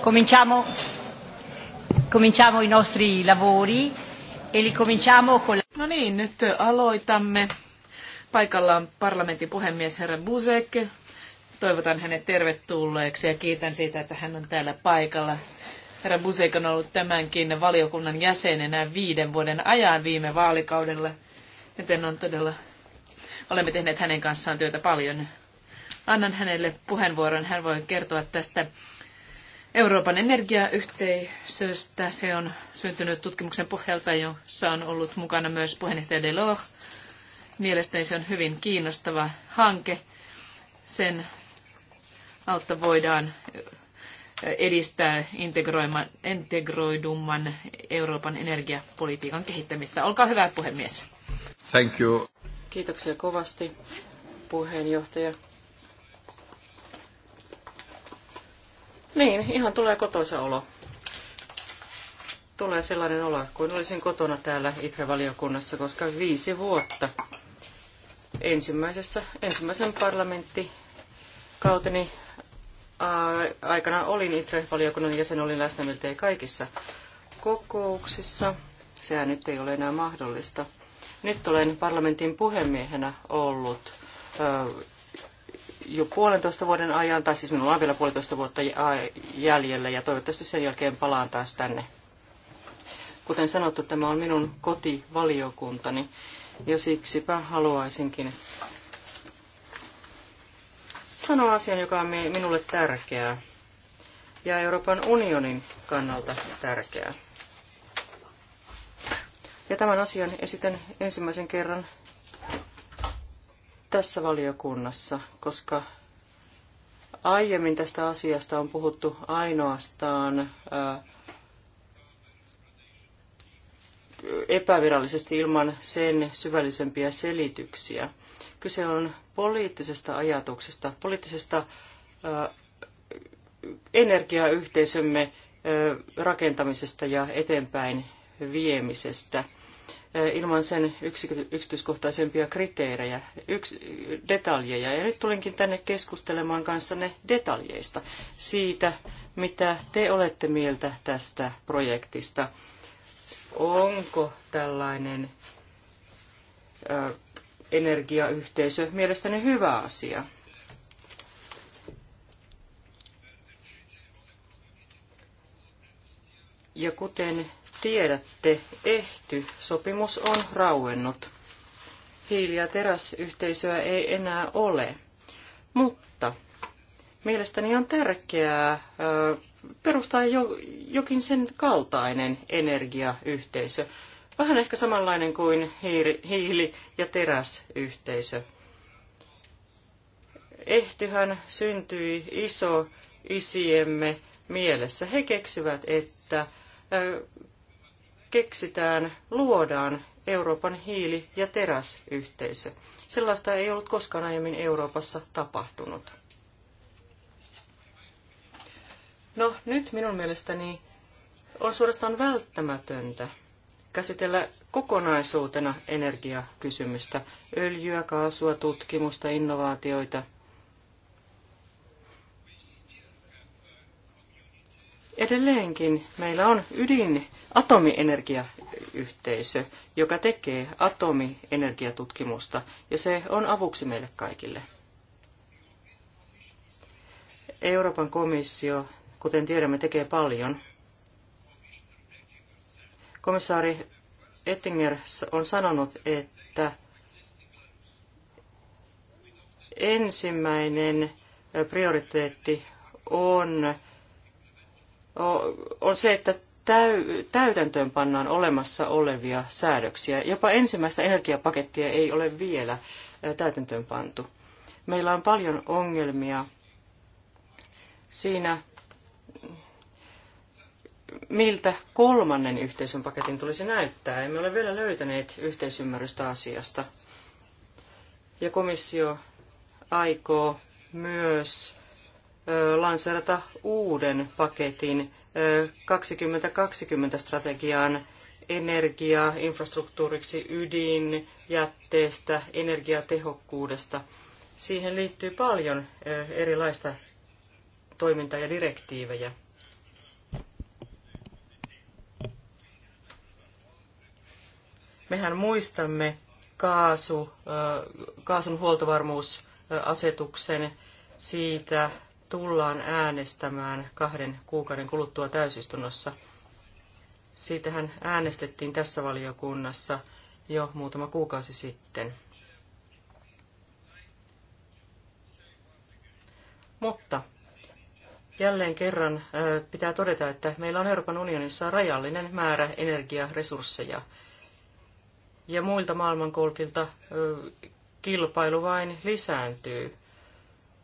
Cominciamo, cominciamo i nostri lavori, e li cominciamo con... No niin, nyt aloitamme. Paikalla on parlamentin puhemies herra Busek. Toivotan hänet tervetulleeksi ja kiitän siitä, että hän on täällä paikalla. Herra Busek on ollut tämänkin valiokunnan jäsenenä viiden vuoden ajan viime vaalikaudella, joten on todella... Olemme tehneet hänen kanssaan työtä paljon. Annan hänelle puheenvuoron. Hän voi kertoa tästä Euroopan energiayhteisöstä. Se on syntynyt tutkimuksen pohjalta, jossa on ollut mukana myös puheenjohtaja Delors. Mielestäni se on hyvin kiinnostava hanke. Sen autta voidaan edistää integroidumman Euroopan energiapolitiikan kehittämistä. Olkaa hyvä, puhemies. Thank you. Kiitoksia kovasti, puheenjohtaja. Niin, ihan tulee kotoisa olo. Tulee sellainen olo, kuin olisin kotona täällä IFE-valiokunnassa, koska viisi vuotta ensimmäisessä, ensimmäisen parlamenttikauteni aikana olin IFE-valiokunnan jäsen, olin läsnä miltei kaikissa kokouksissa. Sehän nyt ei ole enää mahdollista. Nyt olen parlamentin puhemiehenä ollut jo puolentoista vuoden ajan, tai siis minulla on vielä puolentoista vuotta jäljellä ja toivottavasti sen jälkeen palaan taas tänne. Kuten sanottu, tämä on minun kotivaliokuntani ja siksipä haluaisinkin sanoa asian, joka on minulle tärkeää ja Euroopan unionin kannalta tärkeää. Ja tämän asian esitän ensimmäisen kerran tässä valiokunnassa, koska aiemmin tästä asiasta on puhuttu ainoastaan epävirallisesti ilman sen syvällisempiä selityksiä. Kyse on poliittisesta ajatuksesta, poliittisesta energiayhteisömme rakentamisesta ja eteenpäin viemisestä – ilman sen yksityiskohtaisempia kriteerejä, yks, detaljeja. Ja nyt tulinkin tänne keskustelemaan kanssanne detaljeista, siitä mitä te olette mieltä tästä projektista. Onko tällainen ö, energiayhteisö mielestäni hyvä asia? Ja kuten tiedätte, ehty sopimus on rauennut. Hiili- ja teräsyhteisöä ei enää ole. Mutta mielestäni on tärkeää perustaa jokin sen kaltainen energiayhteisö. Vähän ehkä samanlainen kuin hiili- ja teräsyhteisö. Ehtyhän syntyi iso isiemme mielessä. He keksivät, että keksitään, luodaan Euroopan hiili- ja teräsyhteisö. Sellaista ei ollut koskaan aiemmin Euroopassa tapahtunut. No nyt minun mielestäni on suorastaan välttämätöntä käsitellä kokonaisuutena energiakysymystä, öljyä, kaasua, tutkimusta, innovaatioita – Edelleenkin meillä on ydin atomienergiayhteisö, joka tekee atomienergiatutkimusta, ja se on avuksi meille kaikille. Euroopan komissio, kuten tiedämme, tekee paljon. Komissaari Ettinger on sanonut, että ensimmäinen prioriteetti on on se, että täytäntöön pannaan olemassa olevia säädöksiä. Jopa ensimmäistä energiapakettia ei ole vielä täytäntöön pantu. Meillä on paljon ongelmia siinä, miltä kolmannen yhteisön paketin tulisi näyttää. Emme ole vielä löytäneet yhteisymmärrystä asiasta. Ja komissio aikoo myös lanseerata uuden paketin 2020-strategiaan energiaa infrastruktuuriksi ydinjätteestä, energiatehokkuudesta. Siihen liittyy paljon erilaista toimintaa ja direktiivejä. Mehän muistamme kaasu, kaasun huoltovarmuusasetuksen siitä tullaan äänestämään kahden kuukauden kuluttua täysistunnossa. Siitähän äänestettiin tässä valiokunnassa jo muutama kuukausi sitten. Mutta jälleen kerran pitää todeta, että meillä on Euroopan unionissa rajallinen määrä energiaresursseja. Ja muilta maailmankolkilta kilpailu vain lisääntyy.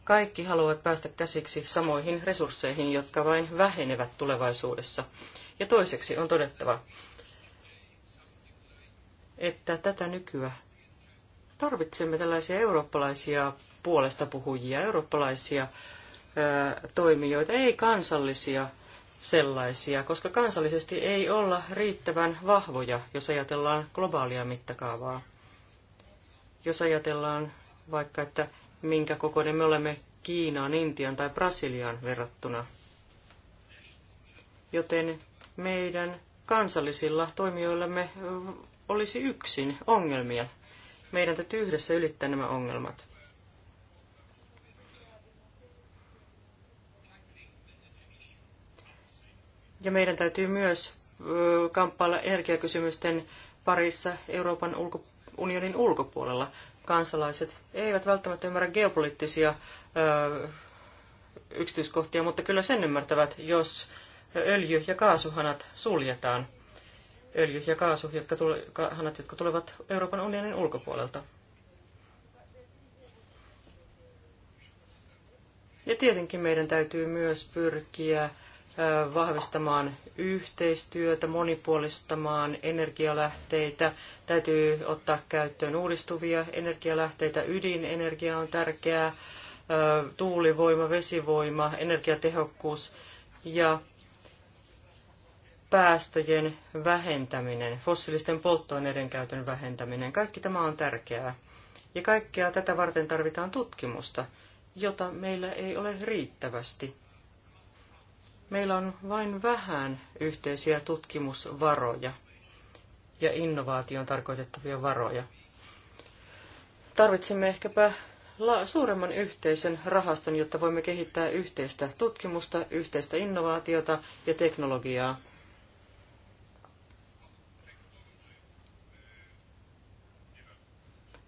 Kaikki haluavat päästä käsiksi samoihin resursseihin, jotka vain vähenevät tulevaisuudessa. Ja toiseksi on todettava, että tätä nykyä tarvitsemme tällaisia eurooppalaisia puolesta puhujia, eurooppalaisia toimijoita, ei kansallisia sellaisia, koska kansallisesti ei olla riittävän vahvoja, jos ajatellaan globaalia mittakaavaa. Jos ajatellaan vaikka, että minkä kokoinen me olemme Kiinaan, Intian tai Brasiliaan verrattuna. Joten meidän kansallisilla toimijoillamme olisi yksin ongelmia. Meidän täytyy yhdessä ylittää nämä ongelmat. Ja meidän täytyy myös kamppailla energiakysymysten parissa Euroopan ulko, unionin ulkopuolella kansalaiset eivät välttämättä ymmärrä geopoliittisia ö, yksityiskohtia, mutta kyllä sen ymmärtävät, jos öljy- ja kaasuhanat suljetaan. Öljy- ja kaasuhanat, jotka jotka tulevat Euroopan unionin ulkopuolelta. Ja tietenkin meidän täytyy myös pyrkiä vahvistamaan yhteistyötä, monipuolistamaan energialähteitä, täytyy ottaa käyttöön uudistuvia energialähteitä, ydinenergia on tärkeää, tuulivoima, vesivoima, energiatehokkuus ja päästöjen vähentäminen, fossiilisten polttoaineiden käytön vähentäminen. Kaikki tämä on tärkeää. Ja kaikkea tätä varten tarvitaan tutkimusta, jota meillä ei ole riittävästi. Meillä on vain vähän yhteisiä tutkimusvaroja ja innovaatioon tarkoitettavia varoja. Tarvitsemme ehkäpä suuremman yhteisen rahaston, jotta voimme kehittää yhteistä tutkimusta, yhteistä innovaatiota ja teknologiaa.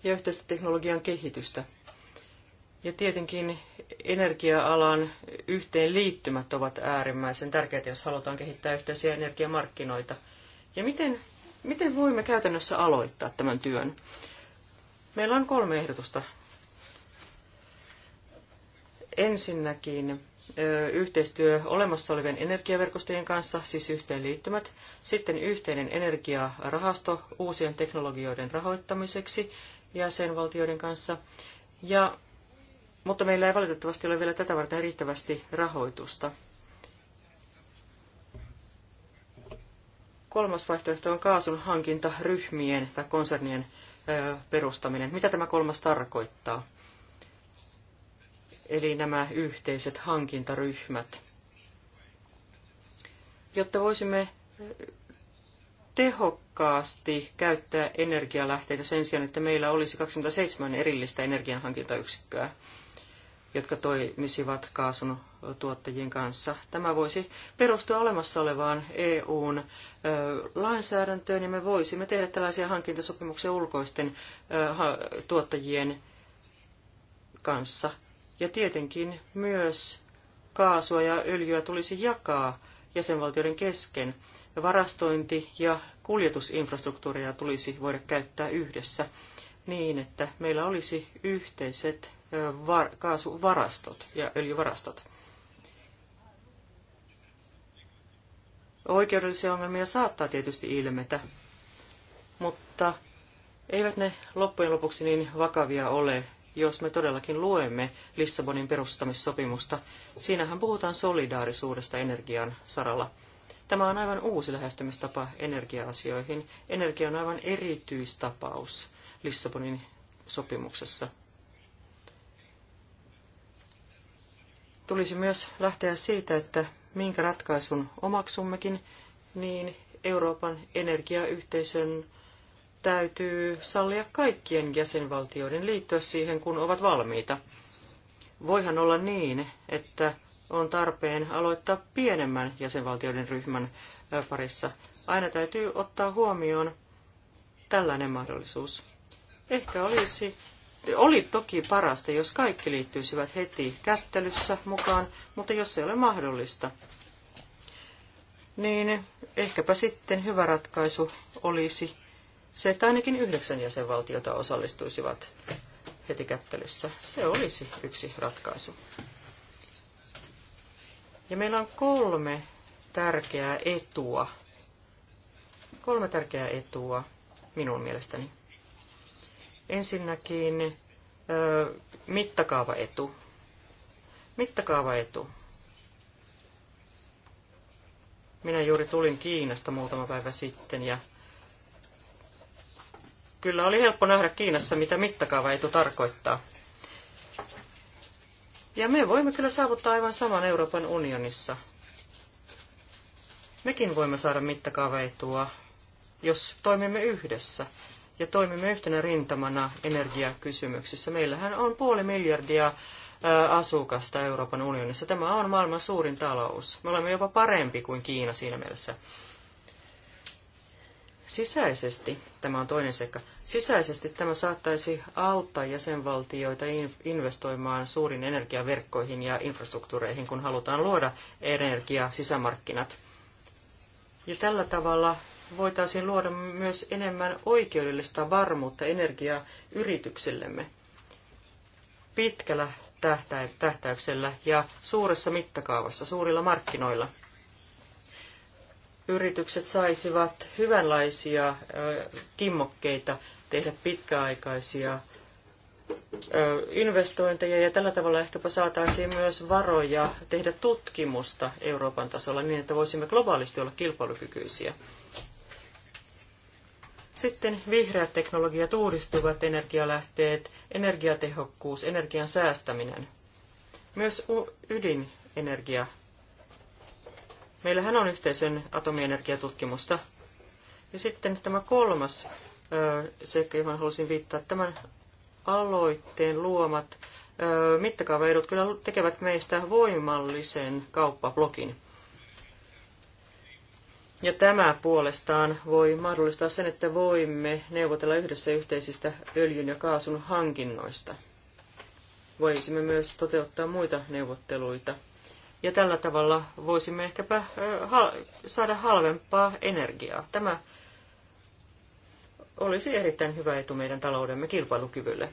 ja yhteistä teknologian kehitystä. Ja tietenkin energia-alan yhteenliittymät ovat äärimmäisen tärkeitä, jos halutaan kehittää yhteisiä energiamarkkinoita. Ja miten, miten voimme käytännössä aloittaa tämän työn? Meillä on kolme ehdotusta. Ensinnäkin yhteistyö olemassa olevien energiaverkostojen kanssa, siis yhteenliittymät, sitten yhteinen energiarahasto uusien teknologioiden rahoittamiseksi jäsenvaltioiden kanssa, ja mutta meillä ei valitettavasti ole vielä tätä varten riittävästi rahoitusta. Kolmas vaihtoehto on kaasun hankinta ryhmien tai konsernien perustaminen. Mitä tämä kolmas tarkoittaa? Eli nämä yhteiset hankintaryhmät. Jotta voisimme tehokkaasti käyttää energialähteitä sen sijaan, että meillä olisi 27 erillistä energianhankintayksikköä jotka toimisivat kaasun tuottajien kanssa. Tämä voisi perustua olemassa olevaan EUn lainsäädäntöön ja me voisimme tehdä tällaisia hankintasopimuksia ulkoisten tuottajien kanssa. Ja tietenkin myös kaasua ja öljyä tulisi jakaa jäsenvaltioiden kesken. Varastointi ja kuljetusinfrastruktuuria tulisi voida käyttää yhdessä niin, että meillä olisi yhteiset var, kaasuvarastot ja öljyvarastot. Oikeudellisia ongelmia saattaa tietysti ilmetä, mutta eivät ne loppujen lopuksi niin vakavia ole, jos me todellakin luemme Lissabonin perustamissopimusta. Siinähän puhutaan solidaarisuudesta energian saralla. Tämä on aivan uusi lähestymistapa energia-asioihin. Energia on aivan erityistapaus Lissabonin sopimuksessa. tulisi myös lähteä siitä, että minkä ratkaisun omaksummekin, niin Euroopan energiayhteisön täytyy sallia kaikkien jäsenvaltioiden liittyä siihen, kun ovat valmiita. Voihan olla niin, että on tarpeen aloittaa pienemmän jäsenvaltioiden ryhmän parissa. Aina täytyy ottaa huomioon tällainen mahdollisuus. Ehkä olisi oli toki parasta, jos kaikki liittyisivät heti kättelyssä mukaan, mutta jos se ei ole mahdollista, niin ehkäpä sitten hyvä ratkaisu olisi se, että ainakin yhdeksän jäsenvaltiota osallistuisivat heti kättelyssä. Se olisi yksi ratkaisu. Ja meillä on kolme tärkeää etua. Kolme tärkeää etua minun mielestäni. Ensinnäkin mittakaavaetu. Mittakaavaetu. Minä juuri tulin Kiinasta muutama päivä sitten ja kyllä oli helppo nähdä Kiinassa, mitä mittakaavaetu tarkoittaa. Ja me voimme kyllä saavuttaa aivan saman Euroopan unionissa. Mekin voimme saada mittakaavaetua, jos toimimme yhdessä ja toimimme yhtenä rintamana energiakysymyksissä. Meillähän on puoli miljardia asukasta Euroopan unionissa. Tämä on maailman suurin talous. Me olemme jopa parempi kuin Kiina siinä mielessä. Sisäisesti, tämä on toinen seikka, sisäisesti tämä saattaisi auttaa jäsenvaltioita investoimaan suurin energiaverkkoihin ja infrastruktuureihin, kun halutaan luoda energia-sisämarkkinat. Ja tällä tavalla voitaisiin luoda myös enemmän oikeudellista varmuutta energiaa yrityksillemme pitkällä tähtäyksellä ja suuressa mittakaavassa, suurilla markkinoilla. Yritykset saisivat hyvänlaisia kimmokkeita tehdä pitkäaikaisia investointeja ja tällä tavalla ehkäpä saataisiin myös varoja tehdä tutkimusta Euroopan tasolla niin, että voisimme globaalisti olla kilpailukykyisiä. Sitten vihreät teknologiat, uudistuvat energialähteet, energiatehokkuus, energian säästäminen. Myös ydinenergia. Meillähän on yhteisön atomienergiatutkimusta. Ja sitten tämä kolmas seikka, johon halusin viittaa, tämän aloitteen luomat mittakaavaedut kyllä tekevät meistä voimallisen kauppablogin. Ja tämä puolestaan voi mahdollistaa sen, että voimme neuvotella yhdessä yhteisistä öljyn ja kaasun hankinnoista. Voisimme myös toteuttaa muita neuvotteluita. Ja tällä tavalla voisimme ehkäpä saada halvempaa energiaa. Tämä olisi erittäin hyvä etu meidän taloudemme kilpailukyvylle.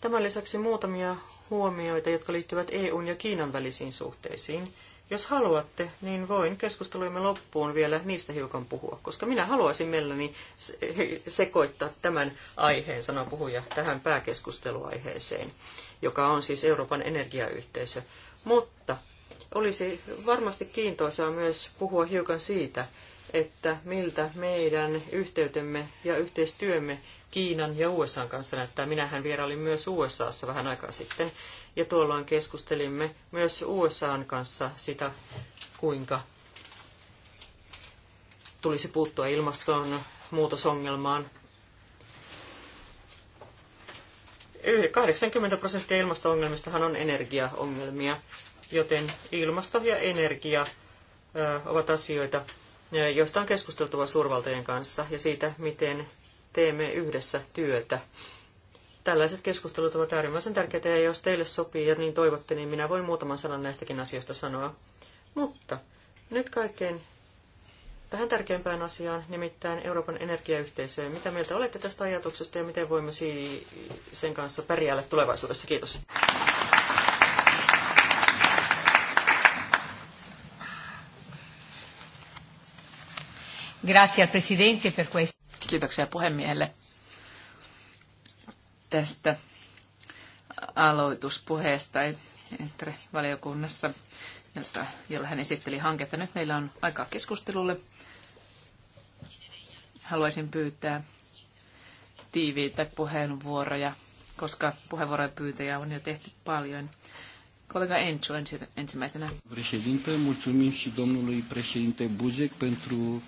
Tämän lisäksi muutamia huomioita, jotka liittyvät EUn ja Kiinan välisiin suhteisiin – jos haluatte, niin voin keskustelujemme loppuun vielä niistä hiukan puhua, koska minä haluaisin mielelläni sekoittaa tämän aiheen, sanoo puhuja, tähän pääkeskusteluaiheeseen, joka on siis Euroopan energiayhteisö. Mutta olisi varmasti kiintoisaa myös puhua hiukan siitä, että miltä meidän yhteytemme ja yhteistyömme Kiinan ja USA kanssa näyttää. Minähän vierailin myös USAssa vähän aikaa sitten ja tuolloin keskustelimme myös USAn kanssa sitä, kuinka tulisi puuttua ilmastonmuutosongelmaan. 80 prosenttia ilmasto-ongelmistahan on energiaongelmia, joten ilmasto ja energia ovat asioita, joista on keskusteltava suurvaltojen kanssa ja siitä, miten teemme yhdessä työtä tällaiset keskustelut ovat äärimmäisen tärkeitä ja jos teille sopii ja niin toivotte, niin minä voin muutaman sanan näistäkin asioista sanoa. Mutta nyt kaikkein tähän tärkeimpään asiaan, nimittäin Euroopan energiayhteisöön. Mitä mieltä olette tästä ajatuksesta ja miten voimme sen kanssa pärjäällä tulevaisuudessa? Kiitos. Grazie al Presidente per questo. Kiitoksia puhemiehelle tästä aloituspuheesta Entre valiokunnassa, jossa, jolla hän esitteli hanketta. Nyt meillä on aikaa keskustelulle. Haluaisin pyytää tiiviitä puheenvuoroja, koska puheenvuorojen pyytäjä on jo tehty paljon. Kollega Enchu ensimmäisenä. Presidente, mulțumim și domnului președinte Buzek pentru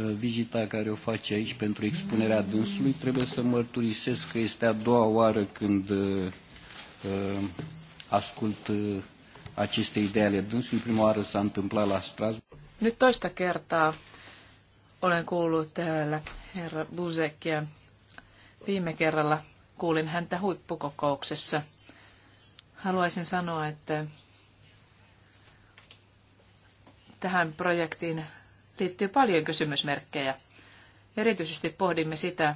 Uh, vizita care o face aici pentru expunerea dânsului. Trebuie să mărturisesc că este a doua oară când uh, uh, ascult aceste idei ale dânsului. Prima oară s-a întâmplat la Strasbourg. Nyt toista kertaa olen kuullut täällä herra Buzekia. Viime kerralla kuulin häntä huippukokouksessa. Haluaisin sanoa, että tähän projektiin liittyy paljon kysymysmerkkejä. Erityisesti pohdimme sitä,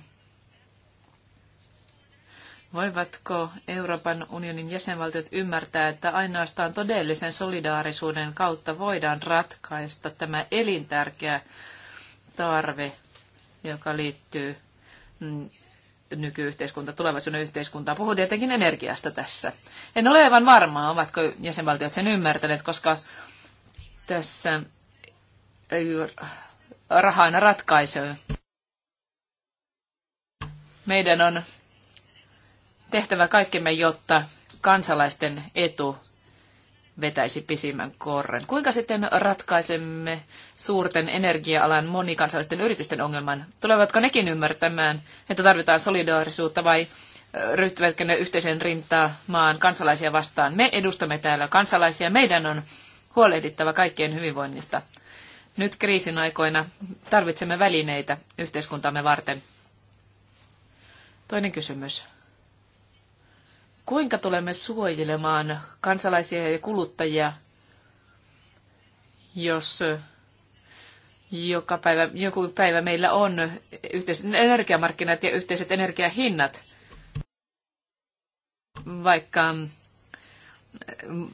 voivatko Euroopan unionin jäsenvaltiot ymmärtää, että ainoastaan todellisen solidaarisuuden kautta voidaan ratkaista tämä elintärkeä tarve, joka liittyy mm, nykyyhteiskunta, tulevaisuuden yhteiskuntaan. Puhun tietenkin energiasta tässä. En ole aivan varmaa, ovatko jäsenvaltiot sen ymmärtäneet, koska tässä raha aina ratkaisee. Meidän on tehtävä kaikkemme, jotta kansalaisten etu vetäisi pisimmän korren. Kuinka sitten ratkaisemme suurten energia-alan monikansallisten yritysten ongelman? Tulevatko nekin ymmärtämään, että tarvitaan solidaarisuutta vai ryhtyvätkö ne yhteisen rintaa maan kansalaisia vastaan? Me edustamme täällä kansalaisia. Meidän on huolehdittava kaikkien hyvinvoinnista. Nyt kriisin aikoina tarvitsemme välineitä yhteiskuntamme varten. Toinen kysymys. Kuinka tulemme suojelemaan kansalaisia ja kuluttajia, jos joka päivä, joku päivä meillä on yhteiset energiamarkkinat ja yhteiset energiahinnat, vaikka mm,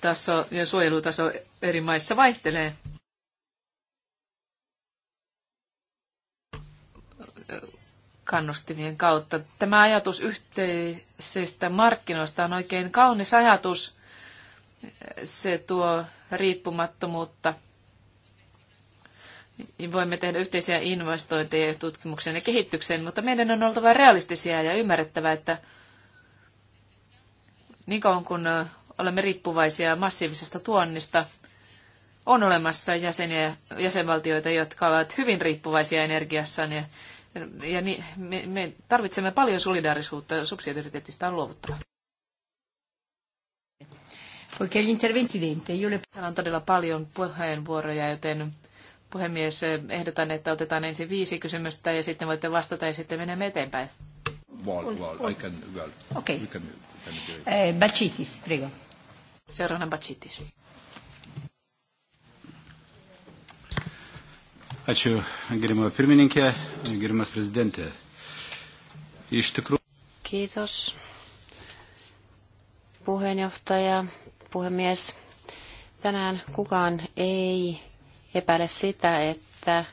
taso ja suojelutaso eri maissa vaihtelee. kannustimien kautta. Tämä ajatus yhteisistä markkinoista on oikein kaunis ajatus. Se tuo riippumattomuutta. Voimme tehdä yhteisiä investointeja tutkimukseen ja kehitykseen, mutta meidän on oltava realistisia ja ymmärrettävä, että niin kauan kun olemme riippuvaisia massiivisesta tuonnista, on olemassa jäseniä, jäsenvaltioita, jotka ovat hyvin riippuvaisia energiassaan ja ja niin, me, me tarvitsemme paljon solidaarisuutta, subsidiariteetista on luovuttava. Täällä on todella paljon puheenvuoroja, joten puhemies, ehdotan, että otetaan ensin viisi kysymystä ja sitten voitte vastata ja sitten menemme eteenpäin. Well, well, well, okay. Eh, Bacitis, prego. Seuraavana Bacitis. Ačiū, gerimo pirmininkė, gerimas prezidentė. Iš tikrųjų. Kiitos, puheenjohtaja, puhemies. Tänään kukaan ei epäile sitä, että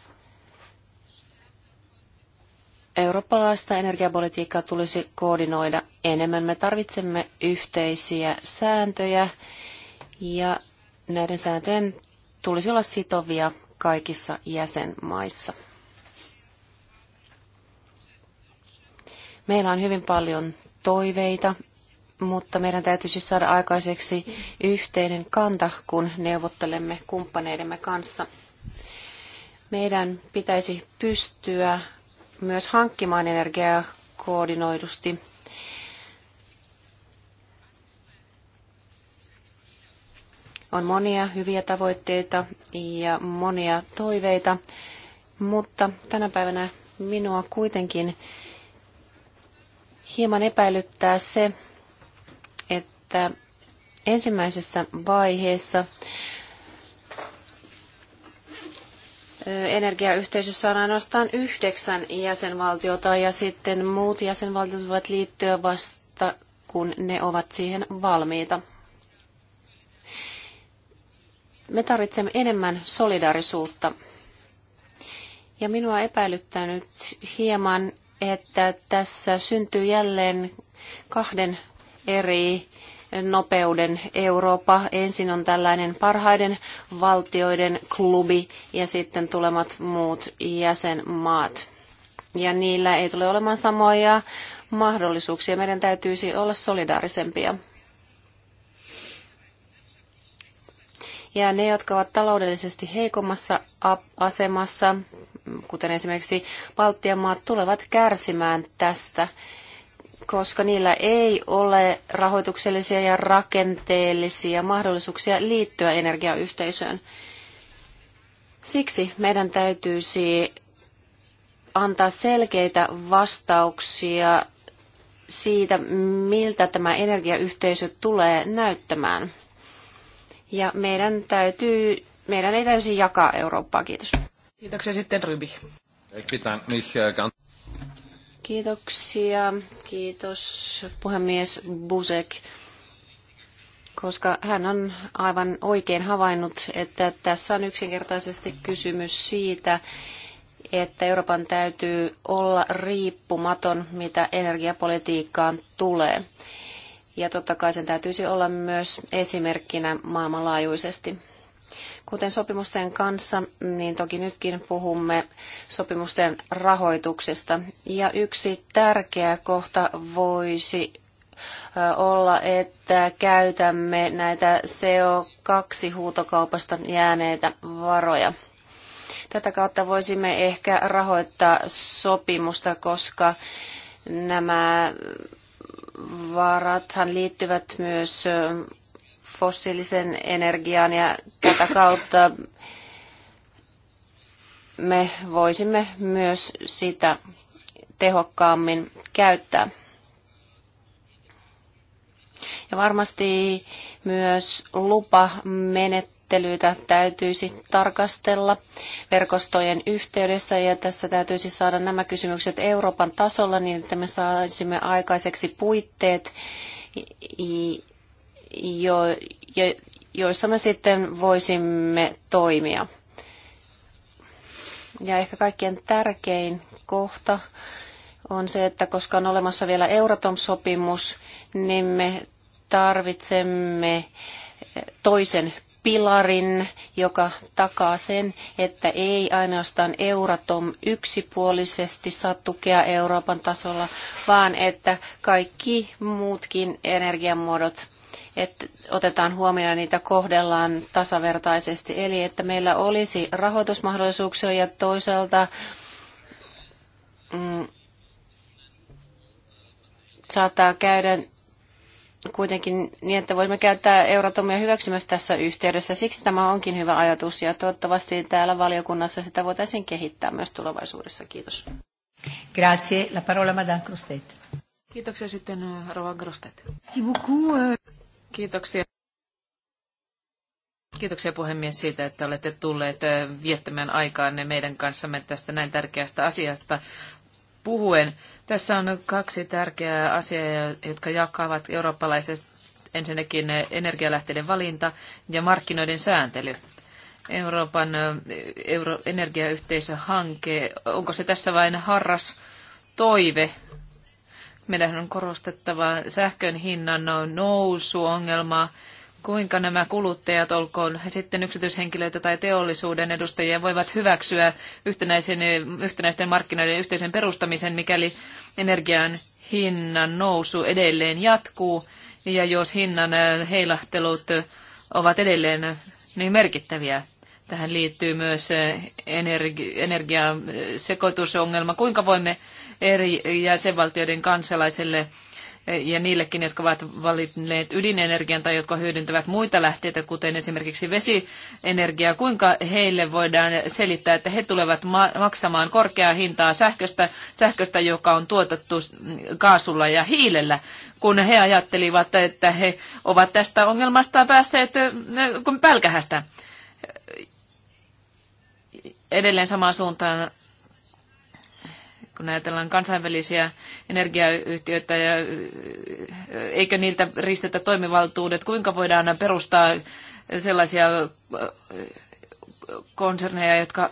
eurooppalaista energiapolitiikkaa tulisi koordinoida enemmän. Me tarvitsemme yhteisiä sääntöjä ja näiden sääntöjen tulisi olla sitovia kaikissa jäsenmaissa. Meillä on hyvin paljon toiveita, mutta meidän täytyisi saada aikaiseksi yhteinen kanta, kun neuvottelemme kumppaneidemme kanssa. Meidän pitäisi pystyä myös hankkimaan energiaa koordinoidusti On monia hyviä tavoitteita ja monia toiveita, mutta tänä päivänä minua kuitenkin hieman epäilyttää se, että ensimmäisessä vaiheessa energiayhteisössä on ainoastaan yhdeksän jäsenvaltiota ja sitten muut jäsenvaltiot voivat liittyä vasta, kun ne ovat siihen valmiita. Me tarvitsemme enemmän solidarisuutta. Ja minua epäilyttää nyt hieman, että tässä syntyy jälleen kahden eri nopeuden Eurooppa. Ensin on tällainen parhaiden valtioiden klubi ja sitten tulemat muut jäsenmaat. Ja niillä ei tule olemaan samoja mahdollisuuksia. Meidän täytyisi olla solidaarisempia. Ja ne, jotka ovat taloudellisesti heikommassa asemassa, kuten esimerkiksi Baltian maat, tulevat kärsimään tästä, koska niillä ei ole rahoituksellisia ja rakenteellisia mahdollisuuksia liittyä energiayhteisöön. Siksi meidän täytyisi antaa selkeitä vastauksia siitä, miltä tämä energiayhteisö tulee näyttämään. Ja meidän täytyy, meidän ei täysin jakaa Eurooppaa. Kiitos. Kiitoksia sitten Rybi. Kiitoksia. Kiitos puhemies Busek, koska hän on aivan oikein havainnut, että tässä on yksinkertaisesti kysymys siitä, että Euroopan täytyy olla riippumaton, mitä energiapolitiikkaan tulee ja totta kai sen täytyisi olla myös esimerkkinä maailmanlaajuisesti. Kuten sopimusten kanssa, niin toki nytkin puhumme sopimusten rahoituksesta. Ja yksi tärkeä kohta voisi olla, että käytämme näitä CO2-huutokaupasta jääneitä varoja. Tätä kautta voisimme ehkä rahoittaa sopimusta, koska nämä varathan liittyvät myös fossiilisen energiaan ja tätä kautta me voisimme myös sitä tehokkaammin käyttää. Ja varmasti myös lupa menettää menettelyitä täytyisi tarkastella verkostojen yhteydessä ja tässä täytyisi saada nämä kysymykset Euroopan tasolla niin, että me saisimme aikaiseksi puitteet, jo, jo, joissa me sitten voisimme toimia. Ja ehkä kaikkien tärkein kohta on se, että koska on olemassa vielä Euratom-sopimus, niin me tarvitsemme toisen pilarin, joka takaa sen, että ei ainoastaan Euratom yksipuolisesti saa tukea Euroopan tasolla, vaan että kaikki muutkin energiamuodot että otetaan huomioon niitä kohdellaan tasavertaisesti. Eli että meillä olisi rahoitusmahdollisuuksia ja toisaalta mm, saattaa käydä kuitenkin niin, että voimme käyttää Euratomia hyväksi myös tässä yhteydessä. Siksi tämä onkin hyvä ajatus ja toivottavasti täällä valiokunnassa sitä voitaisiin kehittää myös tulevaisuudessa. Kiitos. Grazie. La parola Madame Crustet. Kiitoksia sitten äh, Rova Grostet. Euh. Kiitoksia. Kiitoksia puhemies siitä, että olette tulleet äh, viettämään aikaanne meidän kanssamme tästä näin tärkeästä asiasta puhuen. Tässä on kaksi tärkeää asiaa, jotka jakavat eurooppalaiset ensinnäkin energialähteiden valinta ja markkinoiden sääntely. Euroopan euro, energiayhteisöhanke, onko se tässä vain harras toive? Meidän on korostettava sähkön hinnan nousu ongelmaa kuinka nämä kuluttajat, olkoon he sitten yksityishenkilöitä tai teollisuuden edustajia, voivat hyväksyä yhtenäisen, yhtenäisten markkinoiden yhteisen perustamisen, mikäli energian hinnan nousu edelleen jatkuu ja jos hinnan äh, heilahtelut ovat edelleen niin merkittäviä. Tähän liittyy myös äh, energi- energiasekoitusongelma. Kuinka voimme eri jäsenvaltioiden kansalaisille ja niillekin, jotka ovat valinneet ydinenergian tai jotka hyödyntävät muita lähteitä, kuten esimerkiksi vesienergiaa, kuinka heille voidaan selittää, että he tulevat maksamaan korkeaa hintaa sähköstä, sähköstä, joka on tuotettu kaasulla ja hiilellä, kun he ajattelivat, että he ovat tästä ongelmasta päässeet kuin pälkähästä. Edelleen samaan suuntaan kun ajatellaan kansainvälisiä energiayhtiöitä, ja eikö niiltä ristetä toimivaltuudet, kuinka voidaan perustaa sellaisia äh, konserneja, jotka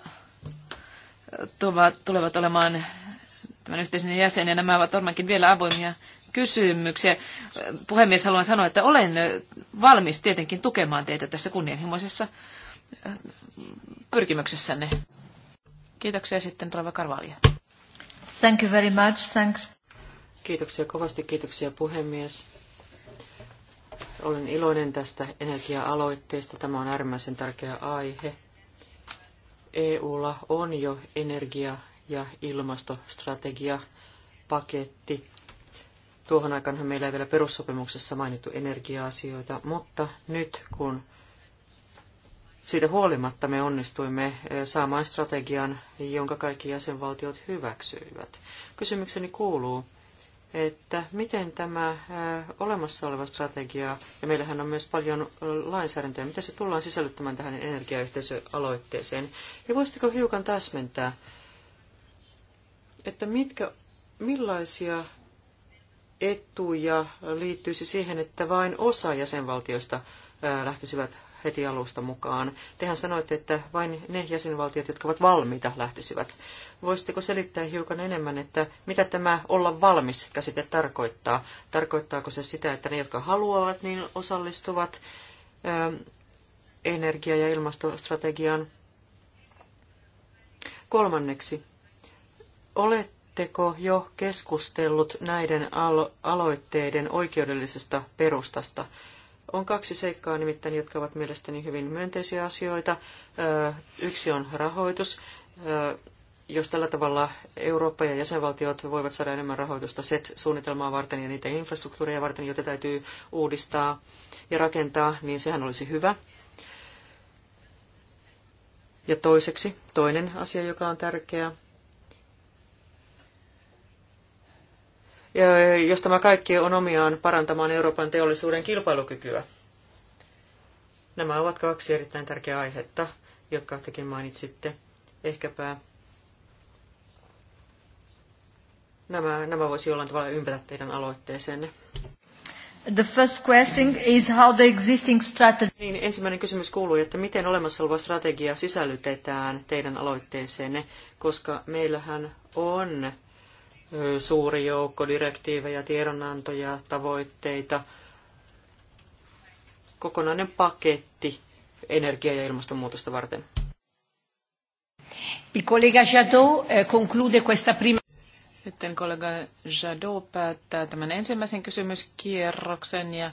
tulevat olemaan tämän yhteisen jäsen, ja nämä ovat varmaankin vielä avoimia kysymyksiä. Puhemies, haluan sanoa, että olen valmis tietenkin tukemaan teitä tässä kunnianhimoisessa äh, pyrkimyksessänne. Kiitoksia sitten Rova Karvalia. Thank you very much. Thanks. Kiitoksia kovasti, kiitoksia puhemies. Olen iloinen tästä energia-aloitteesta. Tämä on äärimmäisen tärkeä aihe. EUlla on jo energia- ja ilmastostrategiapaketti. Tuohon aikaan meillä ei vielä perussopimuksessa mainittu energia-asioita, mutta nyt kun siitä huolimatta me onnistuimme eh, saamaan strategian, jonka kaikki jäsenvaltiot hyväksyivät. Kysymykseni kuuluu, että miten tämä eh, olemassa oleva strategia, ja meillähän on myös paljon eh, lainsäädäntöä, miten se tullaan sisällyttämään tähän energiayhteisöaloitteeseen. Ja voisitteko hiukan täsmentää, että mitkä, millaisia etuja liittyisi siihen, että vain osa jäsenvaltioista lähtisivät heti alusta mukaan. Tehän sanoitte, että vain ne jäsenvaltiot, jotka ovat valmiita, lähtisivät. Voisitteko selittää hiukan enemmän, että mitä tämä olla valmis käsite tarkoittaa? Tarkoittaako se sitä, että ne, jotka haluavat, niin osallistuvat ähm, energia- ja ilmastostrategiaan? Kolmanneksi, oletteko jo keskustellut näiden alo- aloitteiden oikeudellisesta perustasta? On kaksi seikkaa nimittäin, jotka ovat mielestäni hyvin myönteisiä asioita. Yksi on rahoitus. Jos tällä tavalla Eurooppa ja jäsenvaltiot voivat saada enemmän rahoitusta SET-suunnitelmaa varten ja niitä infrastruktuureja varten, joita täytyy uudistaa ja rakentaa, niin sehän olisi hyvä. Ja toiseksi, toinen asia, joka on tärkeä, jos tämä kaikki on omiaan parantamaan Euroopan teollisuuden kilpailukykyä. Nämä ovat kaksi erittäin tärkeää aihetta, jotka tekin mainitsitte. Ehkäpä nämä, nämä voisi jollain tavalla ympätä teidän aloitteeseenne. The first question is how the existing strategy... Niin, ensimmäinen kysymys kuuluu, että miten olemassa oleva strategia sisällytetään teidän aloitteeseenne, koska meillähän on suuri joukko direktiivejä, tiedonantoja, tavoitteita, kokonainen paketti energia- ja ilmastonmuutosta varten. Il collega Jadot eh, conclude questa prima... Sitten kollega Jadot päättää tämän ensimmäisen kysymyskierroksen ja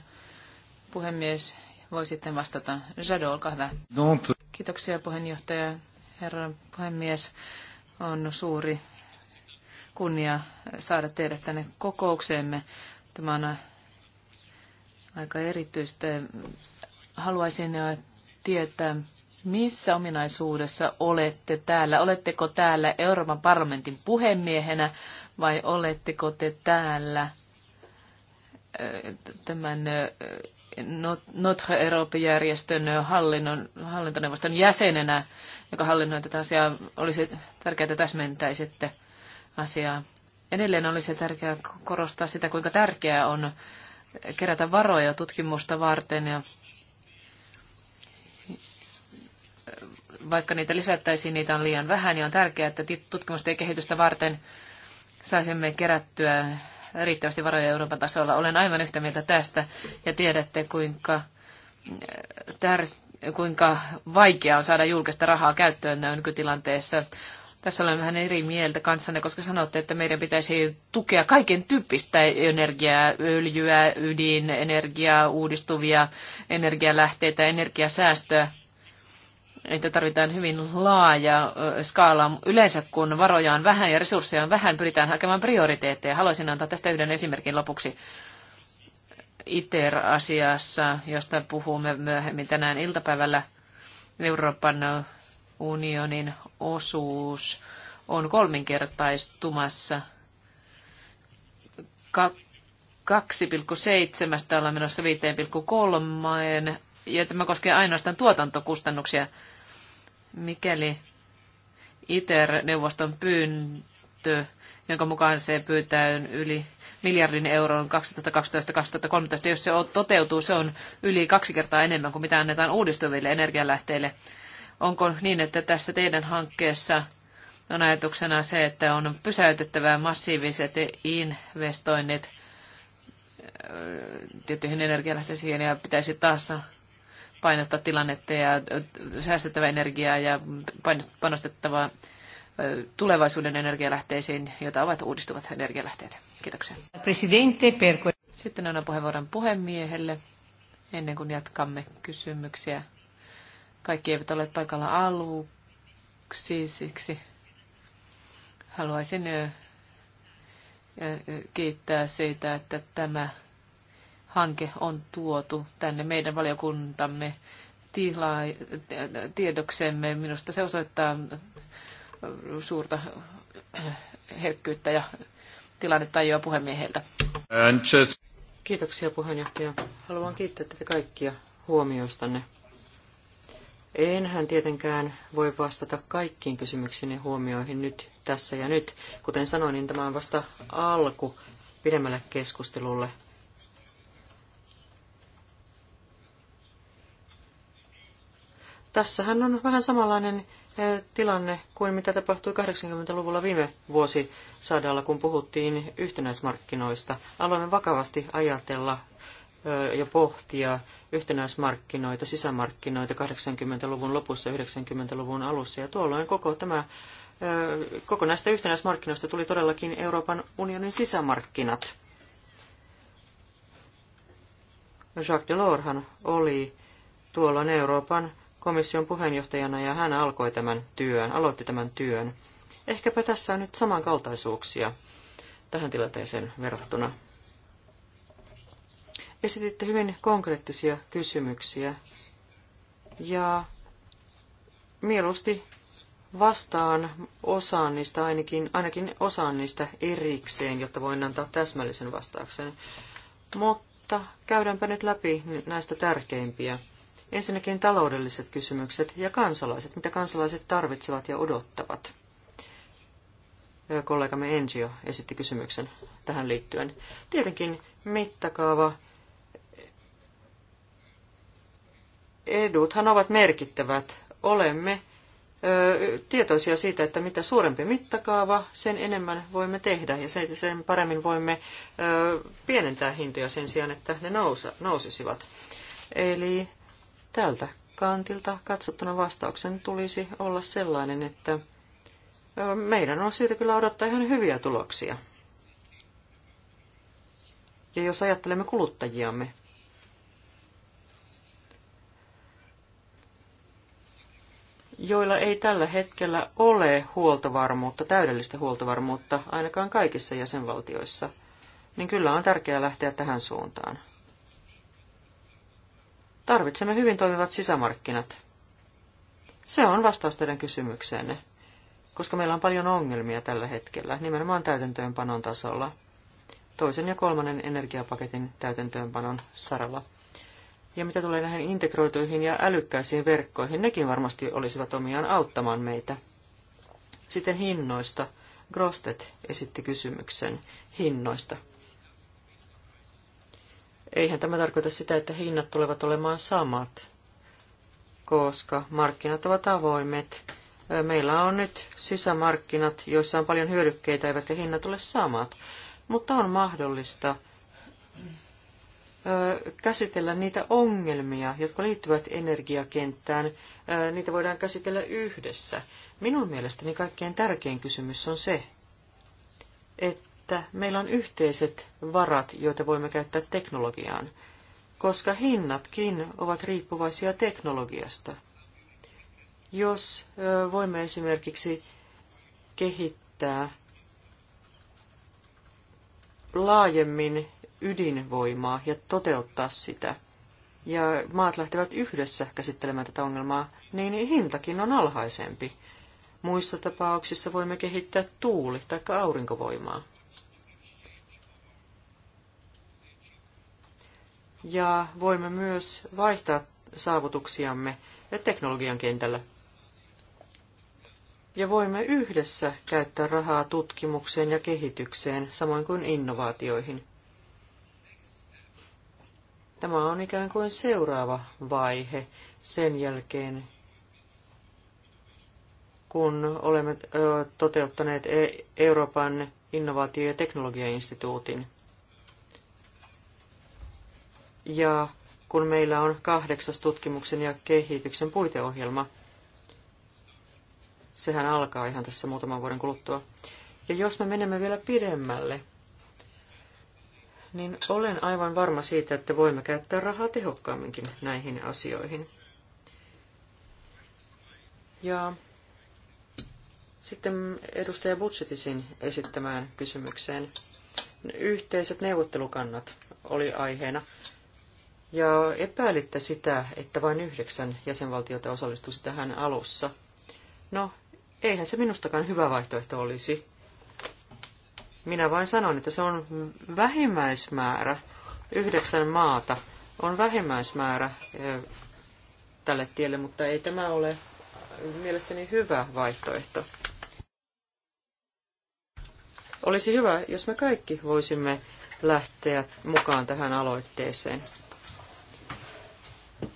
puhemies voi sitten vastata. Jadot, olkaa hyvä. Kiitoksia puheenjohtaja. Herra puhemies, on suuri kunnia saada teidät tänne kokoukseemme. Tämä on aika erityistä. Haluaisin äh, tietää, missä ominaisuudessa olette täällä? Oletteko täällä Euroopan parlamentin puhemiehenä vai oletteko te täällä äh, tämän äh, Notre Europe-järjestön hallinnon, hallintoneuvoston jäsenenä, joka hallinnoi tätä asiaa? Olisi tärkeää, että täsmentäisitte asiaa. Edelleen olisi tärkeää korostaa sitä, kuinka tärkeää on kerätä varoja tutkimusta varten ja vaikka niitä lisättäisiin, niitä on liian vähän, niin on tärkeää, että tutkimusta ja kehitystä varten saisimme kerättyä riittävästi varoja Euroopan tasolla. Olen aivan yhtä mieltä tästä ja tiedätte, kuinka, tär- kuinka vaikea on saada julkista rahaa käyttöön nykytilanteessa. Tässä olen vähän eri mieltä kanssanne, koska sanotte, että meidän pitäisi tukea kaiken tyyppistä energiaa, öljyä, ydinenergiaa, uudistuvia energialähteitä, energiasäästöä. Että tarvitaan hyvin laaja skaala. Yleensä kun varoja on vähän ja resursseja on vähän, pyritään hakemaan prioriteetteja. Haluaisin antaa tästä yhden esimerkin lopuksi. ITER-asiassa, josta puhumme myöhemmin tänään iltapäivällä Euroopan unionin osuus on kolminkertaistumassa. 2,7 ollaan menossa 5,3 ja tämä koskee ainoastaan tuotantokustannuksia. Mikäli ITER-neuvoston pyyntö, jonka mukaan se pyytää yli miljardin euron 2012-2013, jos se toteutuu, se on yli kaksi kertaa enemmän kuin mitä annetaan uudistuville energialähteille. Onko niin, että tässä teidän hankkeessa on ajatuksena se, että on pysäytettävä massiiviset investoinnit äh, tiettyihin energialähteisiin ja pitäisi taas painottaa tilannetta ja äh, säästettävä energiaa ja panostettava äh, tulevaisuuden energialähteisiin, joita ovat uudistuvat energialähteet. Kiitoksia. Presidente Sitten annan puheenvuoron puhemiehelle ennen kuin jatkamme kysymyksiä kaikki eivät ole paikalla aluksi, siksi haluaisin kiittää siitä, että tämä hanke on tuotu tänne meidän valiokuntamme tiedoksemme. Minusta se osoittaa suurta herkkyyttä ja tilannetajua puhemieheltä. Kiitoksia puheenjohtaja. Haluan kiittää teitä kaikkia huomioistanne. Enhän tietenkään voi vastata kaikkiin kysymyksiin ja huomioihin nyt, tässä ja nyt. Kuten sanoin, niin tämä on vasta alku pidemmälle keskustelulle. Tässähän on vähän samanlainen eh, tilanne kuin mitä tapahtui 80-luvulla viime vuosisadalla, kun puhuttiin yhtenäismarkkinoista. Aloimme vakavasti ajatella ja pohtia yhtenäismarkkinoita, sisämarkkinoita 80-luvun lopussa, 90-luvun alussa. Ja tuolloin koko tämä koko näistä yhtenäismarkkinoista tuli todellakin Euroopan unionin sisämarkkinat. Jacques Delorshan oli tuolloin Euroopan komission puheenjohtajana ja hän alkoi tämän työn, aloitti tämän työn. Ehkäpä tässä on nyt samankaltaisuuksia tähän tilanteeseen verrattuna. Esititte hyvin konkreettisia kysymyksiä ja mieluusti vastaan osaan niistä, ainakin, ainakin osaan niistä erikseen, jotta voin antaa täsmällisen vastauksen. Mutta käydäänpä nyt läpi näistä tärkeimpiä. Ensinnäkin taloudelliset kysymykset ja kansalaiset, mitä kansalaiset tarvitsevat ja odottavat. Kollegamme Engio esitti kysymyksen tähän liittyen. Tietenkin mittakaava eduthan ovat merkittävät. Olemme ö, tietoisia siitä, että mitä suurempi mittakaava, sen enemmän voimme tehdä ja sen, sen paremmin voimme ö, pienentää hintoja sen sijaan, että ne nousa, nousisivat. Eli tältä kantilta katsottuna vastauksen tulisi olla sellainen, että meidän on syytä kyllä odottaa ihan hyviä tuloksia. Ja jos ajattelemme kuluttajiamme, joilla ei tällä hetkellä ole huoltovarmuutta, täydellistä huoltovarmuutta, ainakaan kaikissa jäsenvaltioissa, niin kyllä on tärkeää lähteä tähän suuntaan. Tarvitsemme hyvin toimivat sisämarkkinat. Se on vastaus teidän kysymykseenne, koska meillä on paljon ongelmia tällä hetkellä, nimenomaan täytäntöönpanon tasolla, toisen ja kolmannen energiapaketin täytäntöönpanon saralla. Ja mitä tulee näihin integroituihin ja älykkäisiin verkkoihin, nekin varmasti olisivat omiaan auttamaan meitä. Sitten hinnoista. Grostet esitti kysymyksen hinnoista. Eihän tämä tarkoita sitä, että hinnat tulevat olemaan samat, koska markkinat ovat avoimet. Meillä on nyt sisämarkkinat, joissa on paljon hyödykkeitä, eivätkä hinnat ole samat, mutta on mahdollista käsitellä niitä ongelmia, jotka liittyvät energiakenttään, niitä voidaan käsitellä yhdessä. Minun mielestäni kaikkein tärkein kysymys on se, että meillä on yhteiset varat, joita voimme käyttää teknologiaan, koska hinnatkin ovat riippuvaisia teknologiasta. Jos voimme esimerkiksi kehittää laajemmin ydinvoimaa ja toteuttaa sitä, ja maat lähtevät yhdessä käsittelemään tätä ongelmaa, niin hintakin on alhaisempi. Muissa tapauksissa voimme kehittää tuuli- tai aurinkovoimaa. Ja voimme myös vaihtaa saavutuksiamme teknologian kentällä. Ja voimme yhdessä käyttää rahaa tutkimukseen ja kehitykseen, samoin kuin innovaatioihin. Tämä on ikään kuin seuraava vaihe sen jälkeen, kun olemme toteuttaneet e- Euroopan innovaatio- ja teknologiainstituutin. Ja kun meillä on kahdeksas tutkimuksen ja kehityksen puiteohjelma, sehän alkaa ihan tässä muutaman vuoden kuluttua. Ja jos me menemme vielä pidemmälle, niin olen aivan varma siitä, että voimme käyttää rahaa tehokkaamminkin näihin asioihin. Ja sitten edustaja Butsetisin esittämään kysymykseen. Yhteiset neuvottelukannat oli aiheena. Ja epäilitte sitä, että vain yhdeksän jäsenvaltiota osallistuisi tähän alussa. No, eihän se minustakaan hyvä vaihtoehto olisi. Minä vain sanon, että se on vähimmäismäärä. Yhdeksän maata on vähimmäismäärä tälle tielle, mutta ei tämä ole mielestäni hyvä vaihtoehto. Olisi hyvä, jos me kaikki voisimme lähteä mukaan tähän aloitteeseen.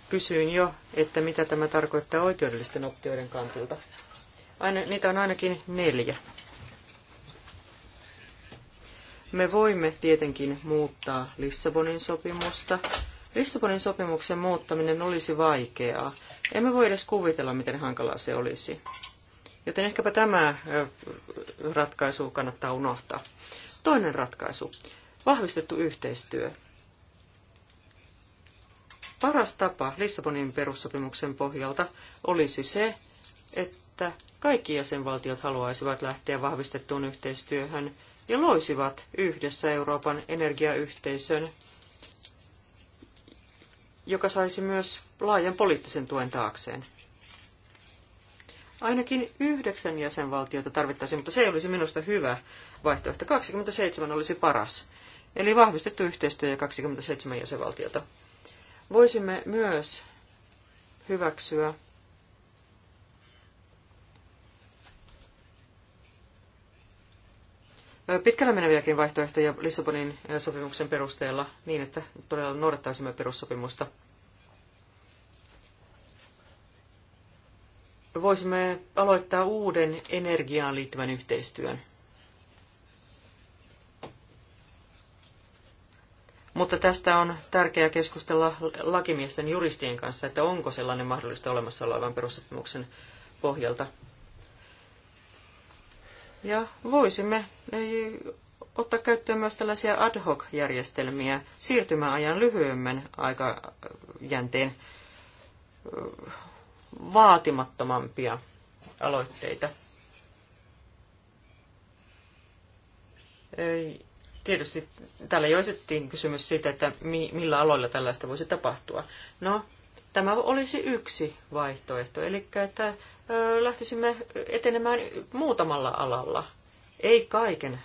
Kysyin jo, että mitä tämä tarkoittaa oikeudellisten optioiden kantilta. Aina, niitä on ainakin neljä. Me voimme tietenkin muuttaa Lissabonin sopimusta. Lissabonin sopimuksen muuttaminen olisi vaikeaa. Emme voi edes kuvitella, miten hankalaa se olisi. Joten ehkäpä tämä ratkaisu kannattaa unohtaa. Toinen ratkaisu. Vahvistettu yhteistyö. Paras tapa Lissabonin perussopimuksen pohjalta olisi se, että kaikki jäsenvaltiot haluaisivat lähteä vahvistettuun yhteistyöhön – ja loisivat yhdessä Euroopan energiayhteisön, joka saisi myös laajan poliittisen tuen taakseen. Ainakin yhdeksän jäsenvaltiota tarvittaisiin, mutta se ei olisi minusta hyvä vaihtoehto. 27 olisi paras, eli vahvistettu yhteistyö ja 27 jäsenvaltiota. Voisimme myös hyväksyä pitkällä meneviäkin vaihtoehtoja Lissabonin sopimuksen perusteella niin, että todella noudattaisimme perussopimusta. Voisimme aloittaa uuden energiaan liittyvän yhteistyön. Mutta tästä on tärkeää keskustella lakimiesten juristien kanssa, että onko sellainen mahdollista olemassa olevan perussopimuksen pohjalta. Ja voisimme ottaa käyttöön myös tällaisia ad hoc-järjestelmiä siirtymäajan lyhyemmän aikajänteen vaatimattomampia aloitteita. Tietysti täällä jo esittiin kysymys siitä, että millä aloilla tällaista voisi tapahtua. No, tämä olisi yksi vaihtoehto, eli että lähtisimme etenemään muutamalla alalla, ei kaiken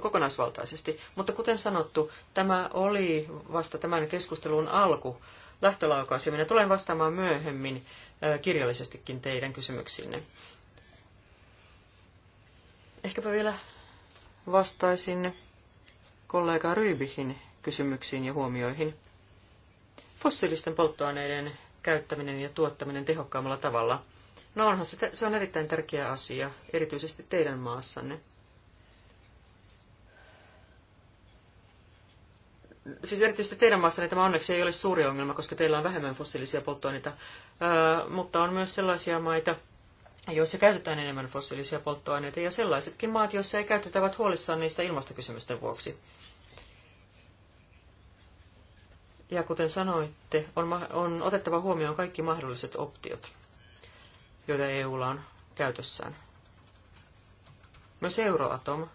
kokonaisvaltaisesti. Mutta kuten sanottu, tämä oli vasta tämän keskustelun alku, lähtölaukaus, ja minä tulen vastaamaan myöhemmin kirjallisestikin teidän kysymyksiinne. Ehkäpä vielä vastaisin kollega Ryybihin kysymyksiin ja huomioihin. Fossiilisten polttoaineiden käyttäminen ja tuottaminen tehokkaammalla tavalla. No onhan se, se on erittäin tärkeä asia, erityisesti teidän maassanne. Siis erityisesti teidän maassanne tämä onneksi ei ole suuri ongelma, koska teillä on vähemmän fossiilisia polttoaineita, öö, mutta on myös sellaisia maita, joissa käytetään enemmän fossiilisia polttoaineita, ja sellaisetkin maat, joissa ei käytetä, ovat huolissaan niistä ilmastokysymysten vuoksi. Ja kuten sanoitte, on, on otettava huomioon kaikki mahdolliset optiot, joita EUlla on käytössään. Myös Euroatom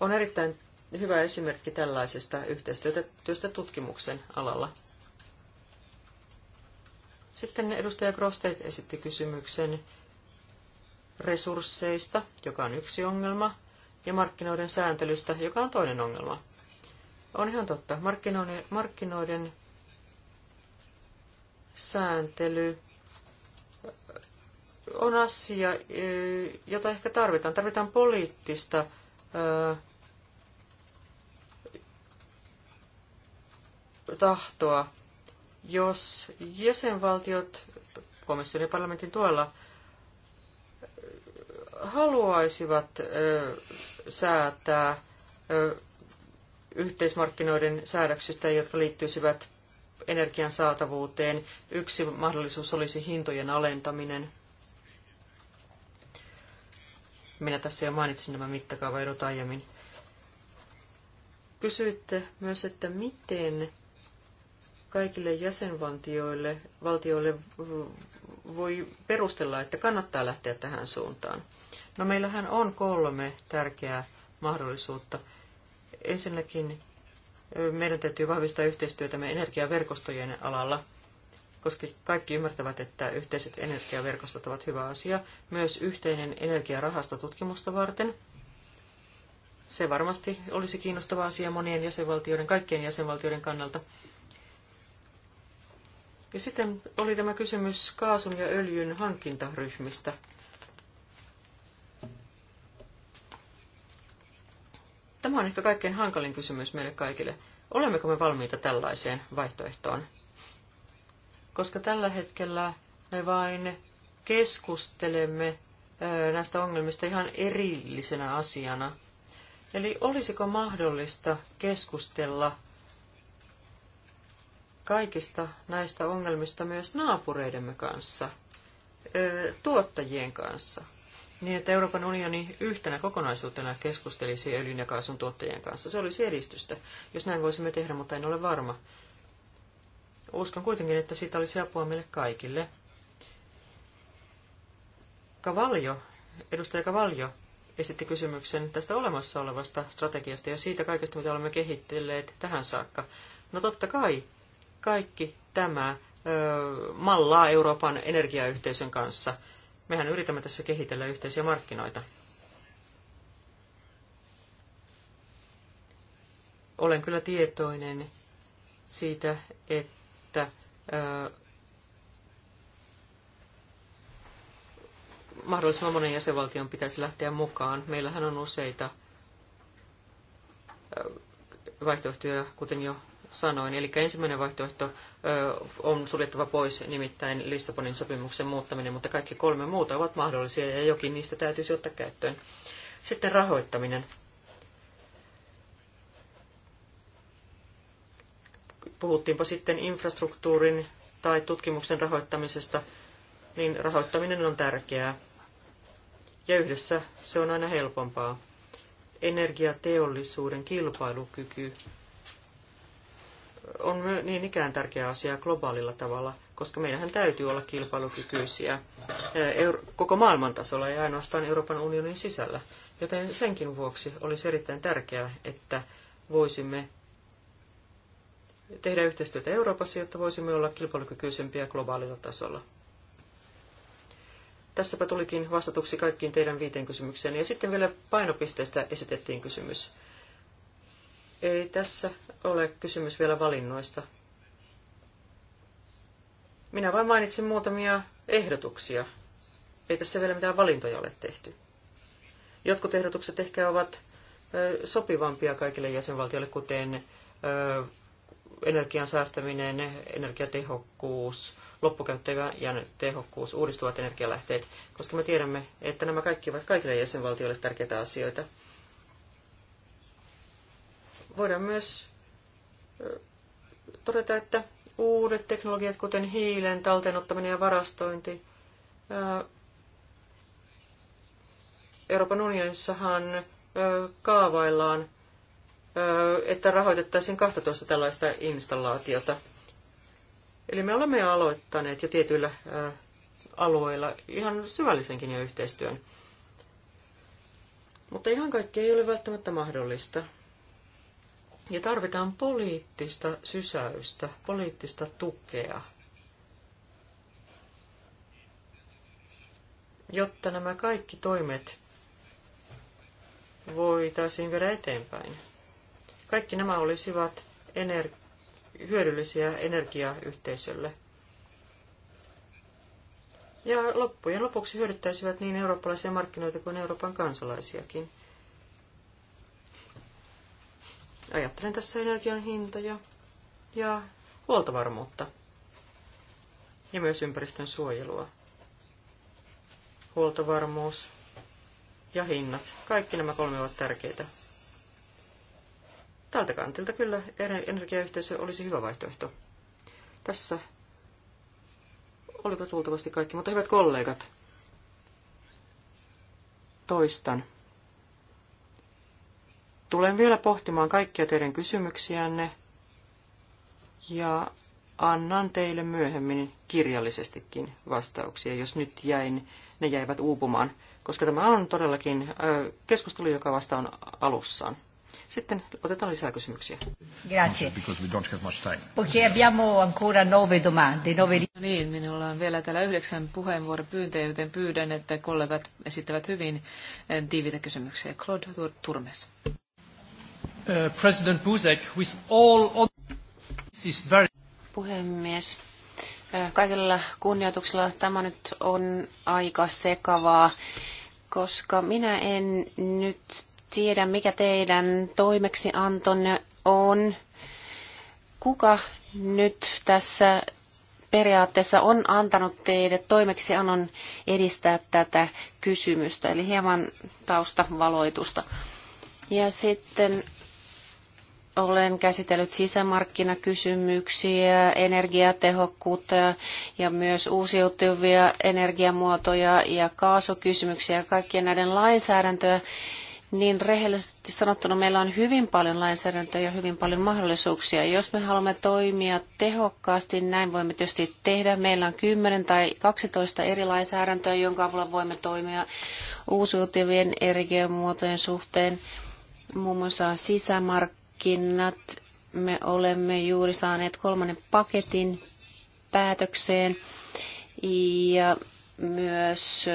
on erittäin hyvä esimerkki tällaisesta yhteistyöstä tutkimuksen alalla. Sitten edustaja Grosteit esitti kysymyksen resursseista, joka on yksi ongelma, ja markkinoiden sääntelystä, joka on toinen ongelma. On ihan totta. Markkinoiden, markkinoiden sääntely on asia, eh, jota ehkä tarvitaan. Tarvitaan poliittista eh, tahtoa. Jos jäsenvaltiot komission ja parlamentin tuella eh, haluaisivat säätää yhteismarkkinoiden säädöksistä, jotka liittyisivät energian saatavuuteen. Yksi mahdollisuus olisi hintojen alentaminen. Minä tässä jo mainitsin nämä mittakaavaerot aiemmin. Kysyitte myös, että miten kaikille jäsenvaltioille valtioille voi perustella, että kannattaa lähteä tähän suuntaan. No meillähän on kolme tärkeää mahdollisuutta – Ensinnäkin meidän täytyy vahvistaa yhteistyötämme energiaverkostojen alalla, koska kaikki ymmärtävät, että yhteiset energiaverkostot ovat hyvä asia. Myös yhteinen energiarahasto tutkimusta varten. Se varmasti olisi kiinnostava asia monien jäsenvaltioiden, kaikkien jäsenvaltioiden kannalta. Ja sitten oli tämä kysymys kaasun ja öljyn hankintaryhmistä. Tämä on ehkä kaikkein hankalin kysymys meille kaikille. Olemmeko me valmiita tällaiseen vaihtoehtoon? Koska tällä hetkellä me vain keskustelemme näistä ongelmista ihan erillisenä asiana. Eli olisiko mahdollista keskustella kaikista näistä ongelmista myös naapureidemme kanssa, tuottajien kanssa, niin että Euroopan unioni yhtenä kokonaisuutena keskustelisi öljyn ja kaasun tuottajien kanssa. Se olisi edistystä, jos näin voisimme tehdä, mutta en ole varma. Uskon kuitenkin, että siitä olisi apua meille kaikille. Kavaljo, edustaja Kavaljo esitti kysymyksen tästä olemassa olevasta strategiasta ja siitä kaikesta, mitä olemme kehittelleet tähän saakka. No totta kai, kaikki tämä ö, mallaa Euroopan energiayhteisön kanssa. Mehän yritämme tässä kehitellä yhteisiä markkinoita. Olen kyllä tietoinen siitä, että mahdollisimman monen jäsenvaltion pitäisi lähteä mukaan. Meillähän on useita vaihtoehtoja, kuten jo sanoin. Eli ensimmäinen vaihtoehto on suljettava pois, nimittäin Lissabonin sopimuksen muuttaminen, mutta kaikki kolme muuta ovat mahdollisia ja jokin niistä täytyisi ottaa käyttöön. Sitten rahoittaminen. Puhuttiinpa sitten infrastruktuurin tai tutkimuksen rahoittamisesta, niin rahoittaminen on tärkeää. Ja yhdessä se on aina helpompaa. Energiateollisuuden kilpailukyky on niin ikään tärkeä asia globaalilla tavalla, koska meidän täytyy olla kilpailukykyisiä eh, koko maailman tasolla ja ainoastaan Euroopan unionin sisällä. Joten senkin vuoksi olisi erittäin tärkeää, että voisimme tehdä yhteistyötä Euroopassa, jotta voisimme olla kilpailukykyisempiä globaalilla tasolla. Tässäpä tulikin vastatuksi kaikkiin teidän viiteen kysymykseen. Ja sitten vielä painopisteestä esitettiin kysymys. Ei tässä ole kysymys vielä valinnoista. Minä vain mainitsin muutamia ehdotuksia. Ei tässä vielä mitään valintoja ole tehty. Jotkut ehdotukset ehkä ovat sopivampia kaikille jäsenvaltioille, kuten energian säästäminen, energiatehokkuus, loppukäyttäjän tehokkuus, uudistuvat energialähteet, koska me tiedämme, että nämä kaikki ovat kaikille jäsenvaltioille tärkeitä asioita. Voidaan myös todeta, että uudet teknologiat, kuten hiilen talteenottaminen ja varastointi, Euroopan unionissahan kaavaillaan, että rahoitettaisiin 12 tällaista installaatiota. Eli me olemme jo aloittaneet jo tietyillä alueilla ihan syvällisenkin jo yhteistyön. Mutta ihan kaikki ei ole välttämättä mahdollista. Ja tarvitaan poliittista sysäystä, poliittista tukea, jotta nämä kaikki toimet voitaisiin viedä eteenpäin. Kaikki nämä olisivat ener- hyödyllisiä energiayhteisölle. Ja loppujen lopuksi hyödyttäisivät niin eurooppalaisia markkinoita kuin Euroopan kansalaisiakin. Ajattelen tässä energian hintoja ja huoltovarmuutta ja myös ympäristön suojelua. Huoltovarmuus ja hinnat, kaikki nämä kolme ovat tärkeitä. Tältä kantilta kyllä energiayhteisö olisi hyvä vaihtoehto. Tässä oliko tultavasti kaikki, mutta hyvät kollegat, toistan. Tulen vielä pohtimaan kaikkia teidän kysymyksiänne ja annan teille myöhemmin kirjallisestikin vastauksia, jos nyt jäin, ne jäivät uupumaan, koska tämä on todellakin keskustelu, joka vasta on alussaan. Sitten otetaan lisää kysymyksiä. Grazie. Perché abbiamo ancora nove domande. Nove... No niin, minulla on vielä täällä yhdeksän puheenvuoropyyntöjä, joten pyydän, että kollegat esittävät hyvin tiiviitä kysymyksiä. Claude Turmes. Uh, President Buzek, with all this very... Puhemies, uh, kaikilla kunnioituksella tämä nyt on aika sekavaa, koska minä en nyt tiedä, mikä teidän toimeksiantonne on. Kuka nyt tässä periaatteessa on antanut teille toimeksiannon edistää tätä kysymystä, eli hieman taustavaloitusta. Ja sitten olen käsitellyt sisämarkkinakysymyksiä, energiatehokkuutta ja myös uusiutuvia energiamuotoja ja kaasukysymyksiä ja kaikkia näiden lainsäädäntöä, niin rehellisesti sanottuna meillä on hyvin paljon lainsäädäntöä ja hyvin paljon mahdollisuuksia. Jos me haluamme toimia tehokkaasti, näin voimme tietysti tehdä. Meillä on 10 tai 12 eri lainsäädäntöä, jonka avulla voimme toimia uusiutuvien energiamuotojen suhteen, muun muassa sisämarkkinoilla merkinnät. Me olemme juuri saaneet kolmannen paketin päätökseen ja myös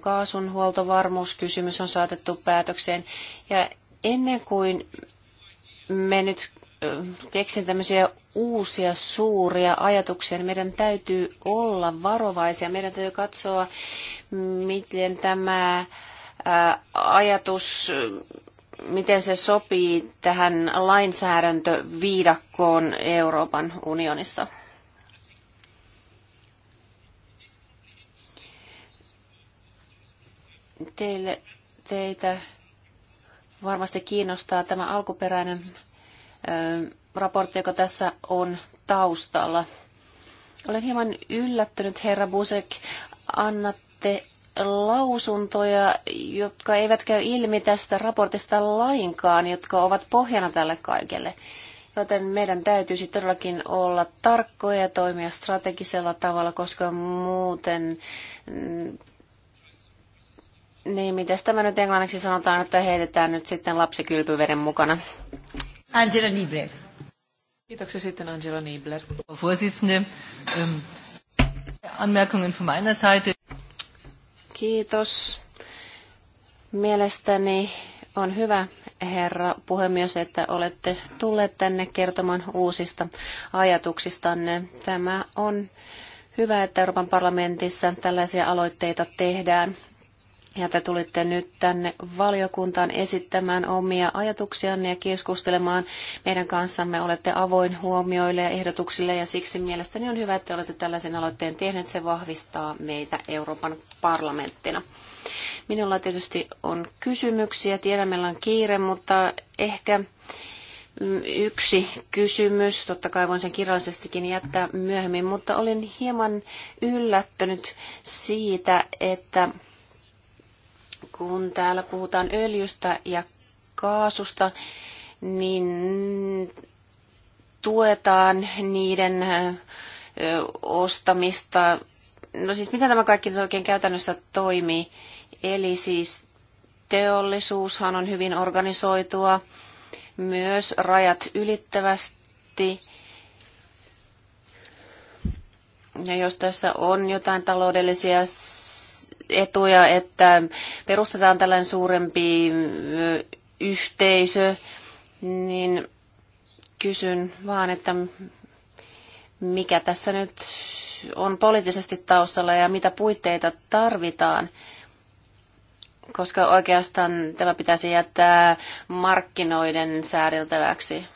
kaasun huoltovarmuuskysymys on saatettu päätökseen. Ja ennen kuin me nyt keksin tämmöisiä uusia suuria ajatuksia, niin meidän täytyy olla varovaisia. Meidän täytyy katsoa, miten tämä ajatus miten se sopii tähän lainsäädäntöviidakkoon Euroopan unionissa? Teille, teitä varmasti kiinnostaa tämä alkuperäinen ö, raportti, joka tässä on taustalla. Olen hieman yllättynyt, herra Busek, annatte lausuntoja, jotka eivät käy ilmi tästä raportista lainkaan, jotka ovat pohjana tälle kaikelle. Joten meidän täytyisi todellakin olla tarkkoja ja toimia strategisella tavalla, koska muuten mm, niin, mitä tämä nyt englanniksi sanotaan, että heitetään nyt sitten lapsi kylpyveden mukana? Angela Niebler. Kiitoksia sitten Angela Niebler. Vorsitzende, ähm, Anmerkungen von meiner Seite. Kiitos. Mielestäni on hyvä, herra puhemies, että olette tulleet tänne kertomaan uusista ajatuksistanne. Tämä on hyvä, että Euroopan parlamentissa tällaisia aloitteita tehdään ja te tulitte nyt tänne valiokuntaan esittämään omia ajatuksianne ja keskustelemaan meidän kanssamme. Olette avoin huomioille ja ehdotuksille ja siksi mielestäni on hyvä, että olette tällaisen aloitteen tehneet. Se vahvistaa meitä Euroopan parlamenttina. Minulla tietysti on kysymyksiä. Tiedän, meillä on kiire, mutta ehkä mm, yksi kysymys. Totta kai voin sen kirjallisestikin jättää myöhemmin, mutta olin hieman yllättynyt siitä, että kun täällä puhutaan öljystä ja kaasusta, niin tuetaan niiden ostamista. No siis miten tämä kaikki oikein käytännössä toimii? Eli siis teollisuushan on hyvin organisoitua, myös rajat ylittävästi. Ja jos tässä on jotain taloudellisia etuja, että perustetaan tällainen suurempi yhteisö, niin kysyn vaan, että mikä tässä nyt on poliittisesti taustalla ja mitä puitteita tarvitaan, koska oikeastaan tämä pitäisi jättää markkinoiden säädeltäväksi,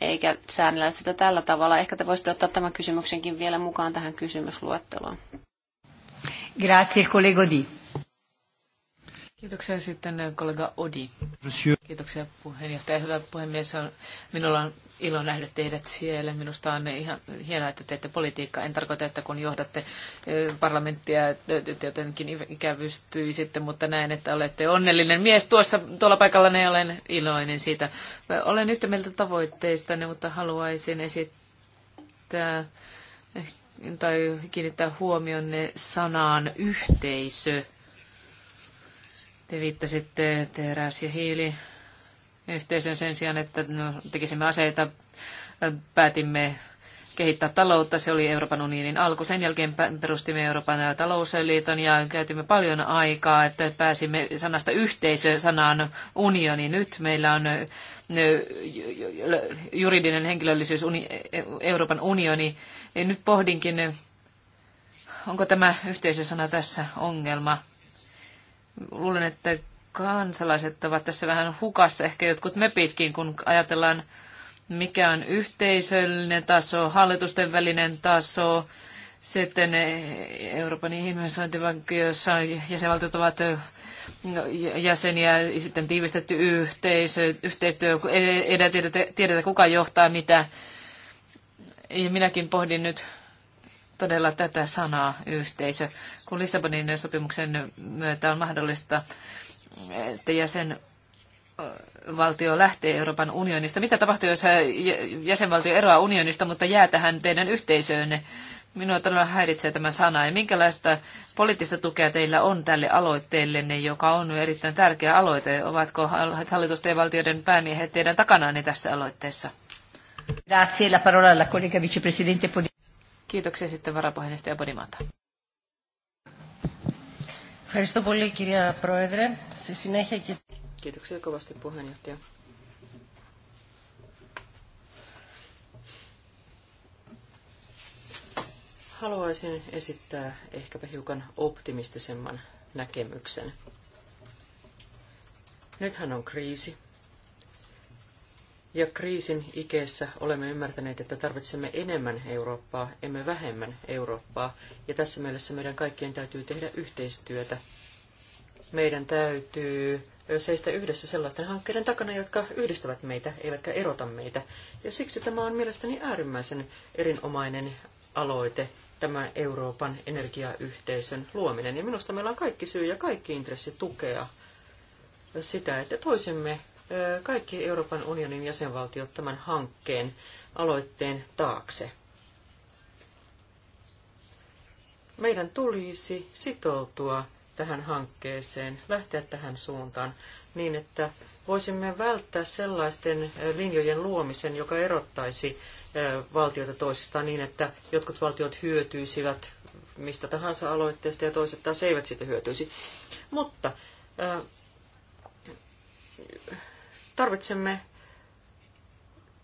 eikä säännellä sitä tällä tavalla. Ehkä te voisitte ottaa tämän kysymyksenkin vielä mukaan tähän kysymysluetteloon. Grazie, kollego Di. Kiitoksia sitten eh, kollega Odi. Kiitoksia puheenjohtaja. Hyvä puhemies. Minulla on ilo nähdä teidät siellä. Minusta on ihan hienoa, että teette politiikkaa. En tarkoita, että kun johdatte eh, parlamenttia, jotenkin ikävystyy sitten, mutta näen, että olette onnellinen mies tuossa tuolla paikalla, ne niin olen iloinen siitä. Olen yhtä mieltä tavoitteista, mutta haluaisin esittää tai kiinnittää huomionne sanaan yhteisö. Te viittasitte teräs- ja hiili yhteisön sen sijaan, että no, tekisimme aseita, päätimme kehittää taloutta. Se oli Euroopan unionin alku. Sen jälkeen perustimme Euroopan talousliiton ja käytimme paljon aikaa, että pääsimme sanasta yhteisö sanaan unioni. Nyt meillä on juridinen henkilöllisyys e, Euroopan unioni. Nyt pohdinkin, onko tämä yhteisösana tässä ongelma. Luulen, että kansalaiset ovat tässä vähän hukassa, ehkä jotkut mepitkin, kun ajatellaan, mikä on yhteisöllinen taso, hallitusten välinen taso, sitten Euroopan ihmisointivankki, jossa jäsenvaltiot ovat No, jäseniä, sitten tiivistetty yhteisö, yhteistyö, ei tiedetä, tiedetä kuka johtaa mitä. Ja minäkin pohdin nyt todella tätä sanaa yhteisö, kun Lissabonin sopimuksen myötä on mahdollista, että jäsen valtio lähtee Euroopan unionista. Mitä tapahtuu, jos jäsenvaltio eroaa unionista, mutta jää tähän teidän yhteisöönne? Minua todella häiritsee tämä sana. Ja minkälaista poliittista tukea teillä on tälle aloitteellenne, joka on erittäin tärkeä aloite. Ovatko hallitusten ja valtioiden päämiehet teidän takanaan tässä aloitteessa? Grazie, la parola alla collega vicepresidente Kiitoksia sitten varapuheenjohtaja Podimata. Kiitoksia kovasti puheenjohtaja. haluaisin esittää ehkäpä hiukan optimistisemman näkemyksen. Nythän on kriisi. Ja kriisin ikeessä olemme ymmärtäneet, että tarvitsemme enemmän Eurooppaa, emme vähemmän Eurooppaa. Ja tässä mielessä meidän kaikkien täytyy tehdä yhteistyötä. Meidän täytyy seistä yhdessä sellaisten hankkeiden takana, jotka yhdistävät meitä, eivätkä erota meitä. Ja siksi tämä on mielestäni äärimmäisen erinomainen aloite, tämä Euroopan energiayhteisön luominen. Ja minusta meillä on kaikki syy ja kaikki intressi tukea sitä, että toisimme kaikki Euroopan unionin jäsenvaltiot tämän hankkeen aloitteen taakse. Meidän tulisi sitoutua tähän hankkeeseen, lähteä tähän suuntaan niin, että voisimme välttää sellaisten linjojen luomisen, joka erottaisi valtioita toisistaan niin, että jotkut valtiot hyötyisivät mistä tahansa aloitteesta ja toiset taas eivät siitä hyötyisi. Mutta tarvitsemme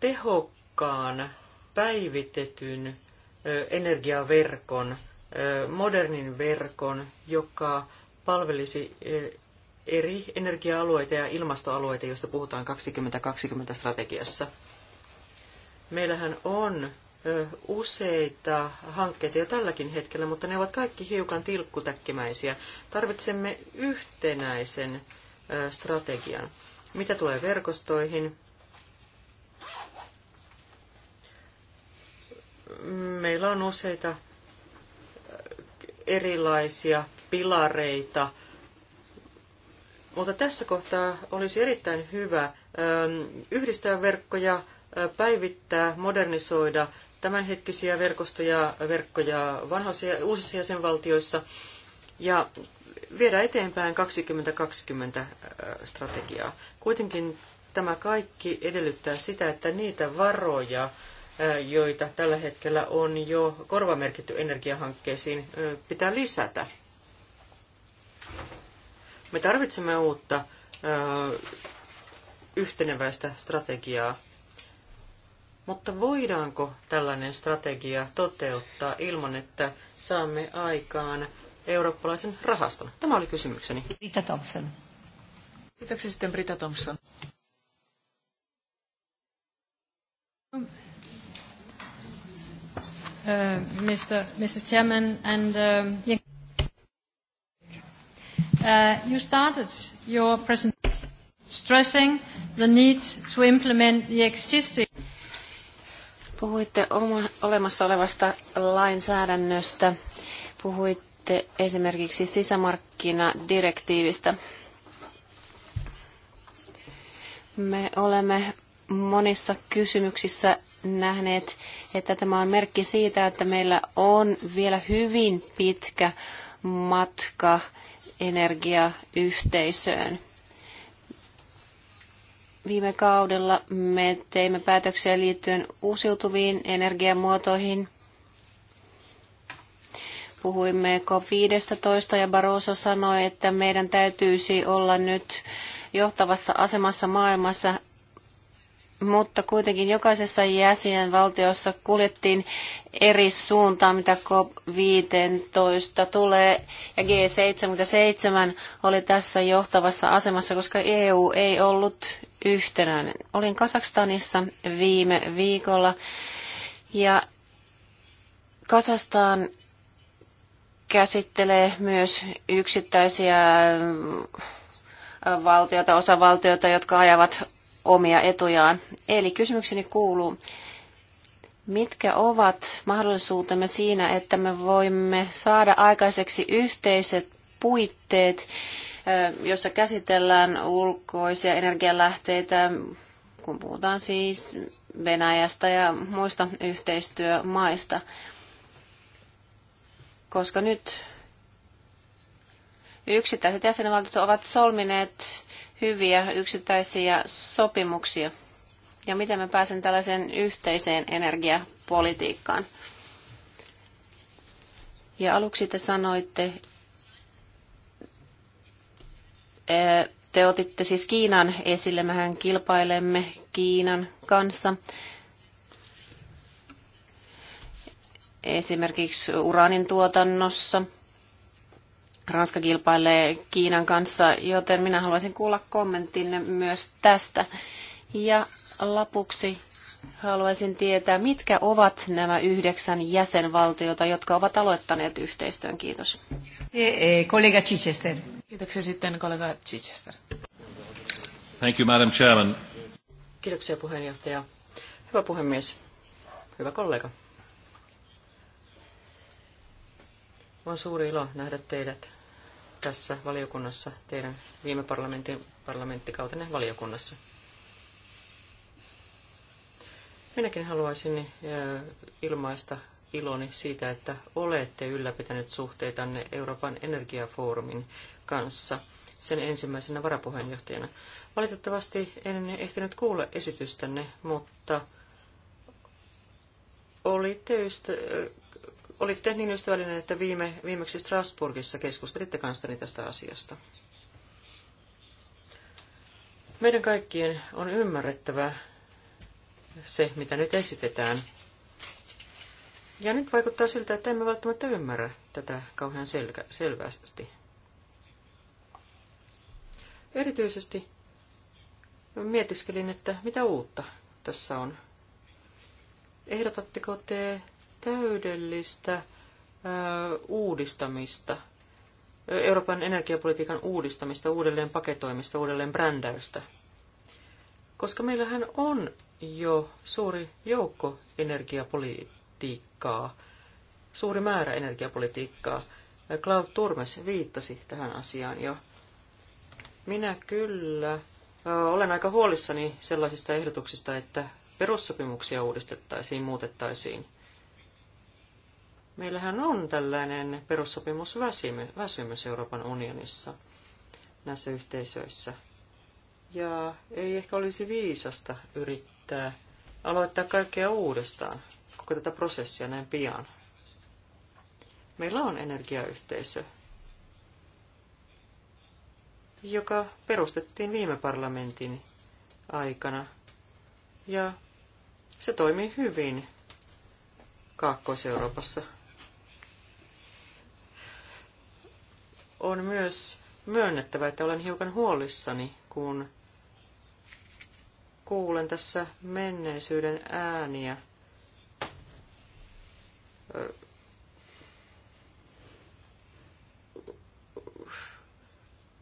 tehokkaan, päivitetyn energiaverkon, modernin verkon, joka palvelisi eri energia-alueita ja ilmastoalueita, joista puhutaan 2020 strategiassa. Meillähän on useita hankkeita jo tälläkin hetkellä, mutta ne ovat kaikki hiukan tilkkutäkkimäisiä. Tarvitsemme yhtenäisen strategian. Mitä tulee verkostoihin? Meillä on useita erilaisia pilareita, mutta tässä kohtaa olisi erittäin hyvä yhdistää verkkoja päivittää, modernisoida tämänhetkisiä verkostoja, verkkoja vanhoissa uusissa jäsenvaltioissa ja viedä eteenpäin 2020 äh, strategiaa. Kuitenkin tämä kaikki edellyttää sitä, että niitä varoja, äh, joita tällä hetkellä on jo korvamerkitty energiahankkeisiin, äh, pitää lisätä. Me tarvitsemme uutta yhteneväistä strategiaa mutta voidaanko tällainen strategia toteuttaa ilman, että saamme aikaan eurooppalaisen rahaston? Tämä oli kysymykseni. Rita Thompson. Kiitoksia sitten Brita Thompson. Uh, Mr. Mrs. Chairman, and um, uh, you started your presentation stressing the need to implement the existing Puhuitte olemassa olevasta lainsäädännöstä, puhuitte esimerkiksi sisämarkkinadirektiivistä. Me olemme monissa kysymyksissä nähneet, että tämä on merkki siitä, että meillä on vielä hyvin pitkä matka energiayhteisöön. Viime kaudella me teimme päätöksiä liittyen uusiutuviin energiamuotoihin. Puhuimme COP15 ja Barroso sanoi, että meidän täytyisi olla nyt johtavassa asemassa maailmassa, mutta kuitenkin jokaisessa jäsenvaltiossa kuljettiin eri suuntaan, mitä COP15 tulee. Ja G77 oli tässä johtavassa asemassa, koska EU ei ollut yhtenäinen. Olin Kasakstanissa viime viikolla ja Kasastaan käsittelee myös yksittäisiä äh, valtioita, osavaltioita, jotka ajavat omia etujaan. Eli kysymykseni kuuluu, mitkä ovat mahdollisuutemme siinä, että me voimme saada aikaiseksi yhteiset puitteet, jossa käsitellään ulkoisia energialähteitä, kun puhutaan siis Venäjästä ja muista yhteistyömaista. Koska nyt yksittäiset jäsenvaltiot ovat solmineet hyviä yksittäisiä sopimuksia. Ja miten me pääsen tällaiseen yhteiseen energiapolitiikkaan? Ja aluksi te sanoitte, te otitte siis Kiinan esille. Mehän kilpailemme Kiinan kanssa. Esimerkiksi uraanin tuotannossa. Ranska kilpailee Kiinan kanssa, joten minä haluaisin kuulla kommenttinne myös tästä. Ja lopuksi Haluaisin tietää, mitkä ovat nämä yhdeksän jäsenvaltiota, jotka ovat aloittaneet yhteistyön. Kiitos. Eh, eh, kollega Chichester. Kiitoksia sitten kollega Chichester. Thank you, Madam Chairman. Kiitoksia puheenjohtaja. Hyvä puhemies. Hyvä kollega. On suuri ilo nähdä teidät tässä valiokunnassa, teidän viime parlamentin, parlamenttikautenne valiokunnassa. Minäkin haluaisin ilmaista iloni siitä, että olette ylläpitänyt suhteitanne Euroopan energiafoorumin kanssa sen ensimmäisenä varapuheenjohtajana. Valitettavasti en ehtinyt kuulla esitystänne, mutta olitte, ystä- olitte niin ystävällinen, että viime, viimeksi Strasbourgissa keskustelitte kanssani tästä asiasta. Meidän kaikkien on ymmärrettävä se, mitä nyt esitetään. Ja nyt vaikuttaa siltä, että emme välttämättä ymmärrä tätä kauhean selkä, selvästi. Erityisesti mietiskelin, että mitä uutta tässä on. Ehdotatteko te täydellistä ö, uudistamista, Euroopan energiapolitiikan uudistamista, uudelleen paketoimista, uudelleen brändäystä? koska meillähän on jo suuri joukko energiapolitiikkaa, suuri määrä energiapolitiikkaa. Cloud Turmes viittasi tähän asiaan jo. Minä kyllä olen aika huolissani sellaisista ehdotuksista, että perussopimuksia uudistettaisiin, muutettaisiin. Meillähän on tällainen perussopimusväsymys Euroopan unionissa näissä yhteisöissä. Ja ei ehkä olisi viisasta yrittää aloittaa kaikkea uudestaan, koko tätä prosessia näin pian. Meillä on energiayhteisö, joka perustettiin viime parlamentin aikana. Ja se toimii hyvin Kaakkois-Euroopassa. On myös myönnettävä, että olen hiukan huolissani, kun kuulen tässä menneisyyden ääniä.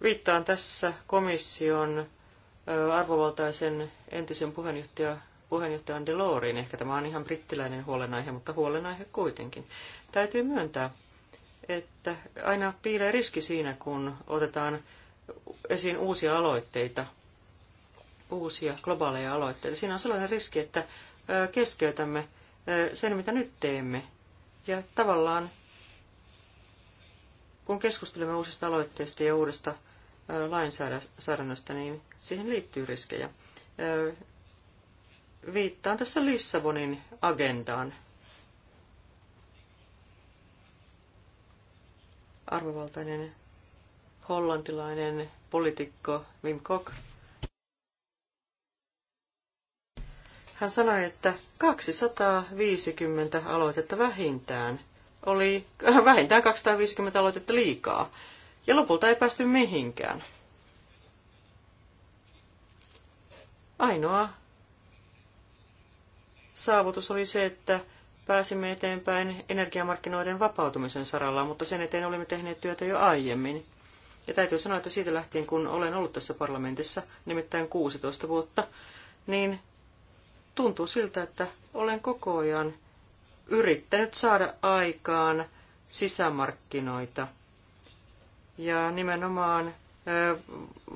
Viittaan tässä komission arvovaltaisen entisen puheenjohtaja, puheenjohtajan Deloriin. Ehkä tämä on ihan brittiläinen huolenaihe, mutta huolenaihe kuitenkin. Täytyy myöntää, että aina piilee riski siinä, kun otetaan esiin uusia aloitteita – uusia globaaleja aloitteita. Siinä on sellainen riski, että keskeytämme sen, mitä nyt teemme. Ja tavallaan, kun keskustelemme uusista aloitteista ja uudesta lainsäädännöstä, niin siihen liittyy riskejä. Viittaan tässä Lissabonin agendaan. Arvovaltainen hollantilainen poliitikko Wim Kok Hän sanoi, että 250 aloitetta vähintään oli vähintään 250 aloitetta liikaa, ja lopulta ei päästy mihinkään. Ainoa saavutus oli se, että pääsimme eteenpäin energiamarkkinoiden vapautumisen saralla, mutta sen eteen olimme tehneet työtä jo aiemmin. Ja täytyy sanoa, että siitä lähtien, kun olen ollut tässä parlamentissa nimittäin 16 vuotta, niin tuntuu siltä, että olen koko ajan yrittänyt saada aikaan sisämarkkinoita ja nimenomaan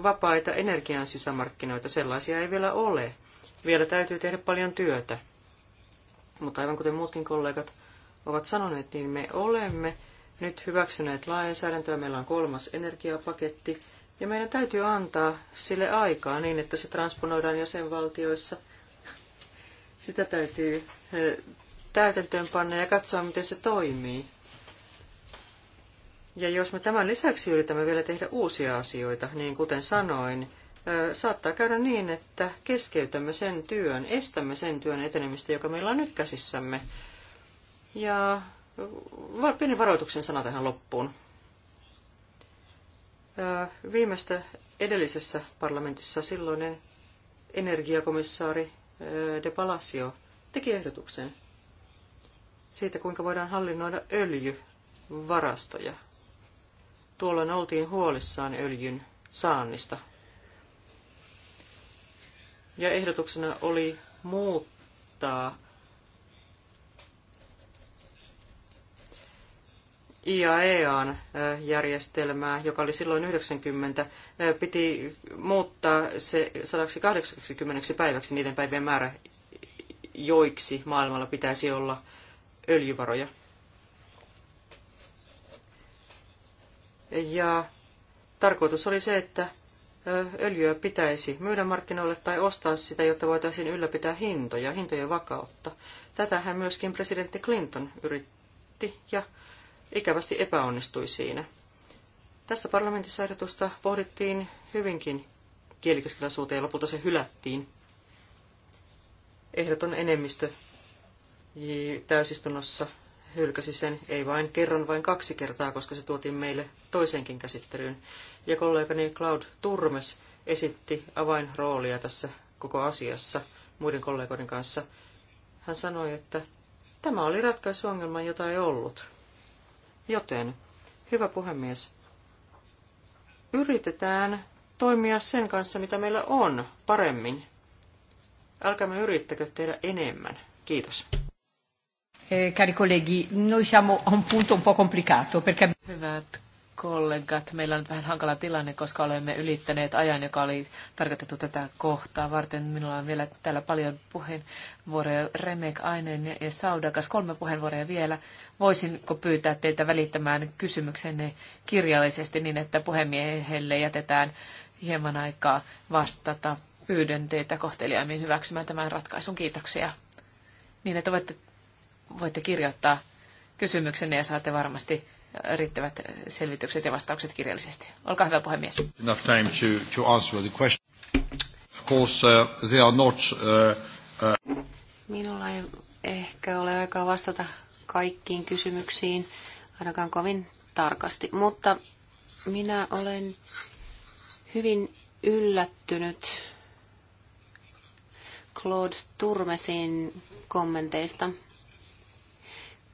vapaita energian sisämarkkinoita. Sellaisia ei vielä ole. Vielä täytyy tehdä paljon työtä. Mutta aivan kuten muutkin kollegat ovat sanoneet, niin me olemme nyt hyväksyneet lainsäädäntöä. Meillä on kolmas energiapaketti ja meidän täytyy antaa sille aikaa niin, että se transponoidaan jäsenvaltioissa – sitä täytyy täytäntöönpanna ja katsoa, miten se toimii. Ja jos me tämän lisäksi yritämme vielä tehdä uusia asioita, niin kuten sanoin, saattaa käydä niin, että keskeytämme sen työn, estämme sen työn etenemistä, joka meillä on nyt käsissämme. Ja pieni varoituksen sana tähän loppuun. Viimeistä edellisessä parlamentissa silloinen energiakomissaari de Palacio teki ehdotuksen siitä, kuinka voidaan hallinnoida öljyvarastoja. Tuolloin oltiin huolissaan öljyn saannista. Ja ehdotuksena oli muuttaa IAEAn järjestelmää, joka oli silloin 90, piti muuttaa se 180 päiväksi niiden päivien määrä, joiksi maailmalla pitäisi olla öljyvaroja. Ja tarkoitus oli se, että öljyä pitäisi myydä markkinoille tai ostaa sitä, jotta voitaisiin ylläpitää hintoja, hintojen vakautta. Tätähän myöskin presidentti Clinton yritti ja ikävästi epäonnistui siinä. Tässä parlamentissa ehdotusta pohdittiin hyvinkin kielikeskeläisuuteen ja lopulta se hylättiin. Ehdoton enemmistö täysistunnossa hylkäsi sen ei vain kerran, vain kaksi kertaa, koska se tuotiin meille toiseenkin käsittelyyn. Ja kollegani Cloud Turmes esitti avainroolia tässä koko asiassa muiden kollegoiden kanssa. Hän sanoi, että tämä oli ratkaisuongelma, jota ei ollut. Joten, hyvä puhemies, yritetään toimia sen kanssa, mitä meillä on, paremmin. Älkäämme yrittäkö tehdä enemmän. Kiitos. Eh, cari colleghi, noi siamo a un punto un po' complicato perché... Hyvät kollegat, meillä on nyt vähän hankala tilanne, koska olemme ylittäneet ajan, joka oli tarkoitettu tätä kohtaa varten. Minulla on vielä täällä paljon puheenvuoroja. Remek, Ainen ja Saudakas, kolme puheenvuoroja vielä. Voisinko pyytää teiltä välittämään kysymyksenne kirjallisesti niin, että puhemiehelle jätetään hieman aikaa vastata? Pyydän teitä kohteliaimmin hyväksymään tämän ratkaisun. Kiitoksia. Niin, että voitte, voitte kirjoittaa kysymyksenne ja saatte varmasti riittävät selvitykset ja vastaukset kirjallisesti. Olkaa hyvä puhemies. Enough time to, to answer the question. Of course, uh, they are not, uh, uh... Minulla ei ehkä ole aikaa vastata kaikkiin kysymyksiin, ainakaan kovin tarkasti, mutta minä olen hyvin yllättynyt Claude Turmesin kommenteista,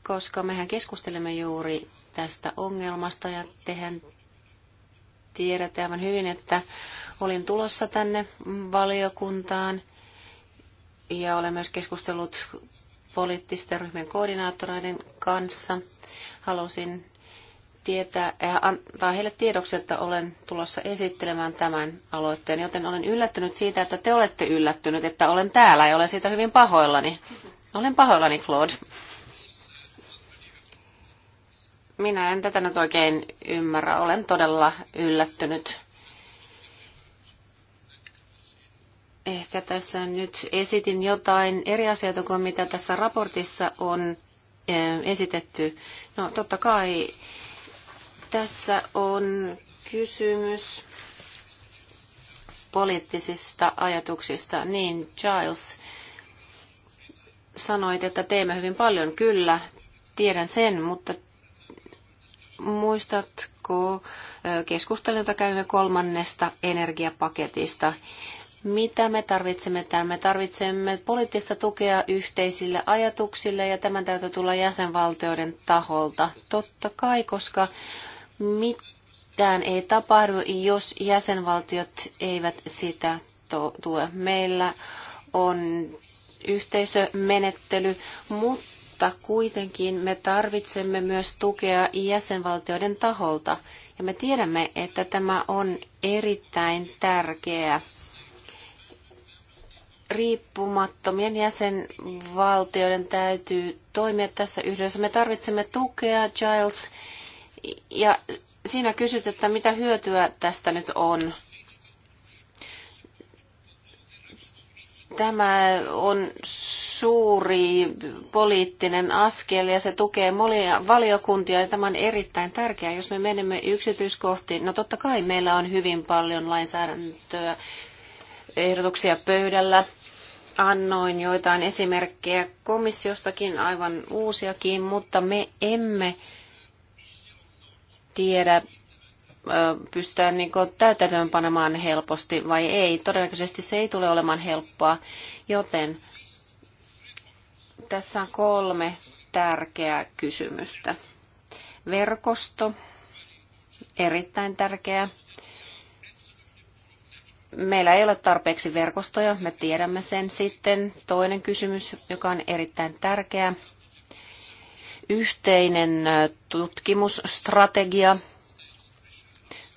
koska mehän keskustelemme juuri tästä ongelmasta ja tehän tiedätte aivan hyvin, että olin tulossa tänne valiokuntaan ja olen myös keskustellut poliittisten ryhmien koordinaattoreiden kanssa. Halusin tietää ja antaa heille tiedoksi, että olen tulossa esittelemään tämän aloitteen, joten olen yllättynyt siitä, että te olette yllättynyt, että olen täällä ja olen siitä hyvin pahoillani. Olen pahoillani, Claude. Minä en tätä nyt oikein ymmärrä. Olen todella yllättynyt. Ehkä tässä nyt esitin jotain eri asioita kuin mitä tässä raportissa on eh, esitetty. No totta kai tässä on kysymys poliittisista ajatuksista. Niin, Giles, sanoit, että teemme hyvin paljon. Kyllä, tiedän sen, mutta Muistatko keskustelun, jota käymme kolmannesta energiapaketista? Mitä me tarvitsemme täällä? Me tarvitsemme poliittista tukea yhteisille ajatuksille ja tämän täytyy tulla jäsenvaltioiden taholta. Totta kai, koska mitään ei tapahdu, jos jäsenvaltiot eivät sitä tue. Meillä on yhteisömenettely, mutta mutta kuitenkin me tarvitsemme myös tukea jäsenvaltioiden taholta. Ja me tiedämme, että tämä on erittäin tärkeää. Riippumattomien jäsenvaltioiden täytyy toimia tässä yhdessä. Me tarvitsemme tukea, Giles, ja siinä kysyt, että mitä hyötyä tästä nyt on. Tämä on suuri poliittinen askel ja se tukee monia valiokuntia ja tämä on erittäin tärkeää. Jos me menemme yksityiskohtiin, no totta kai meillä on hyvin paljon lainsäädäntöä, ehdotuksia pöydällä. Annoin joitain esimerkkejä komissiostakin, aivan uusiakin, mutta me emme tiedä, pystytään niin täytäntöön panemaan helposti vai ei. Todennäköisesti se ei tule olemaan helppoa, joten tässä on kolme tärkeää kysymystä. Verkosto, erittäin tärkeä. Meillä ei ole tarpeeksi verkostoja, me tiedämme sen. Sitten toinen kysymys, joka on erittäin tärkeä. Yhteinen tutkimusstrategia,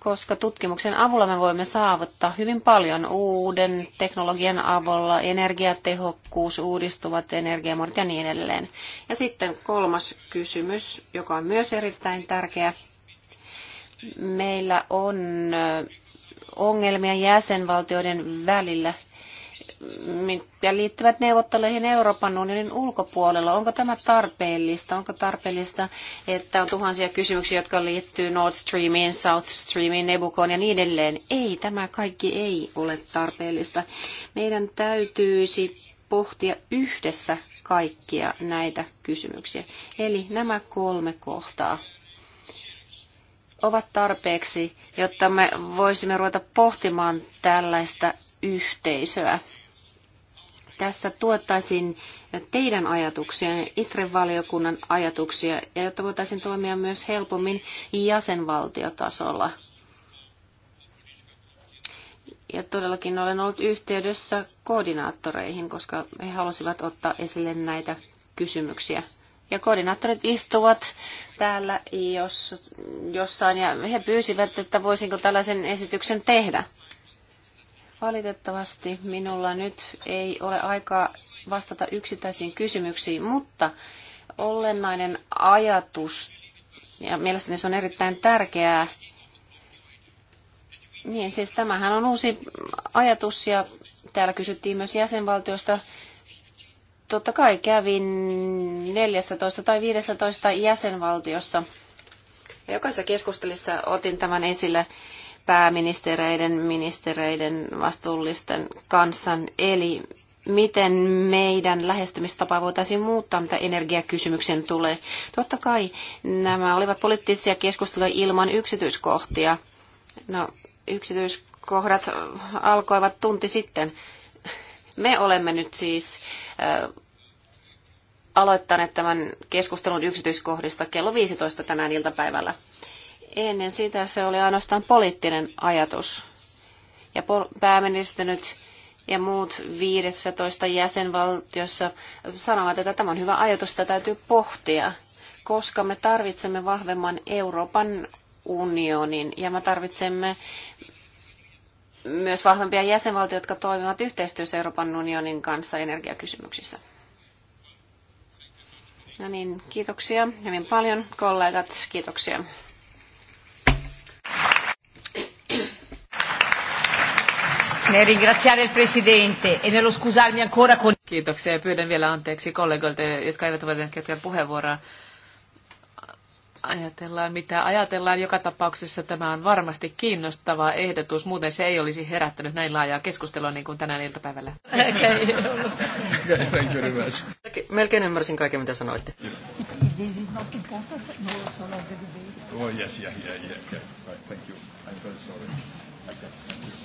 koska tutkimuksen avulla me voimme saavuttaa hyvin paljon uuden teknologian avulla, energiatehokkuus, uudistuvat energiamuodot ja niin edelleen. Ja sitten kolmas kysymys, joka on myös erittäin tärkeä. Meillä on ongelmia jäsenvaltioiden välillä – mitkä liittyvät neuvotteluihin Euroopan unionin ulkopuolella. Onko tämä tarpeellista? Onko tarpeellista, että on tuhansia kysymyksiä, jotka liittyy Nord Streamiin, South Streamiin, Nebukoon ja niin edelleen? Ei, tämä kaikki ei ole tarpeellista. Meidän täytyisi pohtia yhdessä kaikkia näitä kysymyksiä. Eli nämä kolme kohtaa ovat tarpeeksi, jotta me voisimme ruveta pohtimaan tällaista yhteisöä tässä tuottaisin teidän ajatuksia, ITRE-valiokunnan ajatuksia, ja jotta voitaisiin toimia myös helpommin jäsenvaltiotasolla. Ja todellakin olen ollut yhteydessä koordinaattoreihin, koska he halusivat ottaa esille näitä kysymyksiä. Ja koordinaattorit istuvat täällä jos, jossain ja he pyysivät, että voisinko tällaisen esityksen tehdä. Valitettavasti minulla nyt ei ole aikaa vastata yksittäisiin kysymyksiin, mutta olennainen ajatus, ja mielestäni se on erittäin tärkeää, niin siis tämähän on uusi ajatus ja täällä kysyttiin myös jäsenvaltiosta. Totta kai kävin 14 tai 15 jäsenvaltiossa. Ja jokaisessa keskustelussa otin tämän esille pääministereiden, ministereiden, vastuullisten kanssa. Eli miten meidän lähestymistapa voitaisiin muuttaa, mitä energiakysymyksen tulee. Totta kai nämä olivat poliittisia keskusteluja ilman yksityiskohtia. No, yksityiskohdat alkoivat tunti sitten. Me olemme nyt siis äh, aloittaneet tämän keskustelun yksityiskohdista kello 15 tänään iltapäivällä. Ennen sitä se oli ainoastaan poliittinen ajatus. Ja pääministerit ja muut 15 jäsenvaltiossa sanovat, että tämä on hyvä ajatus, sitä täytyy pohtia, koska me tarvitsemme vahvemman Euroopan unionin ja me tarvitsemme myös vahvempia jäsenvaltioita, jotka toimivat yhteistyössä Euroopan unionin kanssa energiakysymyksissä. No niin, kiitoksia hyvin paljon kollegat, kiitoksia. nel ringraziare il Presidente e nello scusarmi ancora con... Kiitoksia ja pyydän vielä anteeksi kollegoilta, jotka eivät voineet käyttää puheenvuoroa. Ajatellaan mitä ajatellaan. Joka tapauksessa tämä on varmasti kiinnostava ehdotus. Muuten se ei olisi herättänyt näin laajaa keskustelua niin kuin tänään iltapäivällä. Okay. thank you very much. Melkein ymmärsin kaiken mitä sanoitte. Oh yes, yeah, yeah, yeah. Right, thank you. I'm very sorry. Okay, thank you.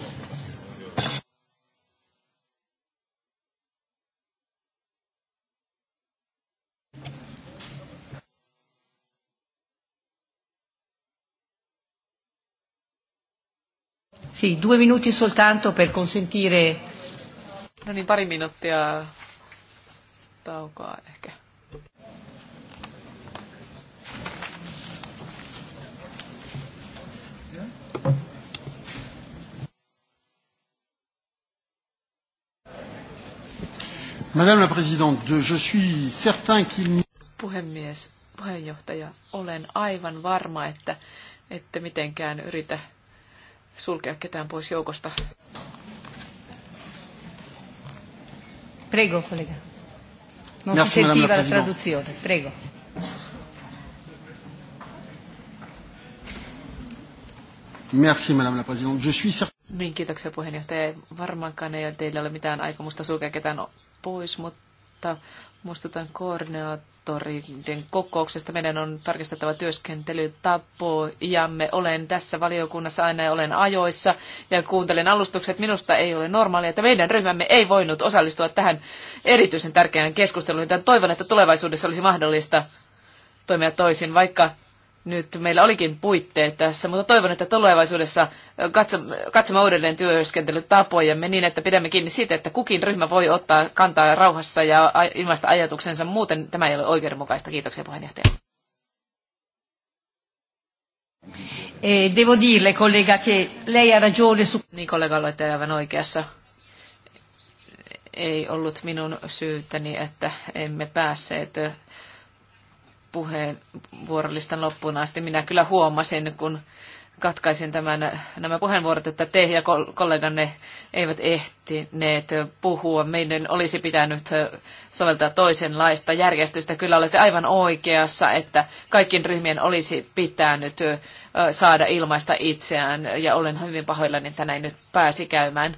Sì, due minuti soltanto per consentire... No niin, pari minuuttia taukoa ehkä. Madame la Présidente, je suis certain qu'il... Puhemies, puheenjohtaja, olen aivan varma, että, ette mitenkään yritä sulkea ketään pois joukosta. Prego, collega. Non si sentiva la traduzione. Prego. Merci, madame la présidente. Je suis certain... Niin, kiitoksia puheenjohtaja. Varmaankaan ei teillä ole mitään aikomusta sulkea ketään pois, mutta mutta muistutan koordinaattoreiden kokouksesta. Meidän on tarkistettava työskentelytapojamme. Olen tässä valiokunnassa aina ja olen ajoissa ja kuuntelen alustukset. Minusta ei ole normaalia, että meidän ryhmämme ei voinut osallistua tähän erityisen tärkeään keskusteluun. Toivon, että tulevaisuudessa olisi mahdollista toimia toisin, vaikka nyt meillä olikin puitteet tässä, mutta toivon, että tulevaisuudessa katsomme uudelleen työskentelytapojamme niin, että pidämme kiinni siitä, että kukin ryhmä voi ottaa kantaa rauhassa ja ilmaista ajatuksensa. Muuten tämä ei ole oikeudenmukaista. Kiitoksia puheenjohtaja. Eh, devo dirle, collega, che lei ha ragione su... Niin, kollega, olette aivan oikeassa. Ei ollut minun syytäni, että emme päässeet puheenvuorolistan loppuun asti. Minä kyllä huomasin, kun katkaisin tämän, nämä puheenvuorot, että te ja kolleganne eivät ehtineet puhua. Meidän olisi pitänyt soveltaa toisenlaista järjestystä. Kyllä olette aivan oikeassa, että kaikkien ryhmien olisi pitänyt saada ilmaista itseään ja olen hyvin pahoillani, että näin nyt pääsi käymään.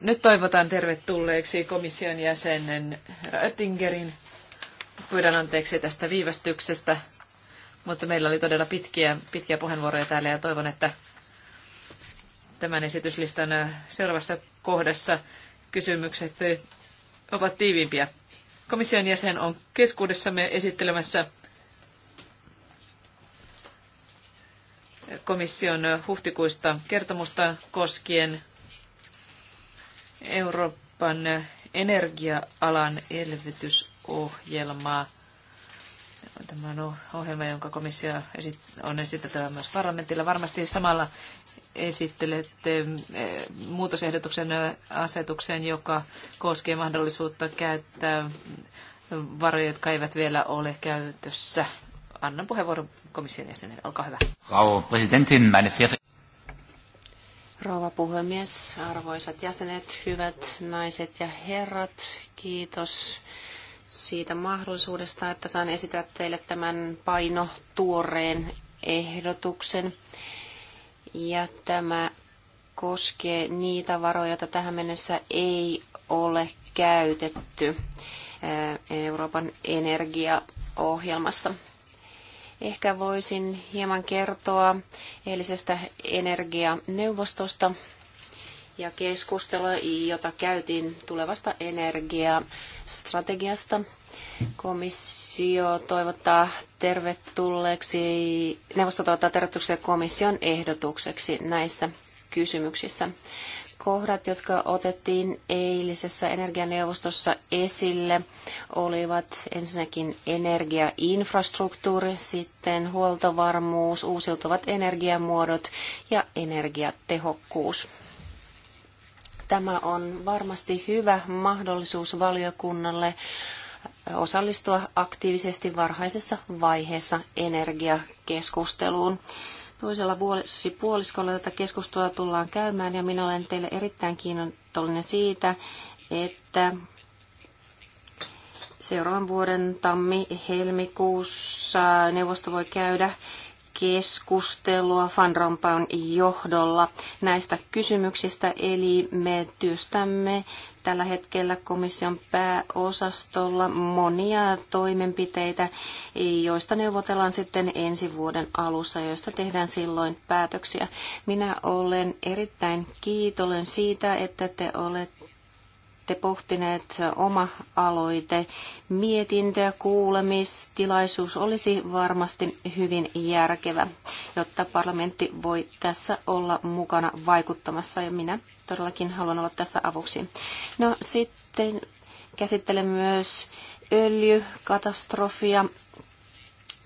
Nyt toivotan tervetulleeksi komission jäsenen Röttingerin. Pyydän anteeksi tästä viivästyksestä, mutta meillä oli todella pitkiä, pitkiä puheenvuoroja täällä ja toivon, että tämän esityslistan seuraavassa kohdassa kysymykset ovat tiiviimpiä. Komission jäsen on keskuudessamme esittelemässä komission huhtikuista kertomusta koskien Euroopan energia-alan elvytys ohjelmaa. Tämä on ohjelma, jonka komissio on esitettävä myös parlamentilla. Varmasti samalla esittelette eh, muutosehdotuksen eh, asetukseen, joka koskee mahdollisuutta käyttää varoja, jotka eivät vielä ole käytössä. Annan puheenvuoron komission jäsenelle. Olkaa hyvä. Frau Rouva puhemies, arvoisat jäsenet, hyvät naiset ja herrat, kiitos siitä mahdollisuudesta, että saan esitellä teille tämän paino tuoreen ehdotuksen. Ja tämä koskee niitä varoja, joita tähän mennessä ei ole käytetty Euroopan energiaohjelmassa. Ehkä voisin hieman kertoa eilisestä energianeuvostosta, ja keskustelua, jota käytiin tulevasta energiastrategiasta. Komissio toivottaa tervetulleeksi, neuvosto toivottaa tervetulleeksi komission ehdotukseksi näissä kysymyksissä. Kohdat, jotka otettiin eilisessä energianeuvostossa esille, olivat ensinnäkin energiainfrastruktuuri, sitten huoltovarmuus, uusiutuvat energiamuodot ja energiatehokkuus. Tämä on varmasti hyvä mahdollisuus valiokunnalle osallistua aktiivisesti varhaisessa vaiheessa energiakeskusteluun. Toisella vuosipuoliskolla tätä keskustelua tullaan käymään ja minä olen teille erittäin kiinnostunut siitä, että seuraavan vuoden tammi-helmikuussa neuvosto voi käydä keskustelua Van Rompuyn johdolla näistä kysymyksistä. Eli me työstämme tällä hetkellä komission pääosastolla monia toimenpiteitä, joista neuvotellaan sitten ensi vuoden alussa, joista tehdään silloin päätöksiä. Minä olen erittäin kiitollinen siitä, että te olette olette pohtineet oma aloite. Mietintö, kuulemistilaisuus olisi varmasti hyvin järkevä, jotta parlamentti voi tässä olla mukana vaikuttamassa ja minä todellakin haluan olla tässä avuksi. No sitten käsittelen myös öljykatastrofia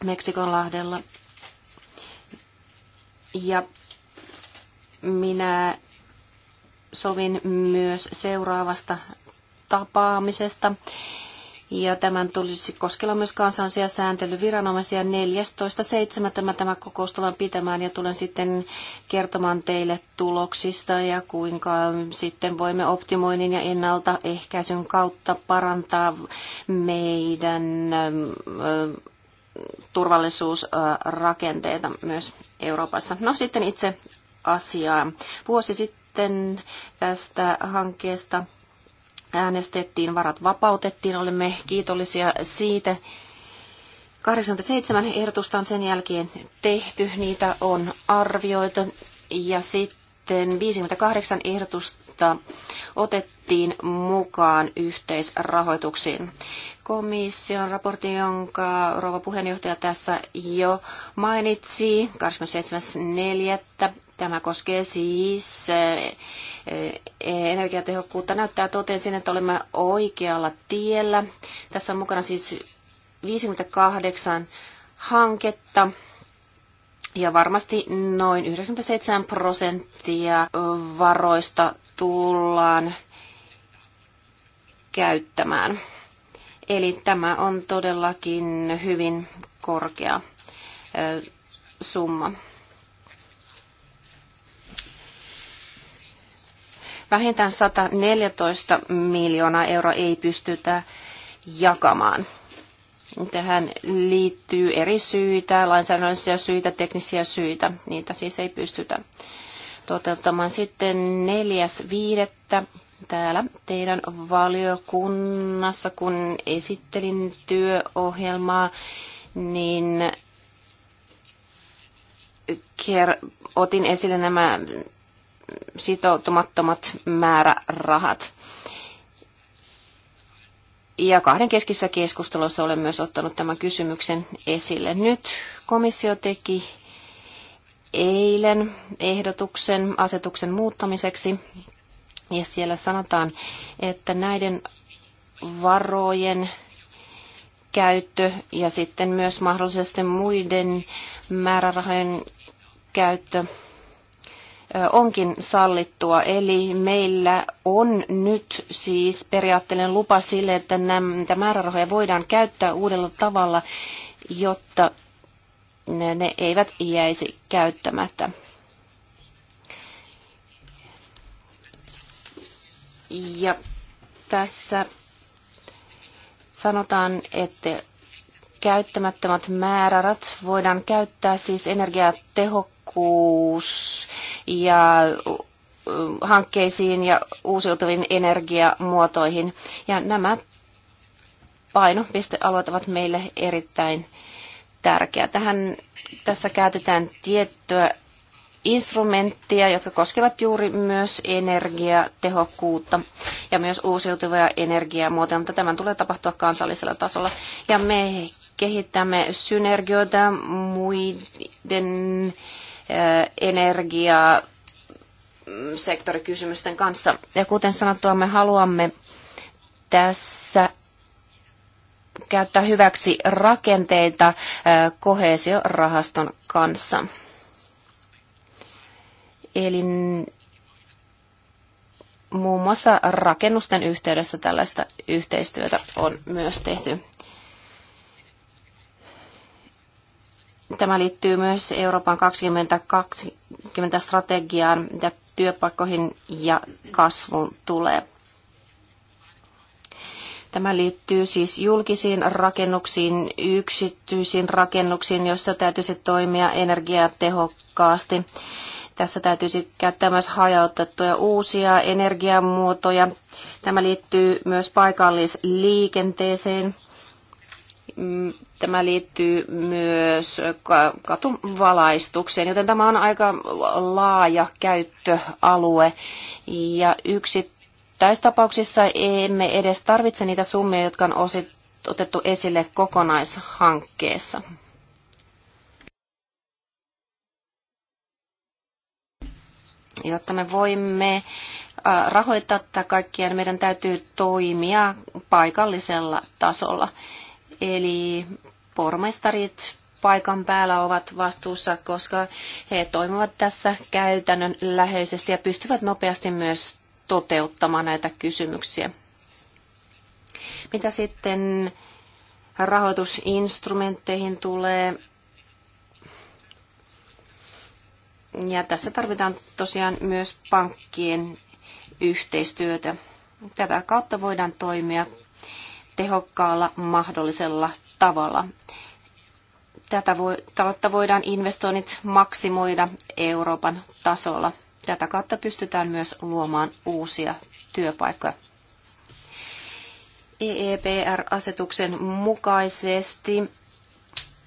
Meksikonlahdella. Ja minä sovin myös seuraavasta tapaamisesta. Ja tämän tulisi koskella myös kansallisia sääntelyviranomaisia 14.7. Tämä kokous tullaan pitämään ja tulen sitten kertomaan teille tuloksista ja kuinka sitten voimme optimoinnin ja ennaltaehkäisyn kautta parantaa meidän ähm, äh, turvallisuusrakenteita myös Euroopassa. No sitten itse asiaa. Vuosi sitten sitten tästä hankkeesta äänestettiin, varat vapautettiin, olemme kiitollisia siitä. 87 ehdotusta on sen jälkeen tehty, niitä on arvioitu ja sitten 58 ehdotusta otettiin mukaan yhteisrahoituksiin. Komission raportti, jonka rouva puheenjohtaja tässä jo mainitsi 27.4. Tämä koskee siis eh, eh, energiatehokkuutta. Näyttää sen, että olemme oikealla tiellä. Tässä on mukana siis 58 hanketta. Ja varmasti noin 97 prosenttia varoista tullaan käyttämään. Eli tämä on todellakin hyvin korkea eh, summa. vähintään 114 miljoonaa euroa ei pystytä jakamaan. Tähän liittyy eri syitä, lainsäädännöllisiä syitä, teknisiä syitä. Niitä siis ei pystytä toteuttamaan. Sitten neljäs viidettä täällä teidän valiokunnassa, kun esittelin työohjelmaa, niin ker- otin esille nämä sitoutumattomat määrärahat. Ja kahden keskissä keskustelussa olen myös ottanut tämän kysymyksen esille. Nyt komissio teki eilen ehdotuksen asetuksen muuttamiseksi. Ja siellä sanotaan, että näiden varojen käyttö ja sitten myös mahdollisesti muiden määrärahojen käyttö onkin sallittua. Eli meillä on nyt siis periaatteellinen lupa sille, että näitä määrärahoja voidaan käyttää uudella tavalla, jotta ne eivät jäisi käyttämättä. Ja tässä sanotaan, että käyttämättömät määrärat voidaan käyttää siis energiatehokkaasti tehokkuus ja hankkeisiin ja uusiutuviin energiamuotoihin. Ja nämä painopistealueet ovat meille erittäin tärkeä. Tähän, tässä käytetään tiettyä instrumenttia, jotka koskevat juuri myös energiatehokkuutta ja myös uusiutuvia energiamuotoja, mutta tämän tulee tapahtua kansallisella tasolla. Ja me kehittämme synergioita muiden energiasektorikysymysten mm, sektorikysymysten kanssa. Ja kuten sanottua, me haluamme tässä käyttää hyväksi rakenteita kohesiorahaston kanssa. Eli muun muassa rakennusten yhteydessä tällaista yhteistyötä on myös tehty. Tämä liittyy myös Euroopan 2020 strategiaan, mitä työpaikkoihin ja kasvuun tulee. Tämä liittyy siis julkisiin rakennuksiin, yksityisiin rakennuksiin, joissa täytyisi toimia energiatehokkaasti. Tässä täytyisi käyttää myös hajautettuja uusia energiamuotoja. Tämä liittyy myös paikallisliikenteeseen. Mm, Tämä liittyy myös katuvalaistukseen, joten tämä on aika laaja käyttöalue ja yksittäistapauksissa emme edes tarvitse niitä summia, jotka on otettu esille kokonaishankkeessa. jotta me voimme rahoittaa tätä kaikkia, niin meidän täytyy toimia paikallisella tasolla. Eli pormestarit paikan päällä ovat vastuussa, koska he toimivat tässä käytännön läheisesti ja pystyvät nopeasti myös toteuttamaan näitä kysymyksiä. Mitä sitten rahoitusinstrumentteihin tulee, ja tässä tarvitaan tosiaan myös pankkien yhteistyötä. Tätä kautta voidaan toimia tehokkaalla mahdollisella tavalla. Tätä kautta voidaan investoinnit maksimoida Euroopan tasolla. Tätä kautta pystytään myös luomaan uusia työpaikkoja. EEPR-asetuksen mukaisesti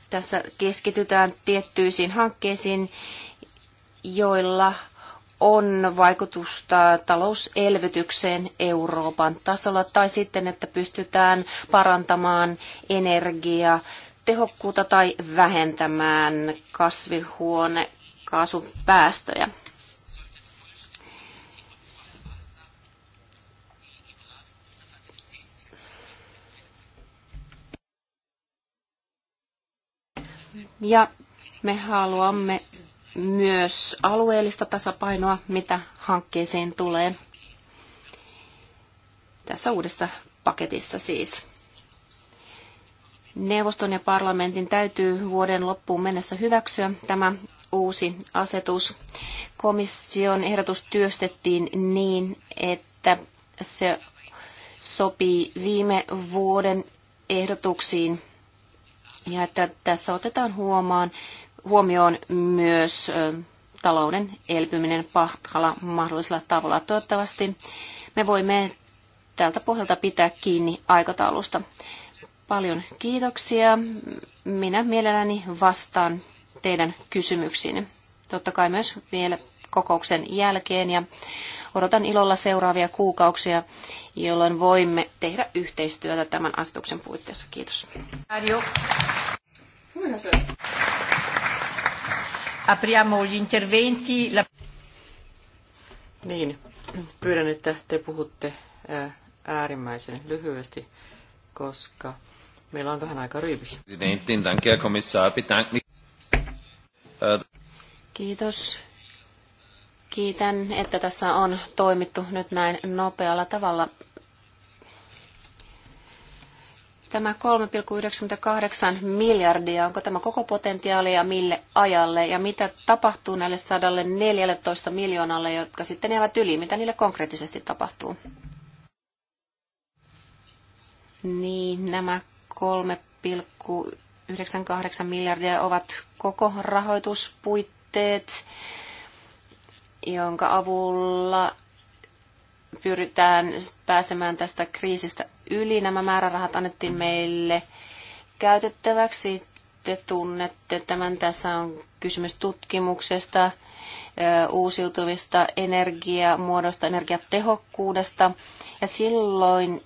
tässä keskitytään tiettyisiin hankkeisiin, joilla on vaikutusta talouselvytykseen Euroopan tasolla tai sitten, että pystytään parantamaan energiaa, tehokkuutta tai vähentämään kasvihuonekaasupäästöjä. Ja me haluamme myös alueellista tasapainoa, mitä hankkeeseen tulee tässä uudessa paketissa siis. Neuvoston ja parlamentin täytyy vuoden loppuun mennessä hyväksyä tämä uusi asetus. Komission ehdotus työstettiin niin, että se sopii viime vuoden ehdotuksiin ja että tässä otetaan huomaan huomioon myös talouden elpyminen parhaalla mahdollisella tavalla. Toivottavasti me voimme tältä pohjalta pitää kiinni aikataulusta. Paljon kiitoksia. Minä mielelläni vastaan teidän kysymyksiin. Totta kai myös vielä kokouksen jälkeen ja odotan ilolla seuraavia kuukauksia, jolloin voimme tehdä yhteistyötä tämän asetuksen puitteissa. Kiitos. Adios. Apriamo gli interventi. La... Niin, pyydän, että te puhutte äärimmäisen lyhyesti, koska meillä on vähän aika ryypi. Kiitos. Kiitän, että tässä on toimittu nyt näin nopealla tavalla. Tämä 3,98 miljardia, onko tämä koko potentiaali ja mille ajalle ja mitä tapahtuu näille 114 miljoonalle, jotka sitten jäävät yli, mitä niille konkreettisesti tapahtuu? Niin, nämä 3,98 miljardia ovat koko rahoituspuitteet, jonka avulla pyritään pääsemään tästä kriisistä yli nämä määrärahat annettiin meille käytettäväksi. Te tunnette tämän. Tässä on kysymys tutkimuksesta, uusiutuvista energiamuodoista, energiatehokkuudesta. Ja silloin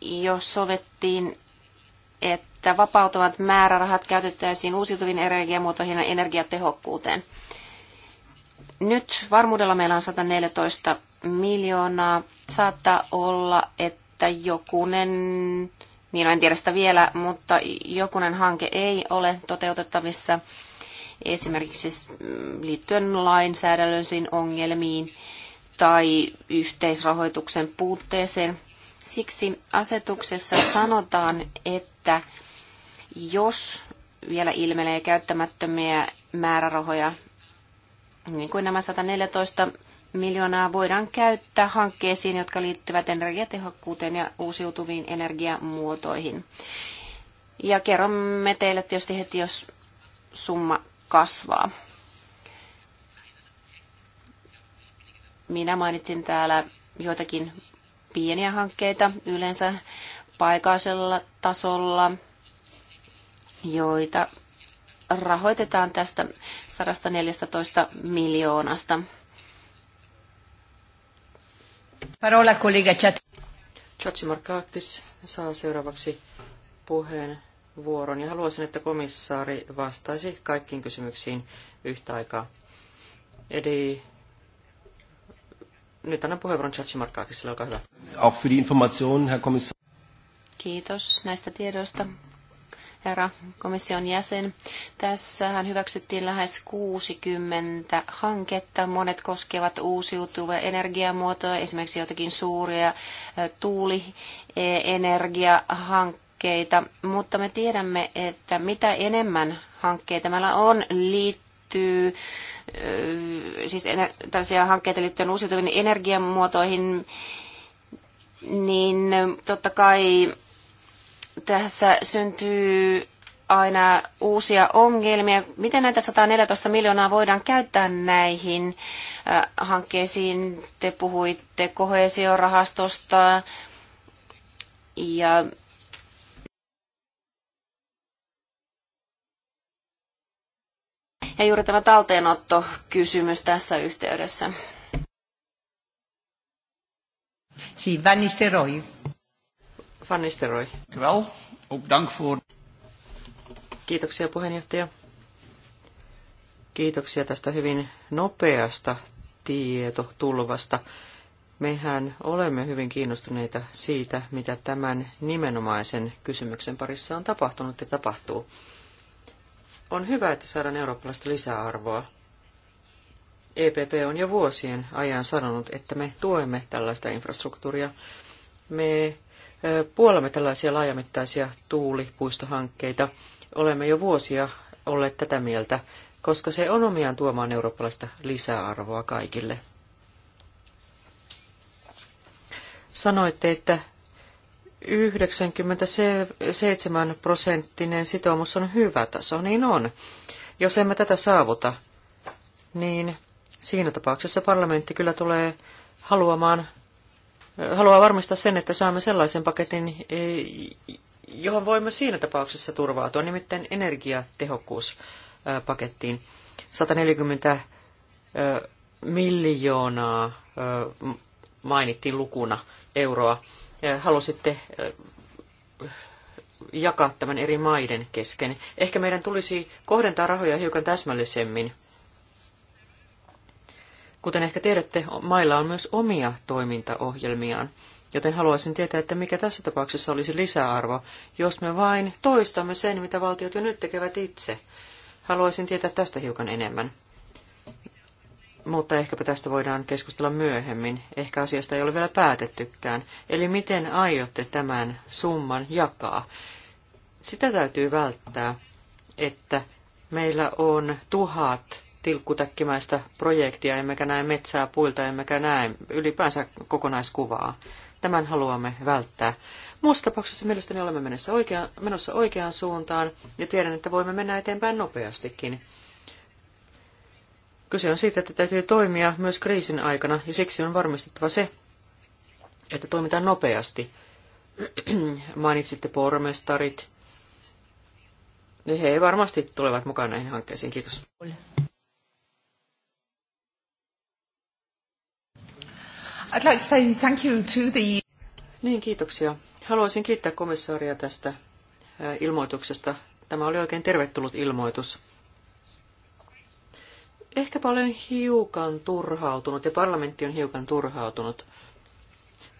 jos sovittiin, että vapautuvat määrärahat käytettäisiin uusiutuviin energiamuotoihin ja energiatehokkuuteen. Nyt varmuudella meillä on 114 miljoonaa. Saattaa olla, että että jokunen, niin en tiedä sitä vielä, mutta jokunen hanke ei ole toteutettavissa esimerkiksi liittyen lainsäädännöllisiin ongelmiin tai yhteisrahoituksen puutteeseen. Siksi asetuksessa sanotaan, että jos vielä ilmenee käyttämättömiä määrärahoja, niin kuin nämä 114 miljoonaa voidaan käyttää hankkeisiin, jotka liittyvät energiatehokkuuteen ja uusiutuviin energiamuotoihin. Ja kerromme teille tietysti heti, jos summa kasvaa. Minä mainitsin täällä joitakin pieniä hankkeita yleensä paikallisella tasolla, joita rahoitetaan tästä 114 miljoonasta. Parola kollega Chat. Chatsimarkakis saa seuraavaksi puheen vuoron ja haluaisin, että komissaari vastaisi kaikkiin kysymyksiin yhtä aikaa. Eli nyt annan puheenvuoron Markakisille, olkaa hyvä. Auch für die Information, Herr Kommissar. Kiitos näistä tiedoista, herra komission jäsen. Tässähän hyväksyttiin lähes 60 hanketta. Monet koskevat uusiutuvia energiamuotoja, esimerkiksi jotakin suuria tuulienergiahankkeita. Mutta me tiedämme, että mitä enemmän hankkeita meillä on liittyy siis tällaisia hankkeita liittyen uusiutuviin energiamuotoihin, niin totta kai tässä syntyy aina uusia ongelmia. Miten näitä 114 miljoonaa voidaan käyttää näihin äh, hankkeisiin? Te puhuitte kohesiorahastosta ja Ja juuri tämä talteenottokysymys tässä yhteydessä. Siinä Van Van Nistelrooy. Kiitoksia puheenjohtaja. Kiitoksia tästä hyvin nopeasta tietotulvasta. Mehän olemme hyvin kiinnostuneita siitä, mitä tämän nimenomaisen kysymyksen parissa on tapahtunut ja tapahtuu. On hyvä, että saadaan eurooppalaista lisäarvoa. EPP on jo vuosien ajan sanonut, että me tuemme tällaista infrastruktuuria. Me puolamme tällaisia laajamittaisia tuulipuistohankkeita. Olemme jo vuosia olleet tätä mieltä, koska se on omiaan tuomaan eurooppalaista lisäarvoa kaikille. Sanoitte, että 97 prosenttinen sitoumus on hyvä taso, niin on. Jos emme tätä saavuta, niin siinä tapauksessa parlamentti kyllä tulee haluamaan haluaa varmistaa sen, että saamme sellaisen paketin, eh, johon voimme siinä tapauksessa turvautua, nimittäin energiatehokkuuspakettiin. 140 eh, miljoonaa eh, mainittiin lukuna euroa. Halusitte jakaa tämän eri maiden kesken. Ehkä meidän tulisi kohdentaa rahoja hiukan täsmällisemmin Kuten ehkä tiedätte, mailla on myös omia toimintaohjelmiaan, joten haluaisin tietää, että mikä tässä tapauksessa olisi lisäarvo, jos me vain toistamme sen, mitä valtiot jo nyt tekevät itse. Haluaisin tietää tästä hiukan enemmän. Mutta ehkäpä tästä voidaan keskustella myöhemmin. Ehkä asiasta ei ole vielä päätettykään. Eli miten aiotte tämän summan jakaa? Sitä täytyy välttää, että meillä on tuhat tilkkutäkkimäistä projektia, emmekä näe metsää puilta, emmekä näe ylipäänsä kokonaiskuvaa. Tämän haluamme välttää. Muussa tapauksessa mielestäni olemme menossa oikeaan, menossa oikeaan suuntaan ja tiedän, että voimme mennä eteenpäin nopeastikin. Kyse on siitä, että täytyy toimia myös kriisin aikana ja siksi on varmistettava se, että toimitaan nopeasti. Mainitsitte pormestarit. He varmasti tulevat mukaan näihin hankkeisiin. Kiitos. I'd like to say thank you to the... Niin, kiitoksia. Haluaisin kiittää komissaaria tästä ilmoituksesta. Tämä oli oikein tervetullut ilmoitus. Ehkäpä olen hiukan turhautunut ja parlamentti on hiukan turhautunut,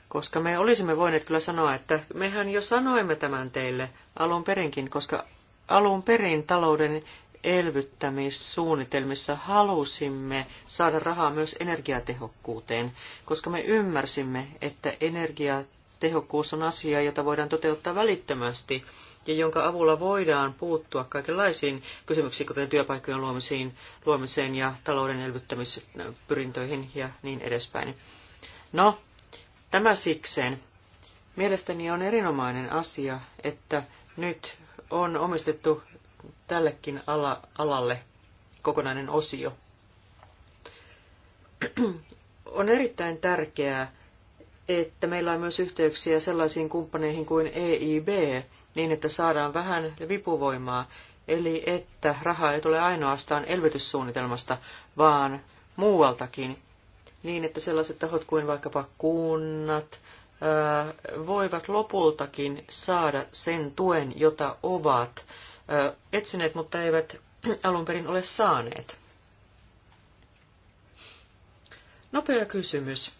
koska me olisimme voineet kyllä sanoa, että mehän jo sanoimme tämän teille alun perinkin, koska alun perin talouden elvyttämissuunnitelmissa halusimme saada rahaa myös energiatehokkuuteen, koska me ymmärsimme, että energiatehokkuus on asia, jota voidaan toteuttaa välittömästi ja jonka avulla voidaan puuttua kaikenlaisiin kysymyksiin, kuten työpaikkojen luomiseen, luomiseen ja talouden elvyttämispyrintöihin ja niin edespäin. No, tämä sikseen. Mielestäni on erinomainen asia, että nyt on omistettu tällekin ala, alalle kokonainen osio. On erittäin tärkeää, että meillä on myös yhteyksiä sellaisiin kumppaneihin kuin EIB, niin että saadaan vähän vipuvoimaa, eli että raha ei tule ainoastaan elvytyssuunnitelmasta, vaan muualtakin, niin että sellaiset tahot kuin vaikkapa kunnat voivat lopultakin saada sen tuen, jota ovat etsineet, mutta eivät alun perin ole saaneet. Nopea kysymys.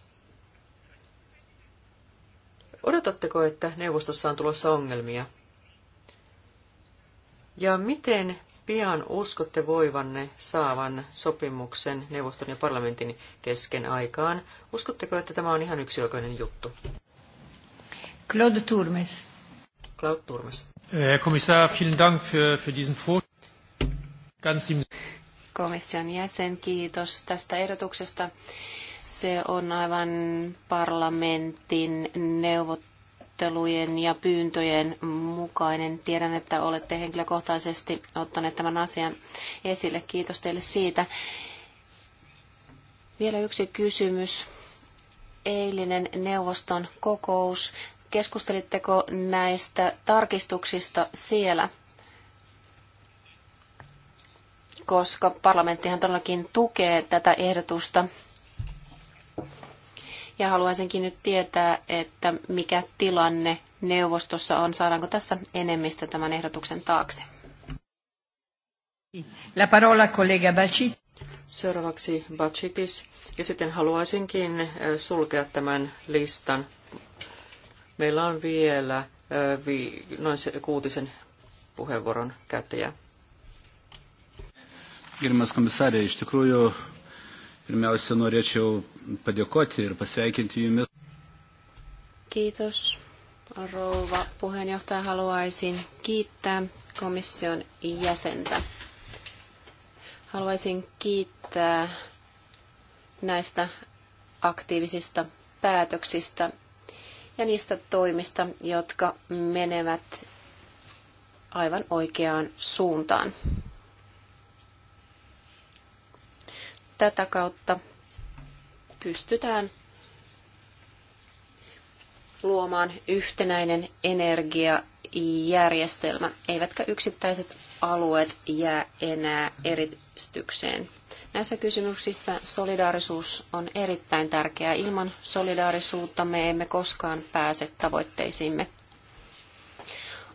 Odotatteko, että neuvostossa on tulossa ongelmia? Ja miten pian uskotte voivanne saavan sopimuksen neuvoston ja parlamentin kesken aikaan? Uskotteko, että tämä on ihan yksioikoinen juttu? Claude Turmes. Claude Turmes. Äh, Herr Kommissar, vielen Dank für, für diesen Vorschlag. Komission jäsen, kiitos tästä ehdotuksesta. Se on aivan parlamentin neuvottelujen ja pyyntöjen mukainen. Tiedän, että olette henkilökohtaisesti ottaneet tämän asian esille. Kiitos teille siitä. Vielä yksi kysymys. Eilinen neuvoston kokous Keskustelitteko näistä tarkistuksista siellä? Koska parlamenttihan todellakin tukee tätä ehdotusta. Ja haluaisinkin nyt tietää, että mikä tilanne neuvostossa on. Saadaanko tässä enemmistö tämän ehdotuksen taakse? La parola collega Bacit. Seuraavaksi Bacitis. Ja sitten haluaisinkin eh, sulkea tämän listan. Meillä on vielä noin kuutisen puheenvuoron käyttäjää. Gerimas komisarė, iš tikrųjų, pirmiausia, norėčiau padėkoti ir pasveikinti jumis. Kiitos, rouva puheenjohtaja. Haluaisin kiittää komission jäsentä. Haluaisin kiittää näistä aktiivisista päätöksistä, ja niistä toimista, jotka menevät aivan oikeaan suuntaan. Tätä kautta pystytään luomaan yhtenäinen energiajärjestelmä, eivätkä yksittäiset alueet jää enää eri menestykseen. Näissä kysymyksissä solidaarisuus on erittäin tärkeää. Ilman solidaarisuutta me emme koskaan pääse tavoitteisiimme.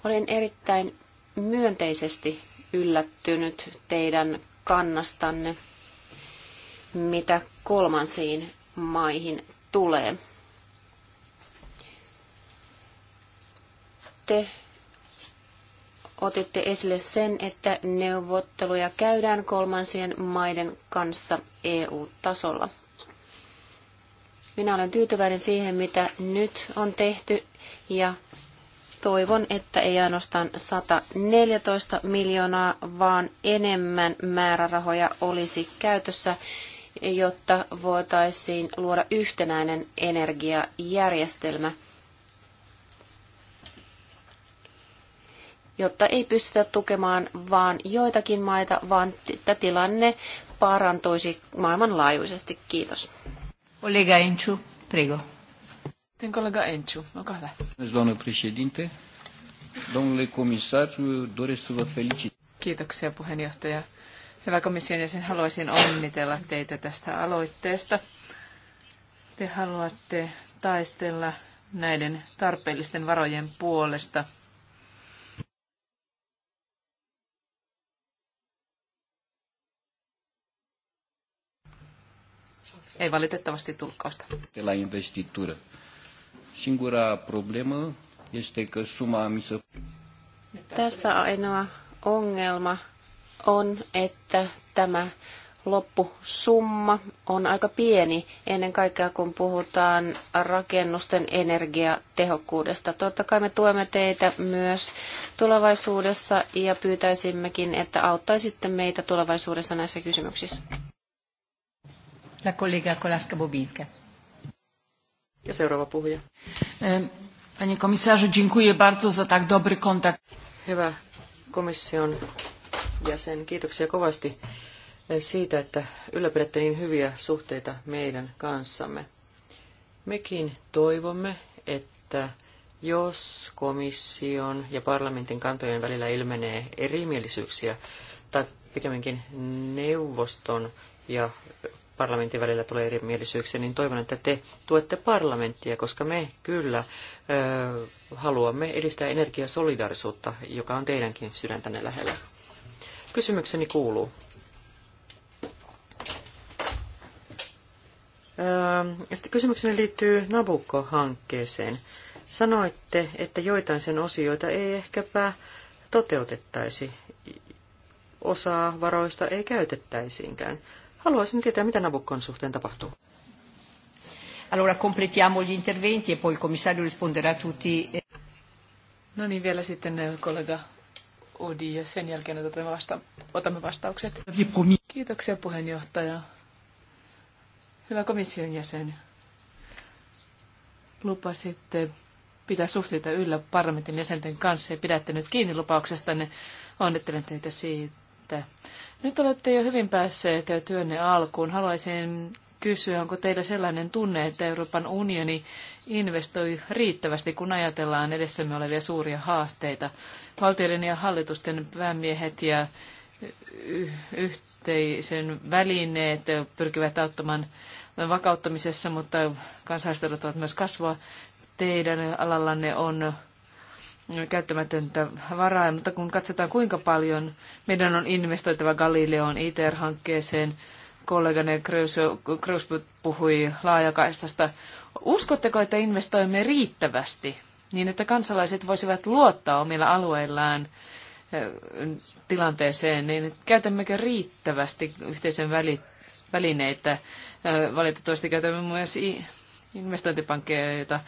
Olen erittäin myönteisesti yllättynyt teidän kannastanne, mitä kolmansiin maihin tulee. Te otitte esille sen, että neuvotteluja käydään kolmansien maiden kanssa EU-tasolla. Minä olen tyytyväinen siihen, mitä nyt on tehty ja toivon, että ei ainoastaan 114 miljoonaa, vaan enemmän määrärahoja olisi käytössä, jotta voitaisiin luoda yhtenäinen energiajärjestelmä – jotta ei pystytä tukemaan vaan joitakin maita, vaan että tilanne parantuisi maailmanlaajuisesti. Kiitos. Olega Enchu, prego. Ten kollega Enciu, olkaa hyvä. Kiitoksia puheenjohtaja. Hyvä komission jäsen, haluaisin onnitella teitä tästä aloitteesta. Te haluatte taistella näiden tarpeellisten varojen puolesta – Ei valitettavasti tulkkausta. De la investitură. Singura problemă este că suma Tässä ainoa ongelma on, että tämä loppusumma on aika pieni, ennen kaikkea kun puhutaan rakennusten energiatehokkuudesta. Totta kai me tuemme teitä myös tulevaisuudessa ja pyytäisimmekin, että auttaisitte meitä tulevaisuudessa näissä kysymyksissä. La kollega Kolaska-Bobinska. Ja seuraava puhuja. E, panie komisarzu, dziękuję bardzo za tak dobry kontakt. Hyvä komission jäsen, kiitoksia kovasti e, siitä, että ylläpidätte niin hyviä suhteita meidän kanssamme. Mekin toivomme, että jos komission ja parlamentin kantojen välillä ilmenee erimielisyyksiä, tai pikemminkin neuvoston ja parlamentin välillä tulee erimielisyyksiä, niin toivon, että te tuette parlamenttia, koska me kyllä ö, haluamme edistää energiasolidarisuutta, joka on teidänkin sydäntänne lähellä. Kysymykseni kuuluu. Ö, sitten kysymykseni liittyy Nabucco-hankkeeseen. Sanoitte, että joitain sen osioita ei ehkäpä toteutettaisi osaa varoista ei käytettäisiinkään. Haluaisin tietää, mitä Nabukon suhteen tapahtuu. Allora completiamo gli interventi e poi il commissario risponderà a tutti. No niin, vielä sitten eh, kollega Odi ja sen jälkeen otamme, vasta- otamme vastaukset. Kiitoksia puheenjohtaja. Hyvä komission jäsen. Lupasitte pitää suhteita yllä parlamentin jäsenten kanssa ja pidätte nyt kiinni lupauksestanne. Onnittelen teitä siitä että nyt olette jo hyvin päässeet ja työnne alkuun. Haluaisin kysyä, onko teillä sellainen tunne, että Euroopan unioni investoi riittävästi, kun ajatellaan edessämme olevia suuria haasteita. Valtioiden ja hallitusten päämiehet ja yhteisen välineet pyrkivät auttamaan vakauttamisessa, mutta kansalaiset ovat myös kasvua. Teidän alallanne on käyttämätöntä varaa, mutta kun katsotaan kuinka paljon meidän on investoitava Galileoon ITER-hankkeeseen, kollegani Kreus puhui laajakaistasta. Uskotteko, että investoimme riittävästi niin, että kansalaiset voisivat luottaa omilla alueillaan eh, tilanteeseen, niin käytämmekö riittävästi yhteisen välineitä? Eh, valitettavasti käytämme myös investointipankkeja, joita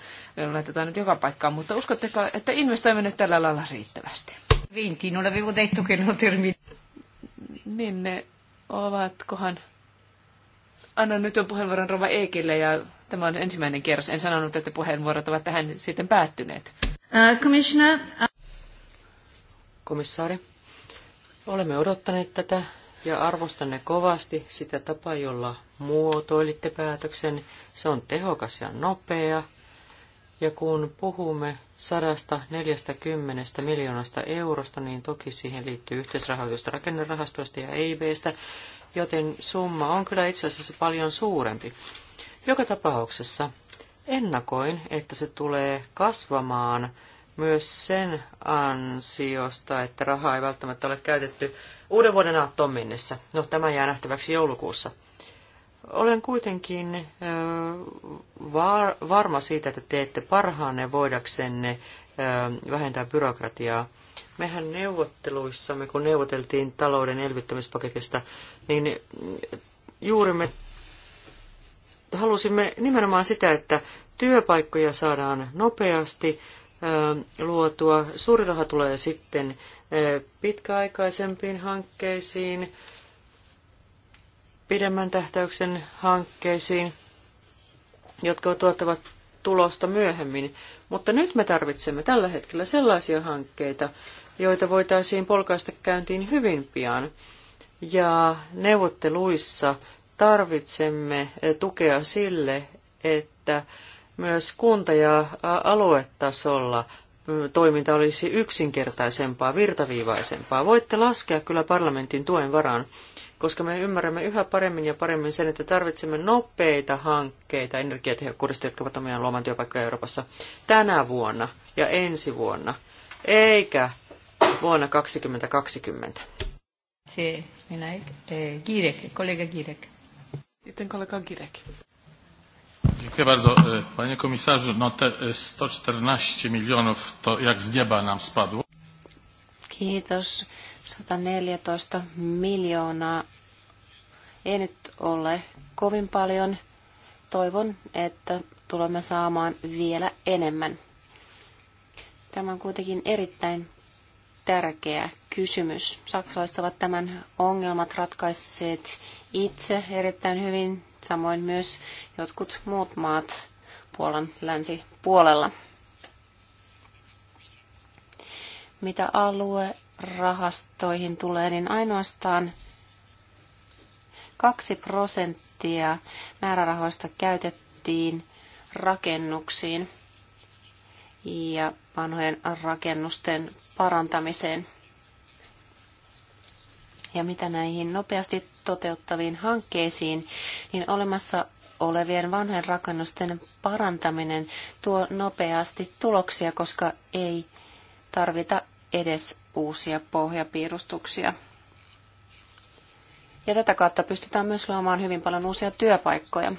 laitetaan nyt joka paikkaan, mutta uskotteko, että investoimme nyt tällä lailla riittävästi? Vinti, non avevo detto che non Niin ne ovatkohan... Annan nyt jo puheenvuoron Rova Eekille ja tämä on ensimmäinen kierros. En sanonut, että puheenvuorot ovat tähän sitten päättyneet. Uh, commissioner. Uh... Komissaari, olemme odottaneet tätä ja arvostan ne kovasti sitä tapaa, jolla muotoilitte päätöksen. Se on tehokas ja nopea. Ja kun puhumme 140 miljoonasta eurosta, niin toki siihen liittyy yhteisrahoitusta rakennerahastoista ja EIBstä, joten summa on kyllä itse asiassa paljon suurempi. Joka tapauksessa ennakoin, että se tulee kasvamaan myös sen ansiosta, että rahaa ei välttämättä ole käytetty uuden vuoden aattoon mennessä. No, tämä jää nähtäväksi joulukuussa. Olen kuitenkin varma siitä, että teette parhaanne voidaksenne vähentää byrokratiaa. Mehän neuvotteluissamme, kun neuvoteltiin talouden elvyttämispaketista, niin juuri me halusimme nimenomaan sitä, että työpaikkoja saadaan nopeasti luotua. Suuri raha tulee sitten pitkäaikaisempiin hankkeisiin, pidemmän tähtäyksen hankkeisiin, jotka tuottavat tulosta myöhemmin. Mutta nyt me tarvitsemme tällä hetkellä sellaisia hankkeita, joita voitaisiin polkaista käyntiin hyvin pian. Ja neuvotteluissa tarvitsemme tukea sille, että myös kunta- ja aluetasolla toiminta olisi yksinkertaisempaa, virtaviivaisempaa. Voitte laskea kyllä parlamentin tuen varaan, koska me ymmärrämme yhä paremmin ja paremmin sen, että tarvitsemme nopeita hankkeita energiatehokkuudesta, jotka ovat omiaan luomaan työpaikkoja Euroopassa tänä vuonna ja ensi vuonna, eikä vuonna 2020. Se, minä, eh, Girek, kollega Girek. Sitten kollega Girek. Dziękuję bardzo. E, panie komisarzu, no te 114 e, milionów to jak z nieba nam spadło. Kiitos. 114 miljoonaa ei nyt ole kovin paljon. Toivon, että tulemme saamaan vielä enemmän. Tämä on kuitenkin erittäin tärkeä kysymys. Saksalaiset ovat tämän ongelmat ratkaisseet itse erittäin hyvin samoin myös jotkut muut maat Puolan länsipuolella. Mitä rahastoihin tulee, niin ainoastaan 2 prosenttia määrärahoista käytettiin rakennuksiin ja vanhojen rakennusten parantamiseen. Ja mitä näihin nopeasti toteuttaviin hankkeisiin, niin olemassa olevien vanhojen rakennusten parantaminen tuo nopeasti tuloksia, koska ei tarvita edes uusia pohjapiirustuksia. Ja tätä kautta pystytään myös luomaan hyvin paljon uusia työpaikkoja.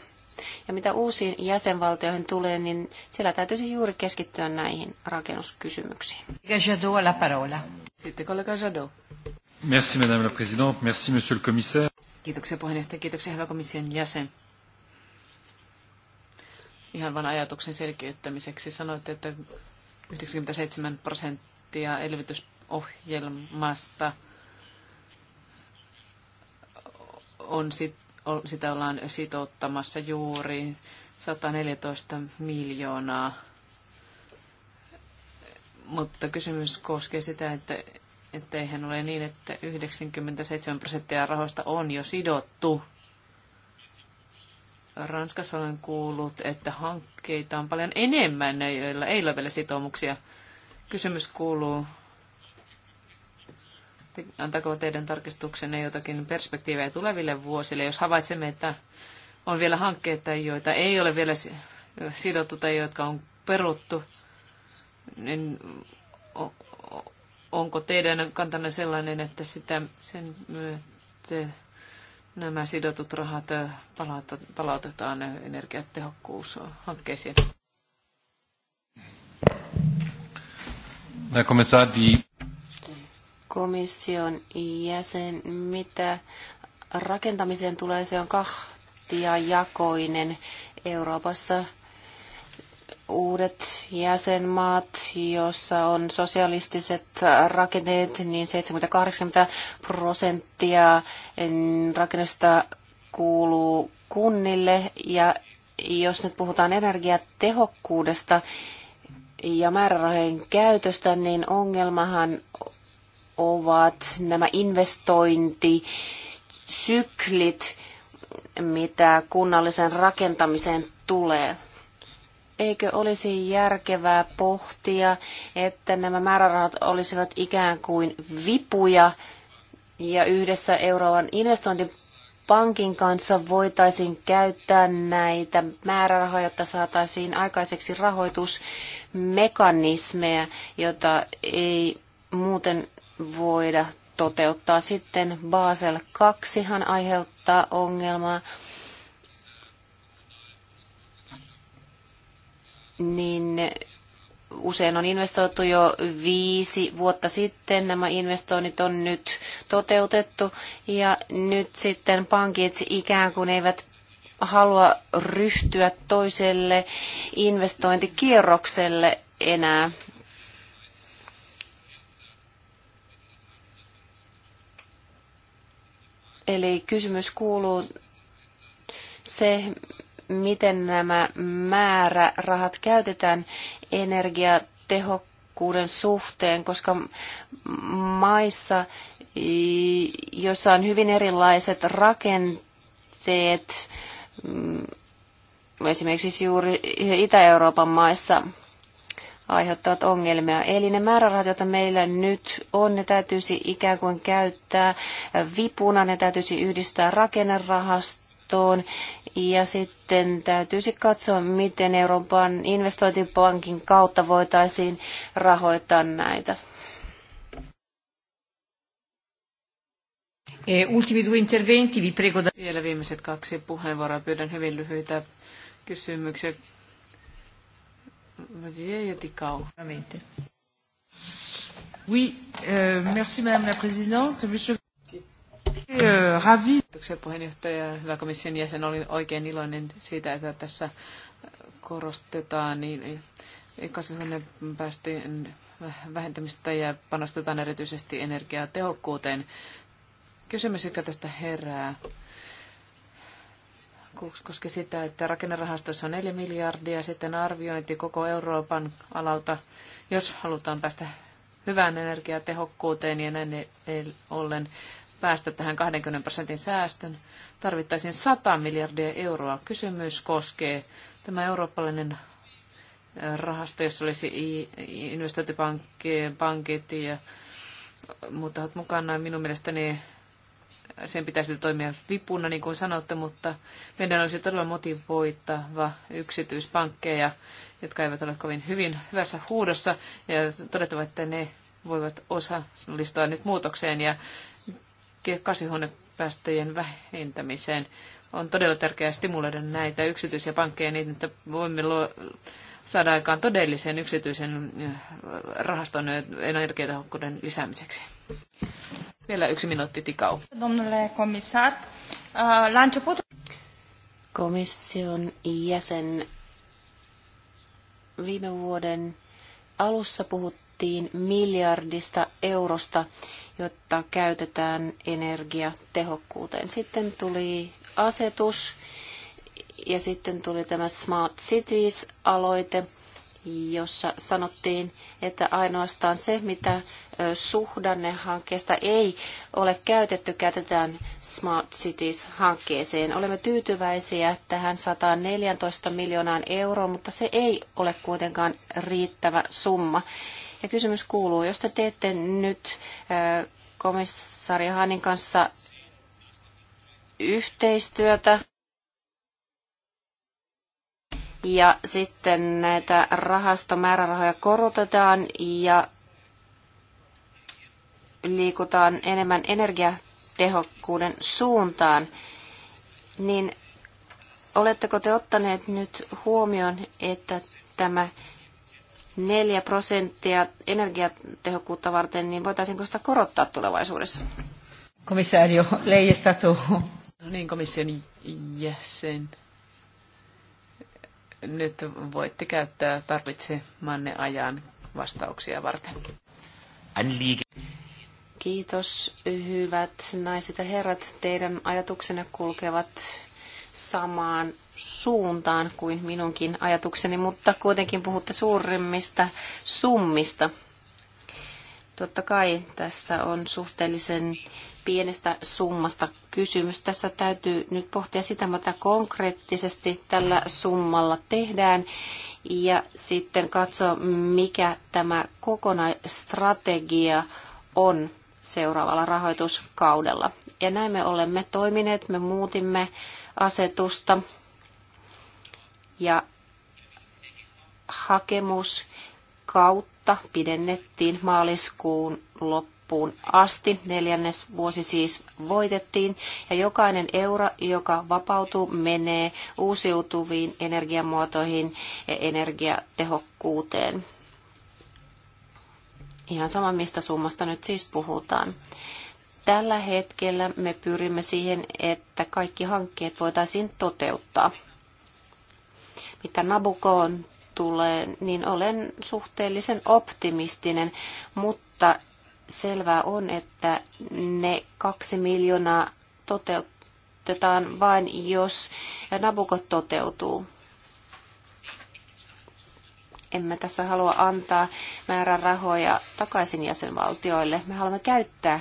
Ja mitä uusiin jäsenvaltioihin tulee, niin siellä täytyisi juuri keskittyä näihin rakennuskysymyksiin. Sitten kollega Jadot. Merci madame la présidente, merci monsieur le commissaire. Kiitoksia puheenjohtaja, kiitoksia hyvä komission jäsen. Ihan vain ajatuksen selkeyttämiseksi sanoitte, että 97 prosenttia elvytysohjelmasta on sit, sitä ollaan sitouttamassa juuri 114 miljoonaa. Mutta kysymys koskee sitä, että että eihän ole niin, että 97 prosenttia rahoista on jo sidottu. Ranskassa olen kuullut, että hankkeita on paljon enemmän, joilla ei ole vielä sitoumuksia. Kysymys kuuluu, antako teidän tarkistuksenne jotakin perspektiivejä tuleville vuosille, jos havaitsemme, että on vielä hankkeita, joita ei ole vielä sidottu tai jotka on peruttu, niin onko teidän kantanne sellainen, että sitä, sen myötä nämä sidotut rahat palautetaan energiatehokkuushankkeisiin? Komission jäsen, mitä rakentamiseen tulee, se on kahtia jakoinen Euroopassa uudet jäsenmaat, joissa on sosialistiset rakenteet, niin 70-80 prosenttia rakennusta kuuluu kunnille. Ja jos nyt puhutaan energiatehokkuudesta ja määrärahojen käytöstä, niin ongelmahan ovat nämä investointisyklit, mitä kunnallisen rakentamiseen tulee eikö olisi järkevää pohtia, että nämä määrärahat olisivat ikään kuin vipuja ja yhdessä Euroopan investointipankin kanssa voitaisiin käyttää näitä määrärahoja, jotta saataisiin aikaiseksi rahoitusmekanismeja, jota ei muuten voida toteuttaa. Sitten Basel 2 aiheuttaa ongelmaa. niin usein on investoitu jo viisi vuotta sitten. Nämä investoinnit on nyt toteutettu ja nyt sitten pankit ikään kuin eivät halua ryhtyä toiselle investointikierrokselle enää. Eli kysymys kuuluu se, miten nämä määrärahat käytetään energiatehokkuuden suhteen, koska maissa, joissa on hyvin erilaiset rakenteet, mm, esimerkiksi juuri Itä-Euroopan maissa aiheuttavat ongelmia. Eli ne määrärahat, joita meillä nyt on, ne täytyisi ikään kuin käyttää vipuna, ne täytyisi yhdistää rakennerahastoon ja sitten täytyisi katsoa, miten Euroopan investointipankin kautta voitaisiin rahoittaa näitä. E, ultimi due interventi, vi prego da... Vielä viimeiset kaksi puheenvuoroa. Pyydän hyvin lyhyitä kysymyksiä. Vasie Oui, euh, merci madame la présidente. Monsieur... Ravi. Kiitoksia puheenjohtaja, hyvä komission jäsen. Olin oikein iloinen siitä, että tässä korostetaan niin kasvihuonepäästöjen vähentämistä ja panostetaan erityisesti energiatehokkuuteen. Kysymys, joka tästä herää, koski sitä, että rakennerahastossa on 4 miljardia, sitten arviointi koko Euroopan alalta, jos halutaan päästä hyvään energiatehokkuuteen ja näin ollen päästä tähän 20 prosentin säästön, tarvittaisiin 100 miljardia euroa. Kysymys koskee tämä eurooppalainen rahasto, jossa olisi investointipankit ja muut tahot mukana. Minun mielestäni sen pitäisi toimia vipuna, niin kuin sanotte, mutta meidän olisi todella motivoittava yksityispankkeja, jotka eivät ole kovin hyvin hyvässä huudossa, ja todettava, että ne voivat osa listaa nyt muutokseen ja kasvihuonepäästöjen vähentämiseen. On todella tärkeää stimuloida näitä yksityisiä pankkeja niin, että voimme luo, saada aikaan todellisen yksityisen rahaston energiatehokkuuden lisäämiseksi. Vielä yksi minuutti tikau. Komission jäsen viime vuoden alussa puhuttiin puhuttiin miljardista eurosta, jotta käytetään energiatehokkuuteen. Sitten tuli asetus ja sitten tuli tämä Smart Cities-aloite, jossa sanottiin, että ainoastaan se, mitä suhdannehankkeesta ei ole käytetty, käytetään Smart Cities-hankkeeseen. Olemme tyytyväisiä tähän 114 miljoonaan euroon, mutta se ei ole kuitenkaan riittävä summa. Ja kysymys kuuluu, jos te teette nyt komissaari Hanin kanssa yhteistyötä ja sitten näitä rahastomäärärahoja korotetaan ja liikutaan enemmän energiatehokkuuden suuntaan, niin oletteko te ottaneet nyt huomioon, että tämä 4 prosenttia energiatehokkuutta varten, niin voitaisiinko sitä korottaa tulevaisuudessa? Komissaario lei No niin, komission jäsen. Nyt voitte käyttää tarvitsemanne ajan vastauksia varten. Kiitos, hyvät naiset ja herrat. Teidän ajatuksenne kulkevat samaan suuntaan kuin minunkin ajatukseni, mutta kuitenkin puhutte suurimmista summista. Totta kai tässä on suhteellisen pienestä summasta kysymys. Tässä täytyy nyt pohtia sitä, mitä konkreettisesti tällä summalla tehdään ja sitten katsoa, mikä tämä kokonaistrategia on seuraavalla rahoituskaudella. Ja näin me olemme toimineet, me muutimme asetusta ja hakemus kautta pidennettiin maaliskuun loppuun asti. Neljännes vuosi siis voitettiin ja jokainen euro, joka vapautuu, menee uusiutuviin energiamuotoihin ja energiatehokkuuteen. Ihan sama, mistä summasta nyt siis puhutaan. Tällä hetkellä me pyrimme siihen, että kaikki hankkeet voitaisiin toteuttaa. Mitä Nabukoon tulee, niin olen suhteellisen optimistinen, mutta selvää on, että ne kaksi miljoonaa toteutetaan vain, jos Nabuko toteutuu. Emme tässä halua antaa määrärahoja takaisin jäsenvaltioille. Me haluamme käyttää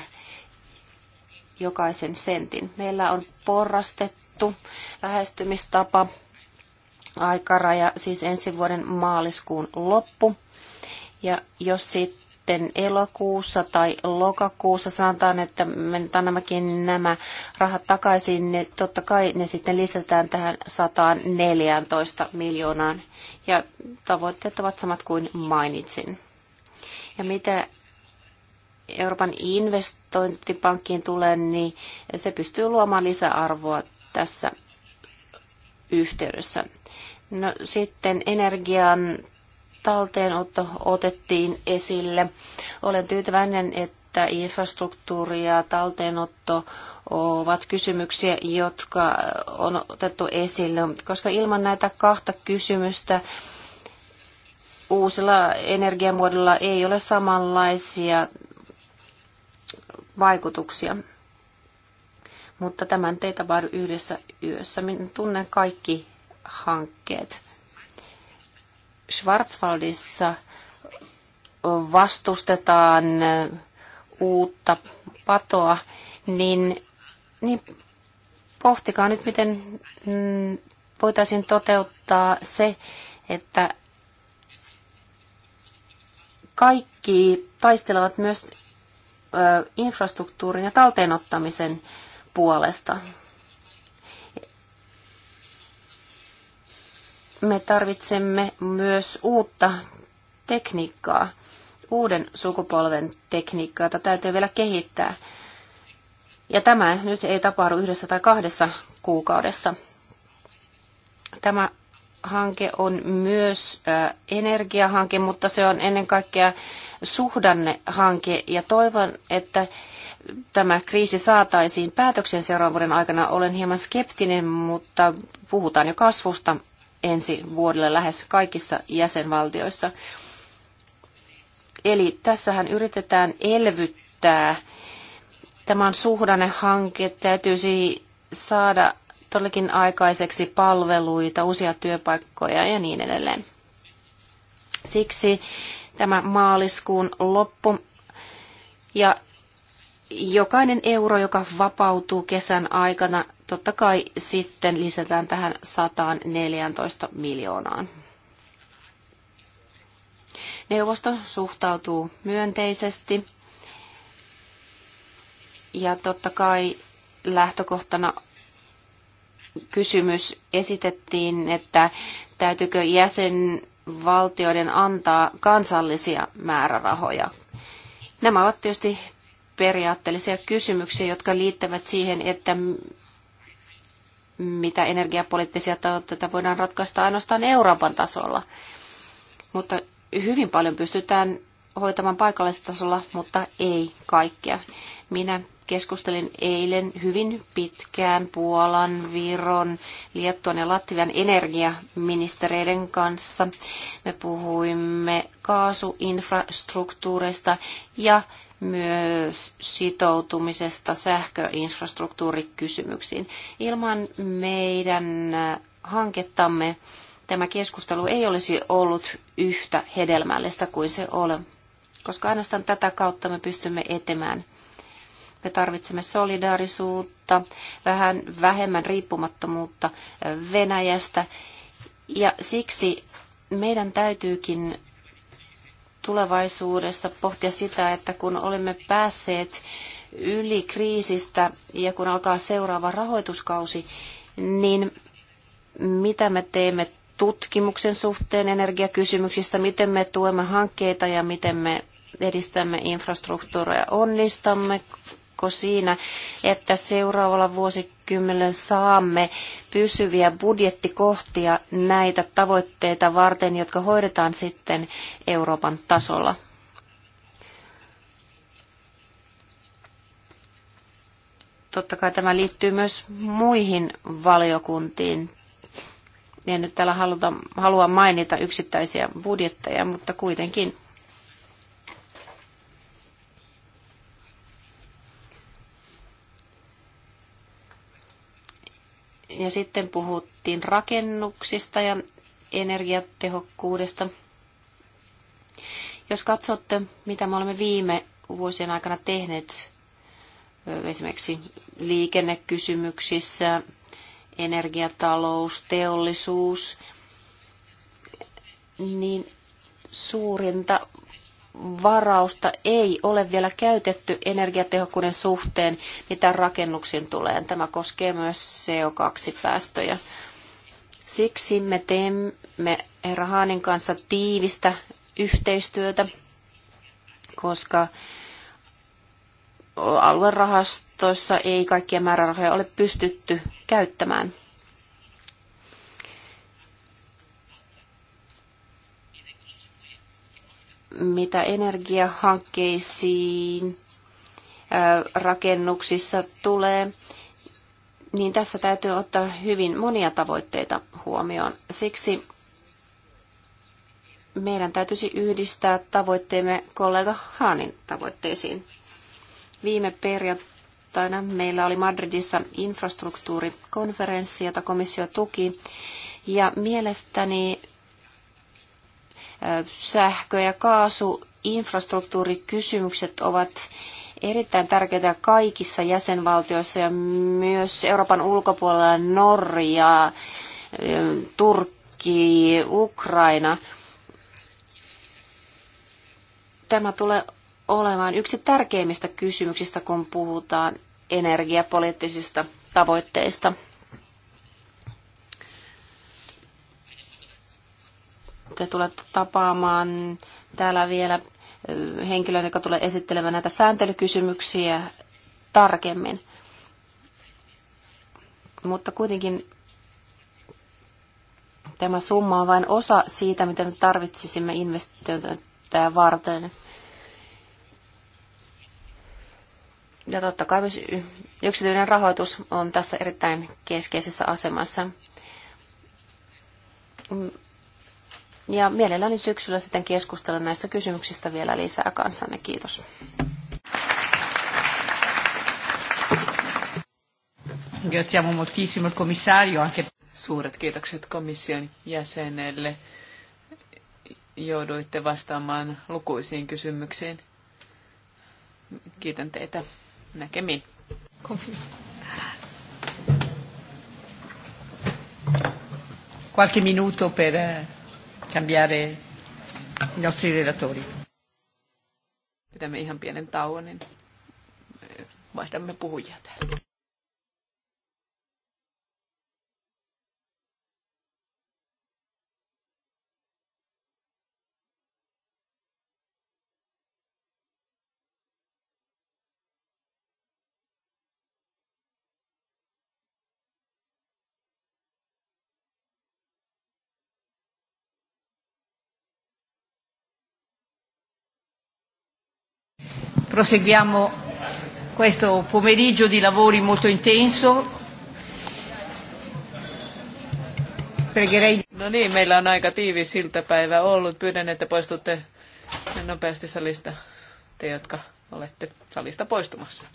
jokaisen sentin. Meillä on porrastettu lähestymistapa aikaraja, siis ensi vuoden maaliskuun loppu. Ja jos sitten elokuussa tai lokakuussa sanotaan, että me nyt annammekin nämä rahat takaisin, niin totta kai ne sitten lisätään tähän 114 miljoonaan. Ja tavoitteet ovat samat kuin mainitsin. Ja mitä Euroopan investointipankkiin tulee, niin se pystyy luomaan lisäarvoa tässä yhteydessä. No, sitten energian talteenotto otettiin esille. Olen tyytyväinen, että infrastruktuuri ja talteenotto ovat kysymyksiä, jotka on otettu esille, koska ilman näitä kahta kysymystä uusilla energiamuodolla ei ole samanlaisia vaikutuksia mutta tämän teitä vaan yhdessä yössä. Minä tunnen kaikki hankkeet. Schwarzwaldissa vastustetaan uutta patoa, niin, niin pohtikaa nyt, miten mm, voitaisiin toteuttaa se, että kaikki taistelevat myös infrastruktuurin ja talteenottamisen ottamisen puolesta. Me tarvitsemme myös uutta tekniikkaa, uuden sukupolven tekniikkaa, jota täytyy vielä kehittää. Ja tämä nyt ei tapahdu yhdessä tai kahdessa kuukaudessa. Tämä hanke on myös energiahanke, mutta se on ennen kaikkea suhdannehanke ja toivon, että tämä kriisi saataisiin päätöksen seuraavan vuoden aikana. Olen hieman skeptinen, mutta puhutaan jo kasvusta ensi vuodelle lähes kaikissa jäsenvaltioissa. Eli tässähän yritetään elvyttää. tämän suhdannehanke, täytyisi saada todellakin aikaiseksi palveluita, uusia työpaikkoja ja niin edelleen. Siksi tämä maaliskuun loppu ja jokainen euro, joka vapautuu kesän aikana, totta kai sitten lisätään tähän 114 miljoonaan. Neuvosto suhtautuu myönteisesti ja totta kai lähtökohtana kysymys esitettiin, että täytyykö jäsenvaltioiden antaa kansallisia määrärahoja. Nämä ovat tietysti periaatteellisia kysymyksiä, jotka liittävät siihen, että mitä energiapoliittisia tavoitteita voidaan ratkaista ainoastaan Euroopan tasolla. Mutta hyvin paljon pystytään hoitamaan paikallisella tasolla, mutta ei kaikkea. Minä Keskustelin eilen hyvin pitkään Puolan, Viron, Liettuan ja Latvian energiaministereiden kanssa. Me puhuimme kaasuinfrastruktuureista ja myös sitoutumisesta sähköinfrastruktuurikysymyksiin. Ilman meidän hankettamme tämä keskustelu ei olisi ollut yhtä hedelmällistä kuin se on, koska ainoastaan tätä kautta me pystymme etemään. Me tarvitsemme solidaarisuutta, vähän vähemmän riippumattomuutta Venäjästä ja siksi meidän täytyykin tulevaisuudesta pohtia sitä, että kun olemme päässeet yli kriisistä ja kun alkaa seuraava rahoituskausi, niin mitä me teemme tutkimuksen suhteen energiakysymyksistä, miten me tuemme hankkeita ja miten me edistämme infrastruktuuria. Onnistamme usko siinä, että seuraavalla vuosikymmenellä saamme pysyviä budjettikohtia näitä tavoitteita varten, jotka hoidetaan sitten Euroopan tasolla? Totta kai tämä liittyy myös muihin valiokuntiin en nyt täällä haluta, halua mainita yksittäisiä budjetteja, mutta kuitenkin. ja sitten puhuttiin rakennuksista ja energiatehokkuudesta. Jos katsotte, mitä me olemme viime vuosien aikana tehneet esimerkiksi liikennekysymyksissä, energiatalous, teollisuus, niin suurinta varausta ei ole vielä käytetty energiatehokkuuden suhteen, mitä rakennuksiin tulee. Tämä koskee myös CO2-päästöjä. Siksi me teemme herra Haanin kanssa tiivistä yhteistyötä, koska aluerahastoissa ei kaikkia määrärahoja ole pystytty käyttämään. mitä energiahankkeisiin rakennuksissa tulee, niin tässä täytyy ottaa hyvin monia tavoitteita huomioon. Siksi meidän täytyisi yhdistää tavoitteemme kollega Haanin tavoitteisiin. Viime perjantaina meillä oli Madridissa infrastruktuurikonferenssi, jota komissio tuki, ja mielestäni sähkö- ja kaasuinfrastruktuurikysymykset ovat erittäin tärkeitä kaikissa jäsenvaltioissa ja myös Euroopan ulkopuolella Norja, Turkki, Ukraina. Tämä tulee olemaan yksi tärkeimmistä kysymyksistä, kun puhutaan energiapoliittisista tavoitteista. te tulette tapaamaan täällä vielä henkilön, joka tulee esittelemään näitä sääntelykysymyksiä tarkemmin. Mutta kuitenkin tämä summa on vain osa siitä, mitä me tarvitsisimme investointeja varten. Ja totta kai myös yksityinen rahoitus on tässä erittäin keskeisessä asemassa. Ja mielelläni syksyllä sitten keskustelen näistä kysymyksistä vielä lisää kanssanne. Kiitos. Ringraziamo moltissimo il commissario anche Suuret kiitokset komission jäsenelle. Jouduitte vastaamaan lukuisiin kysymyksiin. Kiitän teitä näkemiin. Qualche minuto per eh, cambiare i nostri relatori. Pidämme ihan pienen tauon, niin vaihdamme puhujia täällä. Proseguiamo questo pomeriggio di lavori molto intenso. Pregherei... No niin, meillä on aika tiivis iltapäivä ollut. Pyydän, että poistutte nopeasti salista, te jotka olette salista poistumassa.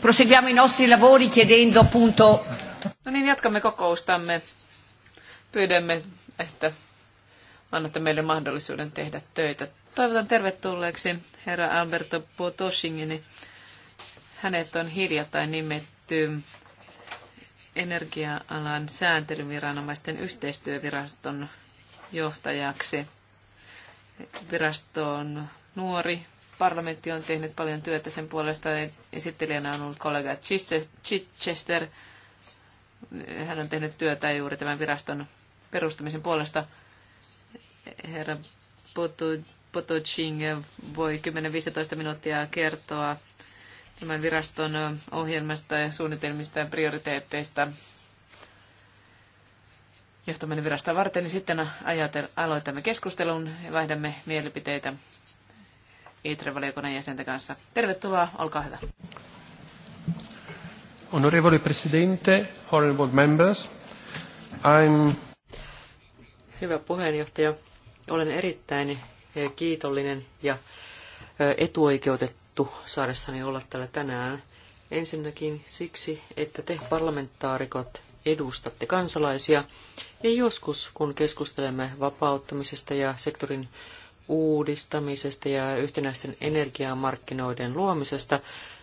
Proseguiamo i nostri lavori chiedendo appunto... No niin, jatkamme kokoustamme. Pyydämme, että annatte meille mahdollisuuden tehdä töitä. Toivotan tervetulleeksi herra Alberto Potoshingini. Hänet on hiljattain nimetty energia-alan sääntelyviranomaisten yhteistyöviraston johtajaksi. Virasto on nuori. Parlamentti on tehnyt paljon työtä sen puolesta. Esittelijänä on ollut kollega Chichester. Hän on tehnyt työtä juuri tämän viraston perustamisen puolesta Herra Potocing voi 10-15 minuuttia kertoa tämän viraston ohjelmasta ja suunnitelmista ja prioriteetteista johtaminen virasta varten, niin sitten ajatel, aloitamme keskustelun ja vaihdamme mielipiteitä ITRE-valiokunnan jäsenten kanssa. Tervetuloa, olkaa hyvä. Onorevole Presidente, honorable members, I'm... Hyvä puheenjohtaja, olen erittäin eh, kiitollinen ja eh, etuoikeutettu saadessani olla täällä tänään. Ensinnäkin siksi, että te parlamentaarikot edustatte kansalaisia. Ja joskus, kun keskustelemme vapauttamisesta ja sektorin uudistamisesta ja yhtenäisten energiamarkkinoiden luomisesta,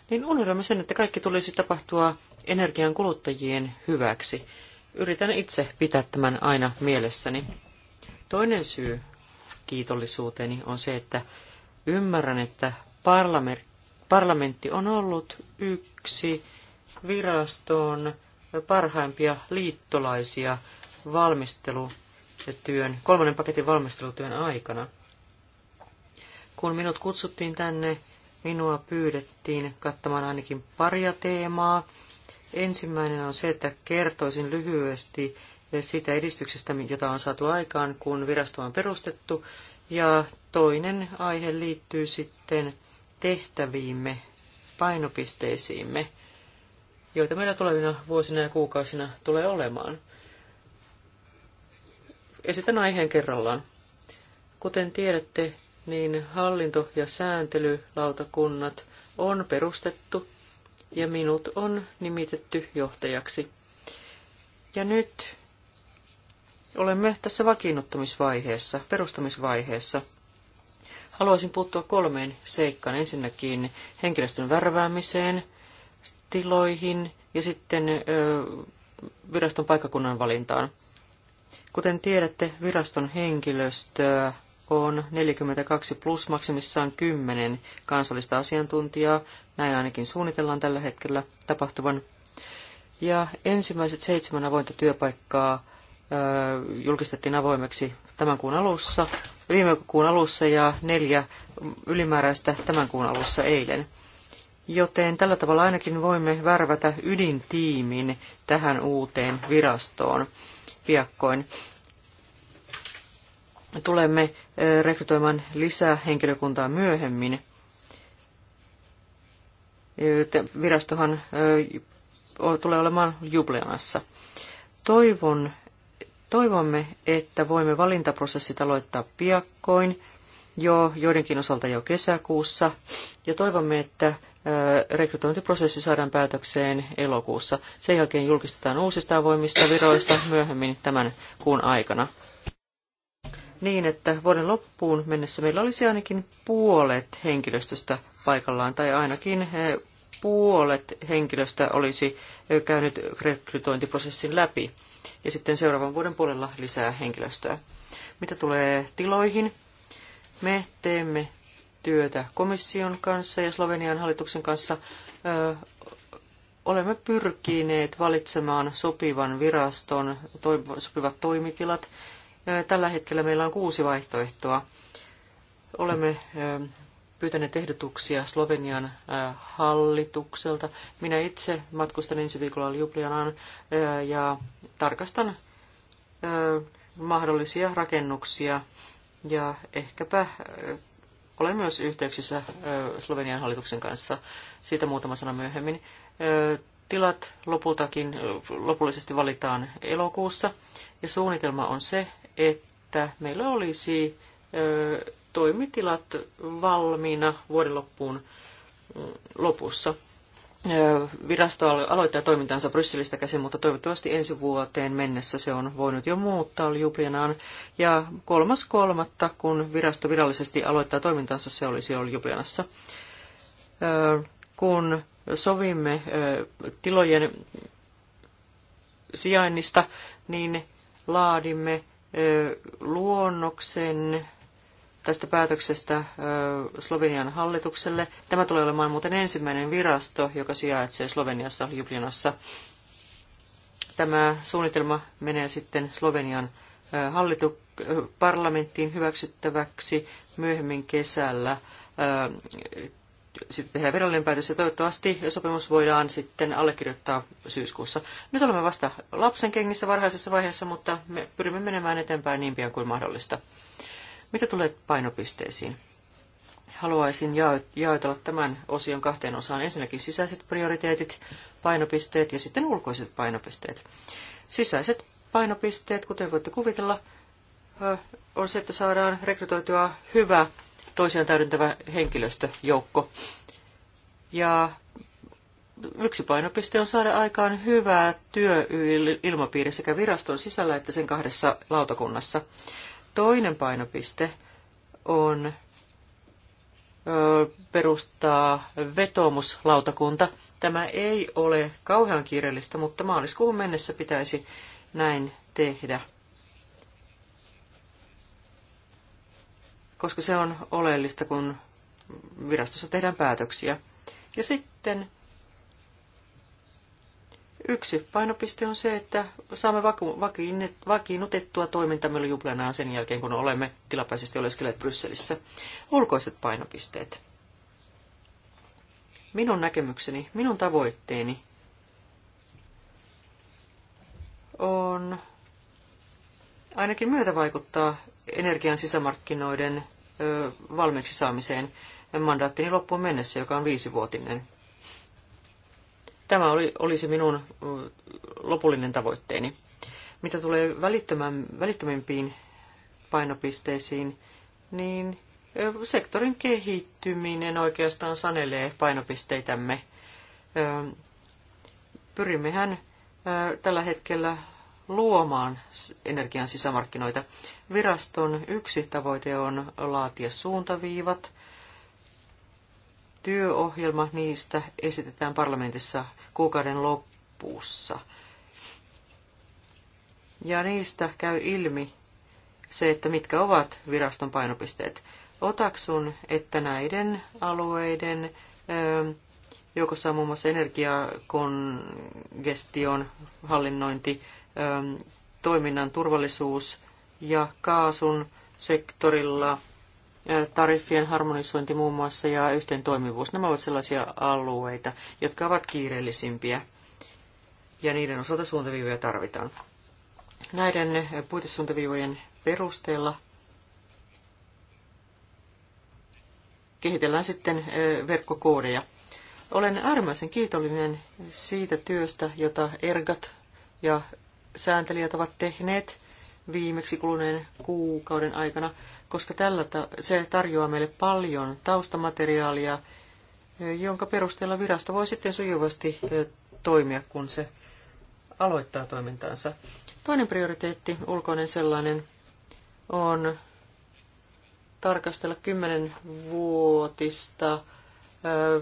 niin unohdamme sen, että kaikki tulisi tapahtua energian kuluttajien hyväksi. Yritän itse pitää tämän aina mielessäni. Toinen syy kiitollisuuteni on se, että ymmärrän, että parlamentti on ollut yksi viraston parhaimpia liittolaisia valmistelutyön, kolmannen paketin valmistelutyön aikana. Kun minut kutsuttiin tänne, minua pyydettiin kattamaan ainakin paria teemaa. Ensimmäinen on se, että kertoisin lyhyesti siitä edistyksestä, jota on saatu aikaan, kun virasto on perustettu. Ja toinen aihe liittyy sitten tehtäviimme, painopisteisiimme, joita meillä tulevina vuosina ja kuukausina tulee olemaan. Esitän aiheen kerrallaan. Kuten tiedätte, niin hallinto- ja sääntelylautakunnat on perustettu ja minut on nimitetty johtajaksi. Ja nyt Olemme tässä vakiinnuttamisvaiheessa, perustamisvaiheessa. Haluaisin puuttua kolmeen seikkaan. Ensinnäkin henkilöstön värväämiseen, tiloihin ja sitten ö, viraston paikkakunnan valintaan. Kuten tiedätte, viraston henkilöstöä on 42 plus maksimissaan 10 kansallista asiantuntijaa. Näin ainakin suunnitellaan tällä hetkellä tapahtuvan. Ja ensimmäiset seitsemän avointa työpaikkaa julkistettiin avoimeksi tämän kuun alussa, viime kuun alussa ja neljä ylimääräistä tämän kuun alussa eilen. Joten tällä tavalla ainakin voimme värvätä ydintiimin tähän uuteen virastoon piakkoin. Tulemme rekrytoimaan lisää henkilökuntaa myöhemmin. Virastohan tulee olemaan Jubleanassa. Toivon, Toivomme, että voimme valintaprosessit aloittaa piakkoin, jo joidenkin osalta jo kesäkuussa, ja toivomme, että rekrytointiprosessi saadaan päätökseen elokuussa. Sen jälkeen julkistetaan uusista avoimista viroista myöhemmin tämän kuun aikana. Niin, että vuoden loppuun mennessä meillä olisi ainakin puolet henkilöstöstä paikallaan, tai ainakin puolet henkilöstä olisi käynyt rekrytointiprosessin läpi ja sitten seuraavan vuoden puolella lisää henkilöstöä. Mitä tulee tiloihin? Me teemme työtä komission kanssa ja Slovenian hallituksen kanssa. Ö, olemme pyrkineet valitsemaan sopivan viraston, toi, sopivat toimitilat. Ö, tällä hetkellä meillä on kuusi vaihtoehtoa. Olemme ö, pyytäneet ehdotuksia Slovenian äh, hallitukselta. Minä itse matkustan ensi viikolla Ljubljanaan äh, ja tarkastan äh, mahdollisia rakennuksia ja ehkäpä olen myös yhteyksissä Slovenian hallituksen kanssa. Siitä muutama sana myöhemmin. Tilat lopultakin, lopullisesti valitaan elokuussa ja suunnitelma on se, että meillä olisi toimitilat valmiina vuoden loppuun mm, lopussa. Virasto aloittaa toimintansa Brysselistä käsin, mutta toivottavasti ensi vuoteen mennessä se on voinut jo muuttaa Ljubljanaan. Ja kolmas kolmatta, kun virasto virallisesti aloittaa toimintansa, se olisi ollut Ljubljanassa. Kun sovimme tilojen sijainnista, niin laadimme luonnoksen tästä päätöksestä Slovenian hallitukselle. Tämä tulee olemaan muuten ensimmäinen virasto, joka sijaitsee Sloveniassa Ljubljanassa. Tämä suunnitelma menee sitten Slovenian hallitu- parlamenttiin hyväksyttäväksi myöhemmin kesällä. Sitten tehdään virallinen päätös ja toivottavasti sopimus voidaan sitten allekirjoittaa syyskuussa. Nyt olemme vasta lapsen kengissä varhaisessa vaiheessa, mutta me pyrimme menemään eteenpäin niin pian kuin mahdollista. Mitä tulee painopisteisiin? Haluaisin jaotella tämän osion kahteen osaan. Ensinnäkin sisäiset prioriteetit, painopisteet ja sitten ulkoiset painopisteet. Sisäiset painopisteet, kuten voitte kuvitella, on se, että saadaan rekrytoitua hyvä toisiaan täydentävä henkilöstöjoukko. Ja yksi painopiste on saada aikaan hyvää työilmapiiri sekä viraston sisällä että sen kahdessa lautakunnassa. Toinen painopiste on perustaa vetomuslautakunta. Tämä ei ole kauhean kiireellistä, mutta maaliskuun mennessä pitäisi näin tehdä, koska se on oleellista, kun virastossa tehdään päätöksiä. Ja sitten Yksi painopiste on se, että saamme vakiinnutettua toimintamme Ljubljanaan sen jälkeen, kun olemme tilapäisesti oleskelleet Brysselissä. Ulkoiset painopisteet. Minun näkemykseni, minun tavoitteeni on ainakin vaikuttaa energian sisämarkkinoiden valmiiksi saamiseen mandaattini loppuun mennessä, joka on viisivuotinen. Tämä oli, se minun lopullinen tavoitteeni. Mitä tulee välittömämpiin painopisteisiin, niin sektorin kehittyminen oikeastaan sanelee painopisteitämme. Pyrimmehän tällä hetkellä luomaan energian sisämarkkinoita. Viraston yksi tavoite on laatia suuntaviivat. Työohjelma niistä esitetään parlamentissa kuukauden loppuussa. Ja niistä käy ilmi se, että mitkä ovat viraston painopisteet. Otaksun, että näiden alueiden joukossa on muun muassa energiakongestion hallinnointi, toiminnan turvallisuus ja kaasun sektorilla tariffien harmonisointi muun muassa ja yhteen toimivuus. Nämä ovat sellaisia alueita, jotka ovat kiireellisimpiä ja niiden osalta suuntaviivoja tarvitaan. Näiden puitesuuntaviivojen perusteella kehitellään sitten verkkokoodeja. Olen äärimmäisen kiitollinen siitä työstä, jota ergat ja sääntelijät ovat tehneet viimeksi kuluneen kuukauden aikana – koska tällä ta- se tarjoaa meille paljon taustamateriaalia, eh, jonka perusteella virasto voi sitten sujuvasti eh, toimia, kun se aloittaa toimintaansa. Toinen prioriteetti, ulkoinen sellainen, on tarkastella kymmenenvuotista eh,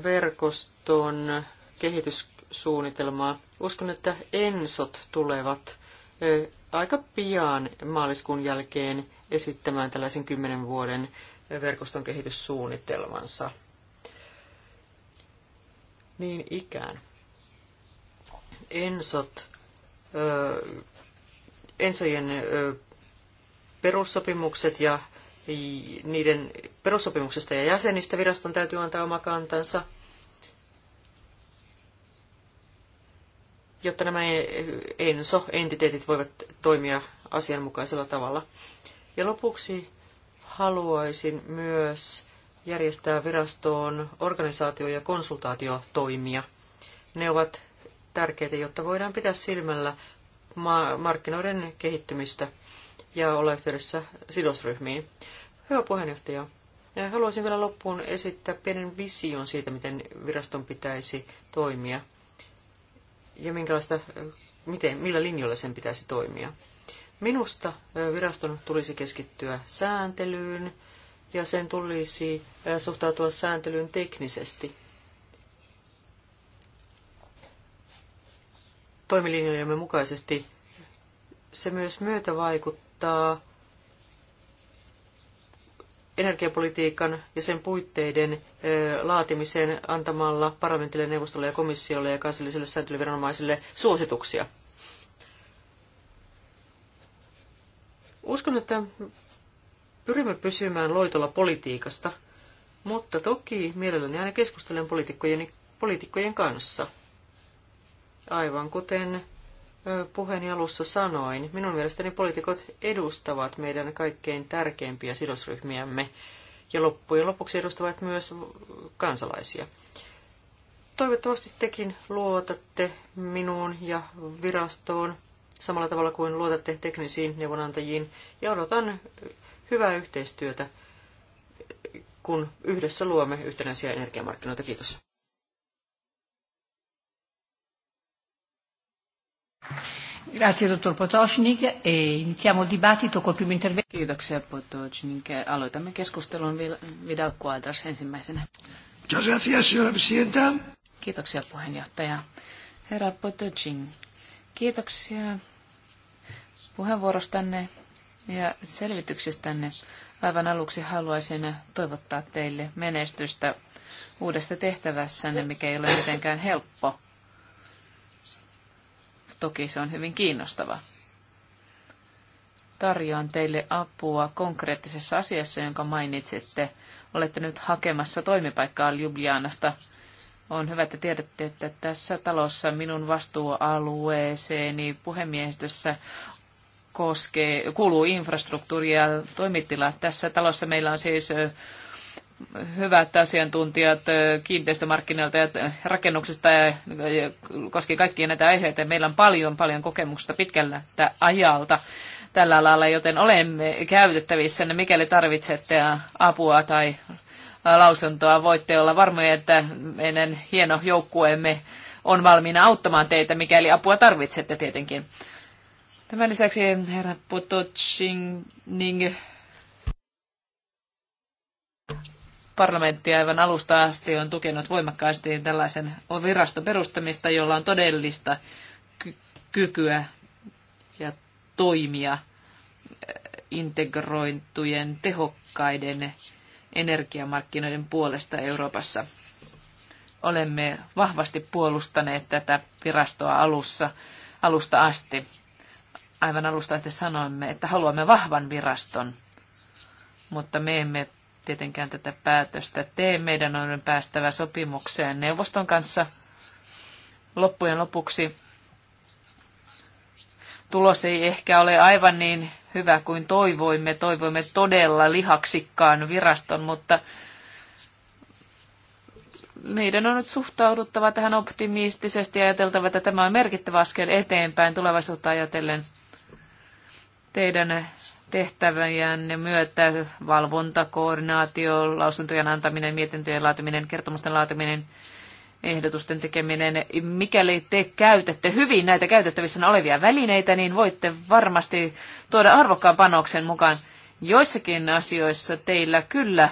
verkoston kehityssuunnitelmaa. Uskon, että ensot tulevat aika pian maaliskuun jälkeen esittämään tällaisen kymmenen vuoden verkoston kehityssuunnitelmansa. Niin ikään. Ensot, ö, ensojen ö, perussopimukset ja niiden perussopimuksesta ja jäsenistä viraston täytyy antaa oma kantansa, jotta nämä e-, ENSO-entiteetit voivat toimia asianmukaisella tavalla. Ja lopuksi haluaisin myös järjestää virastoon organisaatio- ja konsultaatiotoimia. Ne ovat tärkeitä, jotta voidaan pitää silmällä markkinoiden kehittymistä ja olla yhteydessä sidosryhmiin. Hyvä puheenjohtaja, haluaisin vielä loppuun esittää pienen vision siitä, miten viraston pitäisi toimia ja minkälaista, miten, millä linjoilla sen pitäisi toimia. Minusta viraston tulisi keskittyä sääntelyyn ja sen tulisi suhtautua sääntelyyn teknisesti. Toimilinjojemme mukaisesti se myös vaikuttaa energiapolitiikan ja sen puitteiden laatimiseen antamalla parlamentille, neuvostolle ja komissiolle ja kansallisille sääntelyviranomaisille suosituksia. Uskon, että pyrimme pysymään loitolla politiikasta, mutta toki mielelläni aina keskustelen poliitikkojen, poliitikkojen kanssa. Aivan kuten puheeni alussa sanoin, minun mielestäni poliitikot edustavat meidän kaikkein tärkeimpiä sidosryhmiämme ja loppujen lopuksi edustavat myös kansalaisia. Toivottavasti tekin luotatte minuun ja virastoon samalla tavalla kuin luotatte teknisiin neuvonantajiin ja odotan hyvää yhteistyötä, kun yhdessä luomme yhtenäisiä energiamarkkinoita. Kiitos. Grazie dottor Potocnik e iniziamo il dibattito col primo intervento. Kiitoksia Potocnik. Aloitamme keskustelun Vidal Quadras ensimmäisenä. Muchas gracias, señora presidenta. Kiitoksia puheenjohtaja. Herra Potocnik, kiitoksia puheenvuorostanne ja selvityksestänne. Aivan aluksi haluaisin toivottaa teille menestystä uudessa tehtävässänne, mikä ei ole mitenkään helppo. Toki se on hyvin kiinnostava. Tarjoan teille apua konkreettisessa asiassa, jonka mainitsitte. Olette nyt hakemassa toimipaikkaa Ljubljanasta. On hyvä, että tiedätte, että tässä talossa minun vastuualueeseeni puhemiehistössä koskee, kuuluu infrastruktuuri ja toimittila. Tässä talossa meillä on siis hyvät asiantuntijat kiinteistömarkkinoilta ja rakennuksista. ja koskee kaikkia näitä aiheita. Meillä on paljon, paljon kokemusta pitkällä ajalta tällä alalla, joten olemme käytettävissä. No, mikäli tarvitsette apua tai lausuntoa, voitte olla varmoja, että meidän hieno joukkueemme on valmiina auttamaan teitä, mikäli apua tarvitsette tietenkin. Tämän lisäksi herra Potocning parlamentti aivan alusta asti on tukenut voimakkaasti tällaisen viraston perustamista, jolla on todellista ky- kykyä ja toimia eh, integrointujen tehokkaiden energiamarkkinoiden puolesta Euroopassa. Olemme vahvasti puolustaneet tätä virastoa alussa, alusta asti aivan alusta asti sanoimme, että haluamme vahvan viraston, mutta me emme tietenkään tätä päätöstä tee. Meidän on päästävä sopimukseen neuvoston kanssa. Loppujen lopuksi tulos ei ehkä ole aivan niin hyvä kuin toivoimme. Toivoimme todella lihaksikkaan viraston, mutta meidän on nyt suhtauduttava tähän optimistisesti ja ajateltava, että tämä on merkittävä askel eteenpäin tulevaisuutta ajatellen – teidän tehtävänne myötä valvonta, koordinaatio, lausuntojen antaminen, mietintöjen laatiminen, kertomusten laatiminen, ehdotusten tekeminen. Mikäli te käytätte hyvin näitä käytettävissä olevia välineitä, niin voitte varmasti tuoda arvokkaan panoksen mukaan. Joissakin asioissa teillä kyllä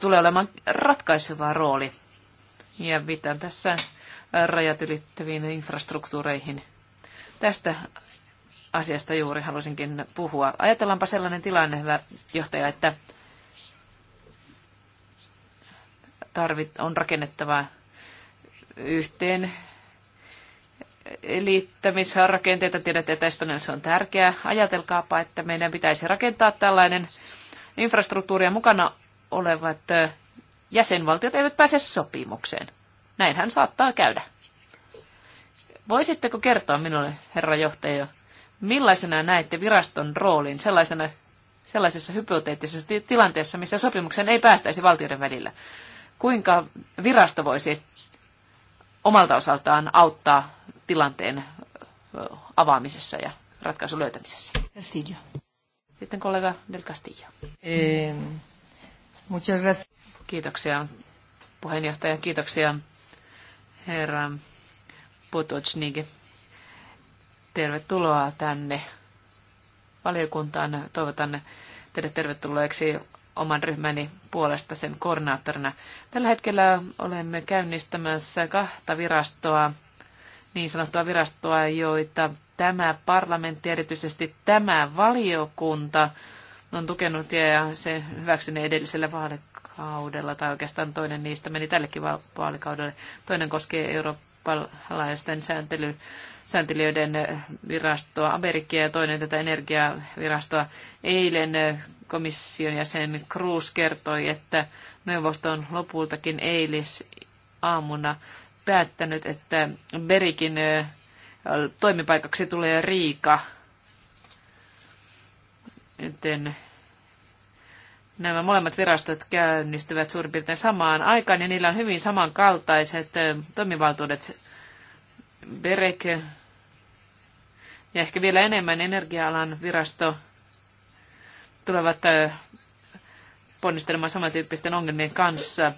tulee olemaan ratkaiseva rooli. Ja viitan tässä rajat ylittäviin infrastruktuureihin. Tästä asiasta juuri halusinkin puhua. Ajatellaanpa sellainen tilanne, hyvä johtaja, että tarvit, on rakennettava yhteen liittämisrakenteita. Tiedätte, että Espanjassa on tärkeää. Ajatelkaapa, että meidän pitäisi rakentaa tällainen infrastruktuuria mukana olevat jäsenvaltiot eivät pääse sopimukseen. Näinhän saattaa käydä. Voisitteko kertoa minulle, herra johtaja, Millaisena näette viraston roolin sellaisena, sellaisessa hypoteettisessa tilanteessa, missä sopimuksen ei päästäisi valtioiden välillä? Kuinka virasto voisi omalta osaltaan auttaa tilanteen avaamisessa ja ratkaisun löytämisessä? Castillo. Sitten kollega Del Castillo. Eh, muchas gracias. Kiitoksia puheenjohtaja, kiitoksia herra Potocnigi Tervetuloa tänne valiokuntaan. Toivotan teidät tervetulleeksi oman ryhmäni puolesta sen koordinaattorina. Tällä hetkellä olemme käynnistämässä kahta virastoa, niin sanottua virastoa, joita tämä parlamentti, erityisesti tämä valiokunta, on tukenut ja se hyväksynyt edellisellä vaalikaudella, tai oikeastaan toinen niistä meni tällekin vaalikaudelle. Toinen koskee eurooppalaisten sääntelyä sääntelijöiden eh, virastoa Amerikkia ja toinen tätä energiavirastoa. Eilen eh, komission jäsen Cruz kertoi, että neuvosto on lopultakin eilis aamuna päättänyt, että Berikin eh, toimipaikaksi tulee Riika. Joten nämä molemmat virastot käynnistyvät suurin piirtein samaan aikaan ja niillä on hyvin samankaltaiset toimivaltuudet Bereke ja ehkä vielä enemmän energiaalan virasto tulevat ponnistelemaan samantyyppisten ongelmien kanssa,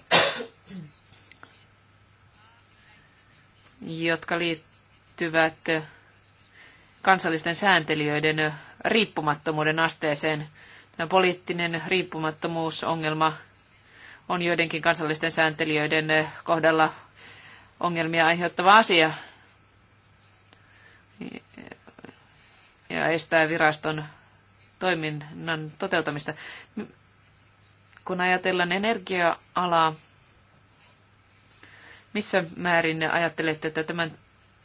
jotka liittyvät kansallisten sääntelijöiden riippumattomuuden asteeseen. Tämä poliittinen riippumattomuusongelma on joidenkin kansallisten sääntelijöiden kohdalla ongelmia aiheuttava asia ja estää viraston toiminnan toteutamista. Kun ajatellaan energia-alaa, missä määrin ajattelette, että tämän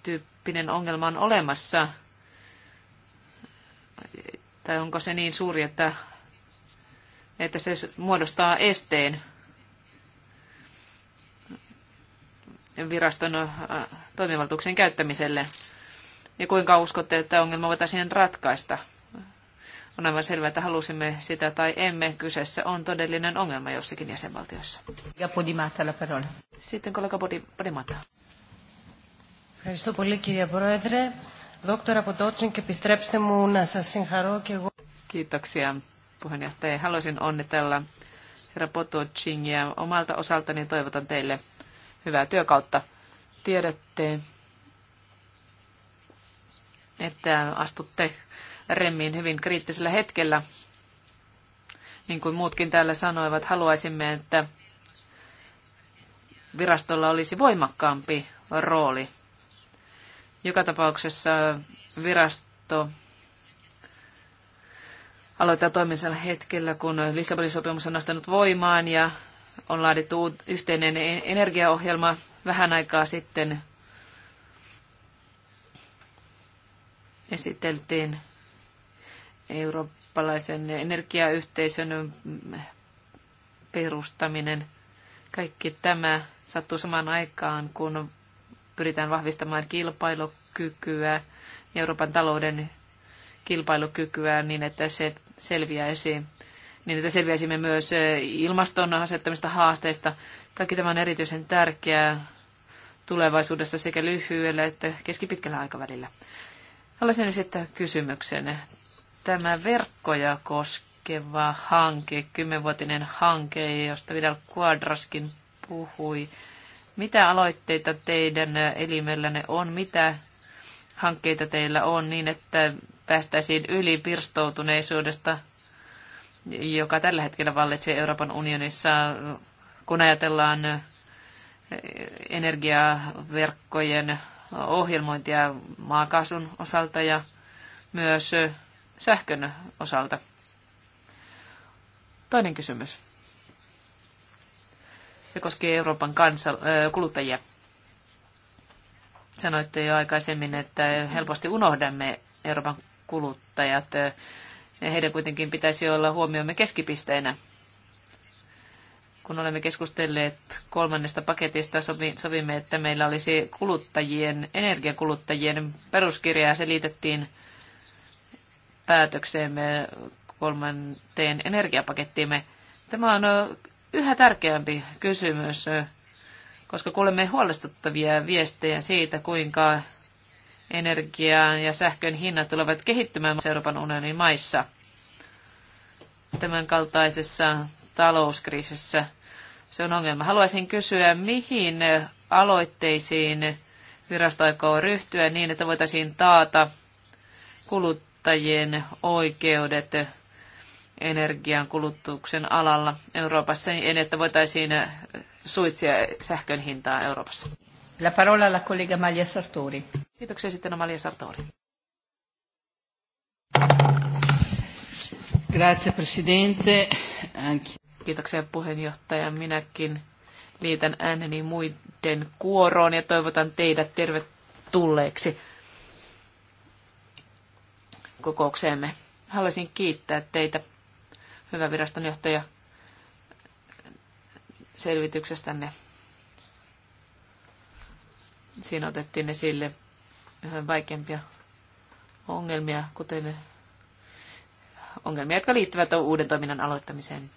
tyyppinen ongelma on olemassa? Tai onko se niin suuri, että, että se muodostaa esteen viraston toimivaltuuksien käyttämiselle? Ja kuinka uskotte, että ongelma voitaisiin ratkaista? On aivan selvää, että halusimme sitä tai emme. Kyseessä on todellinen ongelma jossakin jäsenvaltiossa. Ja Podimata la parola. Sitten kollega Podimata. Ευχαριστώ πολύ κύριε Πρόεδρε. Δόκτωρα Ποτότσιν και επιστρέψτε μου να σας συγχαρώ και εγώ. Kiitoksia puheenjohtaja. Haluaisin onnitella herra Potocin ja omalta osaltani toivotan teille hyvää työkautta. Tiedätte, että astutte remmiin hyvin kriittisellä hetkellä. Niin kuin muutkin täällä sanoivat, haluaisimme, että virastolla olisi voimakkaampi rooli. Joka tapauksessa virasto aloittaa toimisella hetkellä, kun Lissabonin sopimus on astunut voimaan ja on laadittu yhteinen e- energiaohjelma vähän aikaa sitten esiteltiin eurooppalaisen energiayhteisön perustaminen. Kaikki tämä sattuu samaan aikaan, kun pyritään vahvistamaan kilpailukykyä, Euroopan talouden kilpailukykyä niin, että se selviäisi niin että selviäisimme myös ilmaston asettamista haasteista. Kaikki tämä on erityisen tärkeää tulevaisuudessa sekä lyhyellä että keskipitkällä aikavälillä. Haluaisin esittää kysymyksen. Tämä verkkoja koskeva hanke, kymmenvuotinen hanke, josta Vidal Quadraskin puhui. Mitä aloitteita teidän elimellänne on? Mitä hankkeita teillä on niin, että päästäisiin yli pirstoutuneisuudesta, joka tällä hetkellä vallitsee Euroopan unionissa, kun ajatellaan energiaverkkojen ohjelmointia maakaasun osalta ja myös sähkön osalta. Toinen kysymys. Se koskee Euroopan kansa, kuluttajia. Sanoitte jo aikaisemmin, että helposti unohdamme Euroopan kuluttajat. Heidän kuitenkin pitäisi olla huomiomme keskipisteenä kun olemme keskustelleet kolmannesta paketista, sovimme, että meillä olisi kuluttajien, energiakuluttajien peruskirja ja se liitettiin päätökseemme kolmanteen energiapakettiimme. Tämä on yhä tärkeämpi kysymys, koska kuulemme huolestuttavia viestejä siitä, kuinka energiaan ja sähkön hinnat tulevat kehittymään Euroopan unionin maissa – tämän kaltaisessa talouskriisissä. Se on ongelma. Haluaisin kysyä, mihin aloitteisiin virasto aikoo ryhtyä niin, että voitaisiin taata kuluttajien oikeudet energian kulutuksen alalla Euroopassa, niin että voitaisiin suitsia sähkön hintaa Euroopassa. La parola alla collega Malia Sartori. Kiitoksia sitten Amalia Sartori. Grazie presidente. Kiitoksia puheenjohtaja. Minäkin liitän ääneni muiden kuoroon ja toivotan teidät tervetulleeksi kokoukseemme. Haluaisin kiittää teitä, hyvä virastonjohtaja, selvityksestänne. Siinä otettiin esille vähän vaikeampia ongelmia, kuten ongelmia, jotka liittyvät uuden toiminnan aloittamiseen.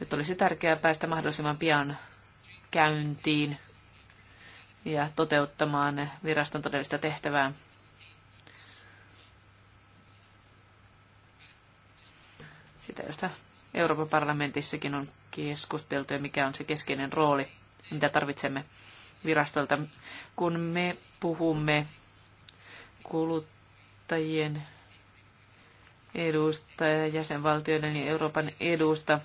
Nyt olisi tärkeää päästä mahdollisimman pian käyntiin ja toteuttamaan viraston todellista tehtävää. Sitä, josta Euroopan parlamentissakin on keskusteltu ja mikä on se keskeinen rooli, mitä tarvitsemme virastolta. Kun me puhumme kuluttajien edusta ja jäsenvaltioiden ja Euroopan edusta.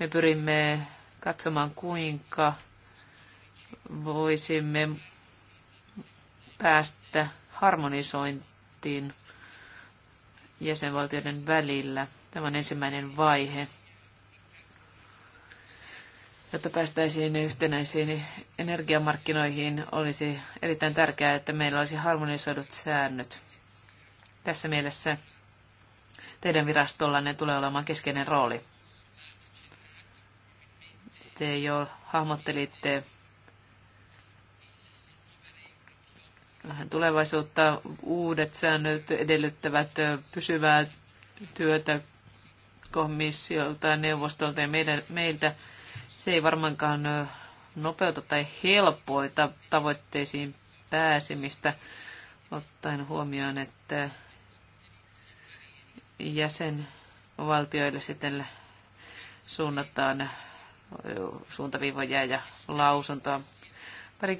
Me pyrimme katsomaan, kuinka voisimme päästä harmonisointiin jäsenvaltioiden välillä. Tämä on ensimmäinen vaihe jotta päästäisiin yhtenäisiin energiamarkkinoihin, olisi erittäin tärkeää, että meillä olisi harmonisoidut säännöt. Tässä mielessä teidän virastollanne tulee olemaan keskeinen rooli. Te jo hahmottelitte vähän tulevaisuutta. Uudet säännöt edellyttävät pysyvää työtä komissiolta, neuvostolta ja meiltä se ei varmaankaan nopeuta tai helpoita tavoitteisiin pääsemistä, ottaen huomioon, että jäsenvaltioille sitten suunnataan suuntaviivoja ja lausuntoa. Pari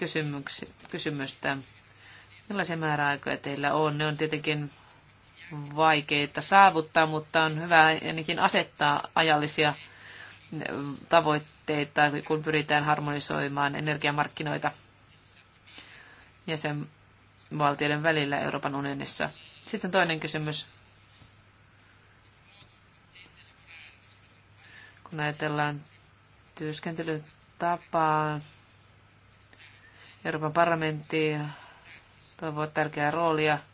kysymystä. Millaisia määräaikoja teillä on? Ne on tietenkin vaikeita saavuttaa, mutta on hyvä ainakin asettaa ajallisia tavoitteita, kun pyritään harmonisoimaan energiamarkkinoita jäsenvaltioiden välillä Euroopan unionissa. Sitten toinen kysymys. Kun ajatellaan työskentelytapaa, Euroopan parlamentti toivoo tärkeää roolia –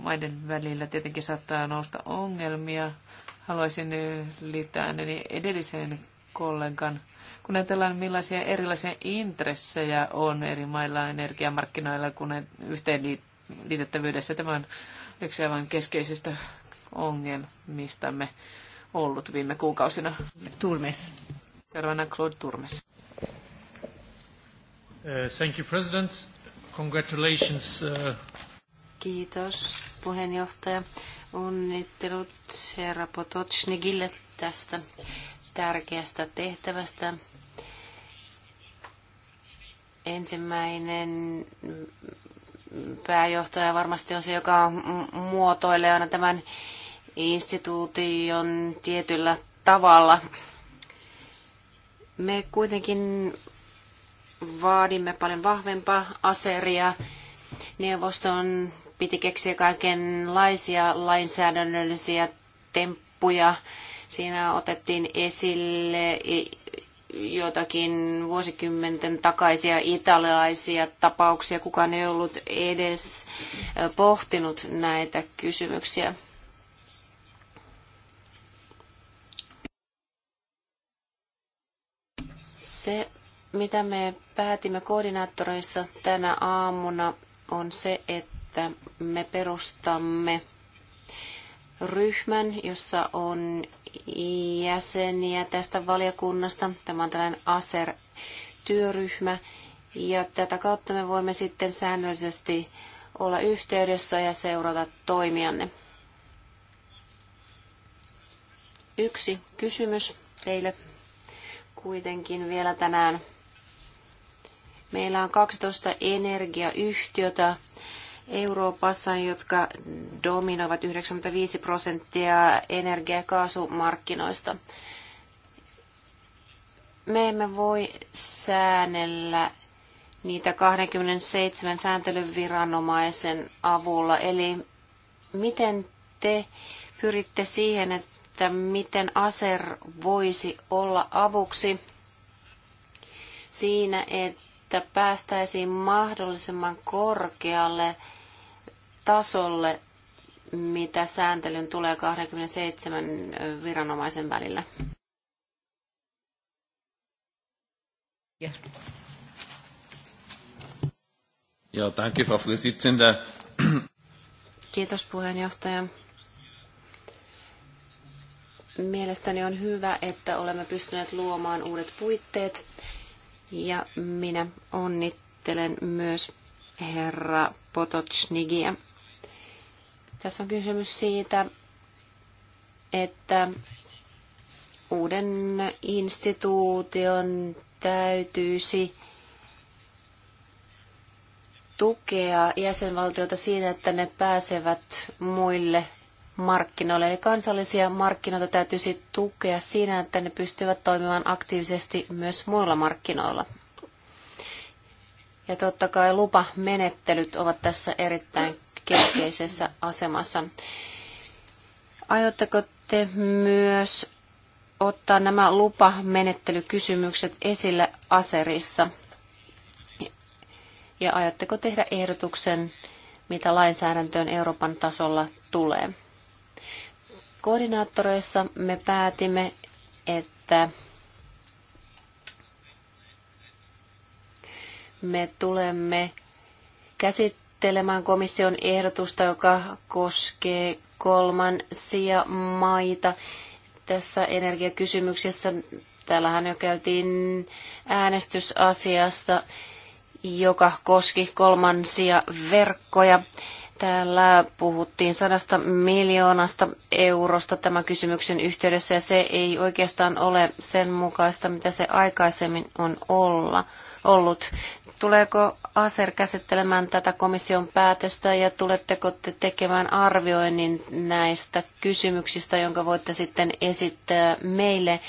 maiden välillä tietenkin saattaa nousta ongelmia. Haluaisin liittää ääneni edelliseen kollegan. Kun ajatellaan, millaisia erilaisia intressejä on eri mailla energiamarkkinoilla, kun ne liitettävyydessä tämä on yksi aivan keskeisistä ongelmistamme ollut viime kuukausina. Turmes. Seuraavana Claude Turmes. Uh, thank you, President. Congratulations uh, Kiitos puheenjohtaja. Onnittelut herra Potocnikille tästä tärkeästä tehtävästä. Ensimmäinen pääjohtaja varmasti on se, joka muotoilee aina tämän instituution tietyllä tavalla. Me kuitenkin vaadimme paljon vahvempaa aseria neuvoston piti keksiä kaikenlaisia lainsäädännöllisiä temppuja. Siinä otettiin esille jotakin vuosikymmenten takaisia italialaisia tapauksia. Kukaan ei ollut edes pohtinut näitä kysymyksiä. Se, mitä me päätimme koordinaattoreissa tänä aamuna, on se, että että me perustamme ryhmän, jossa on jäseniä tästä valiokunnasta. Tämä on tällainen ASER-työryhmä. Ja tätä kautta me voimme sitten säännöllisesti olla yhteydessä ja seurata toimianne. Yksi kysymys teille kuitenkin vielä tänään. Meillä on 12 energiayhtiötä Euroopassa, jotka dominoivat 95 prosenttia energia- ja kaasumarkkinoista. Me emme voi säännellä niitä 27 sääntelyviranomaisen avulla. Eli miten te pyritte siihen, että miten ASER voisi olla avuksi siinä, että päästäisiin mahdollisimman korkealle tasolle, mitä sääntelyn tulee 27 viranomaisen välillä. Ja, ja danke, Frau Kiitos puheenjohtaja. Mielestäni on hyvä, että olemme pystyneet luomaan uudet puitteet ja minä onnittelen myös herra Potocnigia tässä on kysymys siitä, että uuden instituution täytyisi tukea jäsenvaltioita siinä, että ne pääsevät muille markkinoille. Eli kansallisia markkinoita täytyisi tukea siinä, että ne pystyvät toimimaan aktiivisesti myös muilla markkinoilla. Ja totta kai lupamenettelyt ovat tässä erittäin keskeisessä asemassa. Aiotteko te myös ottaa nämä lupamenettelykysymykset esille aserissa? Ja aiotteko tehdä ehdotuksen, mitä lainsäädäntöön Euroopan tasolla tulee? Koordinaattoreissa me päätimme, että me tulemme käsittämään käsittelemään komission ehdotusta, joka koskee kolmansia maita tässä energiakysymyksessä. Täällähän jo käytiin äänestysasiasta, joka koski kolmansia verkkoja. Täällä puhuttiin sadasta miljoonasta eurosta tämän kysymyksen yhteydessä ja se ei oikeastaan ole sen mukaista, mitä se aikaisemmin on olla, ollut. Tuleeko ASER käsittelemään tätä komission päätöstä ja tuletteko te tekemään arvioinnin näistä kysymyksistä, jonka voitte sitten esittää meille,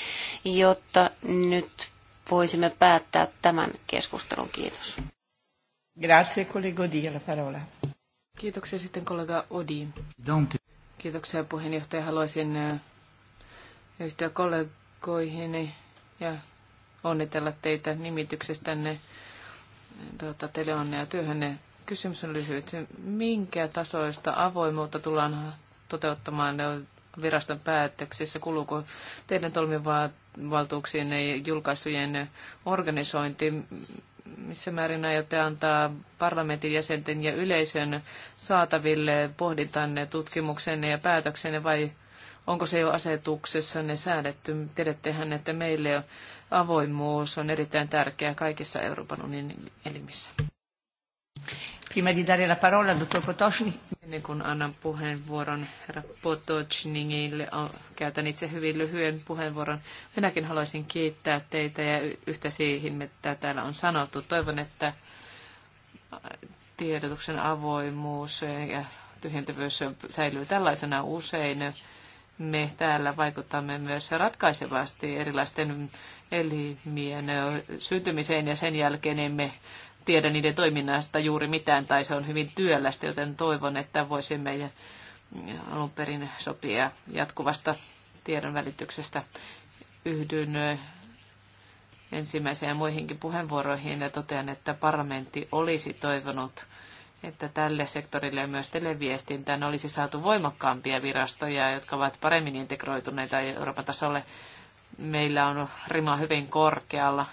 jotta nyt voisimme päättää tämän keskustelun. Kiitos. Grazie, collega Odi, la parola. Kiitoksia sitten kollega Odi. Kiitoksia puheenjohtaja. Haluaisin äh, yhtyä kollegoihini ja onnitella teitä nimityksestänne tuota, teille ja työhönne. Kysymys on lyhyt. Minkä tasoista avoimuutta tullaan toteuttamaan viraston päätöksissä? Kuluuko teidän ja julkaisujen organisointi? Missä määrin aiotte antaa parlamentin jäsenten ja yleisön saataville pohdintanne, tutkimuksenne ja päätöksenne vai – Onko se jo asetuksessa ne säädetty? Tiedättehän, että meille avoimuus on erittäin tärkeää kaikissa Euroopan unionin elimissä. Prima di dare la parola al dottor Potocini, Ennen kuin annan puheenvuoron herra Potocinille, käytän itse hyvin lyhyen puheenvuoron. Minäkin haluaisin kiittää teitä ja yhtä siihen, mitä täällä on sanottu. Toivon, että tiedotuksen avoimuus ja tyhjentävyys säilyy tällaisena usein me täällä vaikutamme myös ratkaisevasti erilaisten elimien syntymiseen ja sen jälkeen emme tiedä niiden toiminnasta juuri mitään tai se on hyvin työlästä, joten toivon, että voisimme alun perin sopia jatkuvasta tiedon välityksestä. Yhdyn ensimmäiseen ja muihinkin puheenvuoroihin ja totean, että parlamentti olisi toivonut että tälle sektorille ja myös televiestintään olisi saatu voimakkaampia virastoja, jotka ovat paremmin integroituneita Euroopan tasolle. Meillä on rima hyvin korkealla.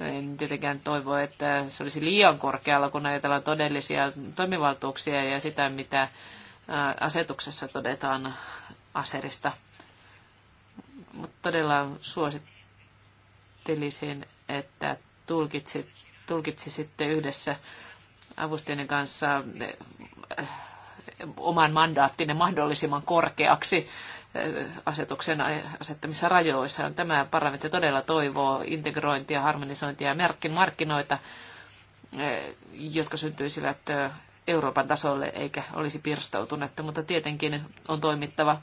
En tietenkään toivo, että se olisi liian korkealla, kun ajatellaan todellisia toimivaltuuksia ja sitä, mitä asetuksessa todetaan aserista. Mutta todella suosittelisin, että tulkitsit, tulkitsisitte yhdessä avustajien kanssa eh, oman mandaattinne mahdollisimman korkeaksi eh, asetuksen asettamissa rajoissa. Tämä parlamentti todella toivoo integrointia, harmonisointia ja markkinoita, eh, jotka syntyisivät Euroopan tasolle eikä olisi pirstautunutta, mutta tietenkin on toimittava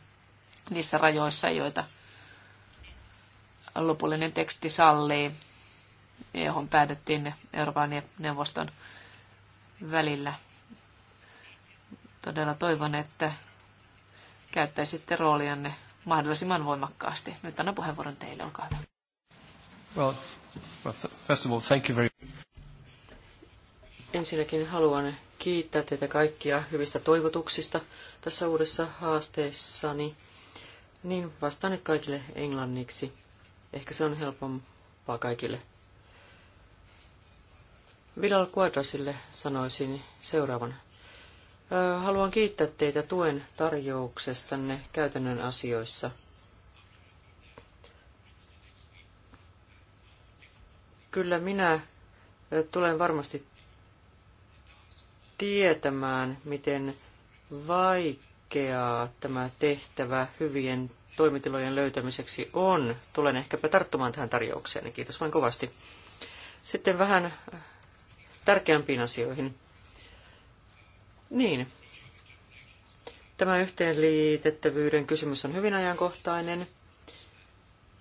niissä rajoissa, joita lopullinen teksti sallii, johon päädyttiin Euroopan neuvoston välillä. Todella toivon, että käyttäisitte roolianne mahdollisimman voimakkaasti. Nyt annan puheenvuoron teille, olkaa hyvä. Well, first of all, thank you very... Ensinnäkin haluan kiittää teitä kaikkia hyvistä toivotuksista tässä uudessa haasteessani. Niin vastaan kaikille englanniksi. Ehkä se on helpompaa kaikille. Vidal Quadrasille sanoisin seuraavan. Haluan kiittää teitä tuen tarjouksestanne käytännön asioissa. Kyllä minä tulen varmasti tietämään, miten vaikeaa tämä tehtävä hyvien toimitilojen löytämiseksi on. Tulen ehkäpä tarttumaan tähän tarjoukseen. Kiitos vain kovasti. Sitten vähän tärkeämpiin asioihin. Niin. Tämä yhteenliitettävyyden kysymys on hyvin ajankohtainen.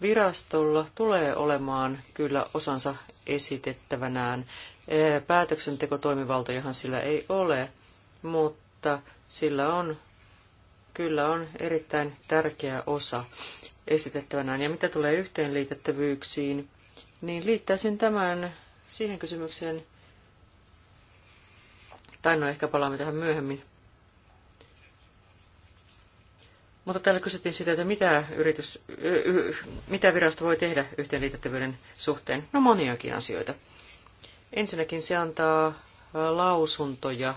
Virastolla tulee olemaan kyllä osansa esitettävänään. E, Päätöksentekotoimivaltojahan sillä ei ole, mutta sillä on kyllä on erittäin tärkeä osa esitettävänään. Ja mitä tulee yhteenliitettävyyksiin, niin liittäisin tämän siihen kysymykseen, tai no ehkä palaamme tähän myöhemmin. Mutta täällä kysyttiin sitä, että mitä, yritys, mitä virasto voi tehdä yhteenliitettävyyden suhteen. No moniakin asioita. Ensinnäkin se antaa lausuntoja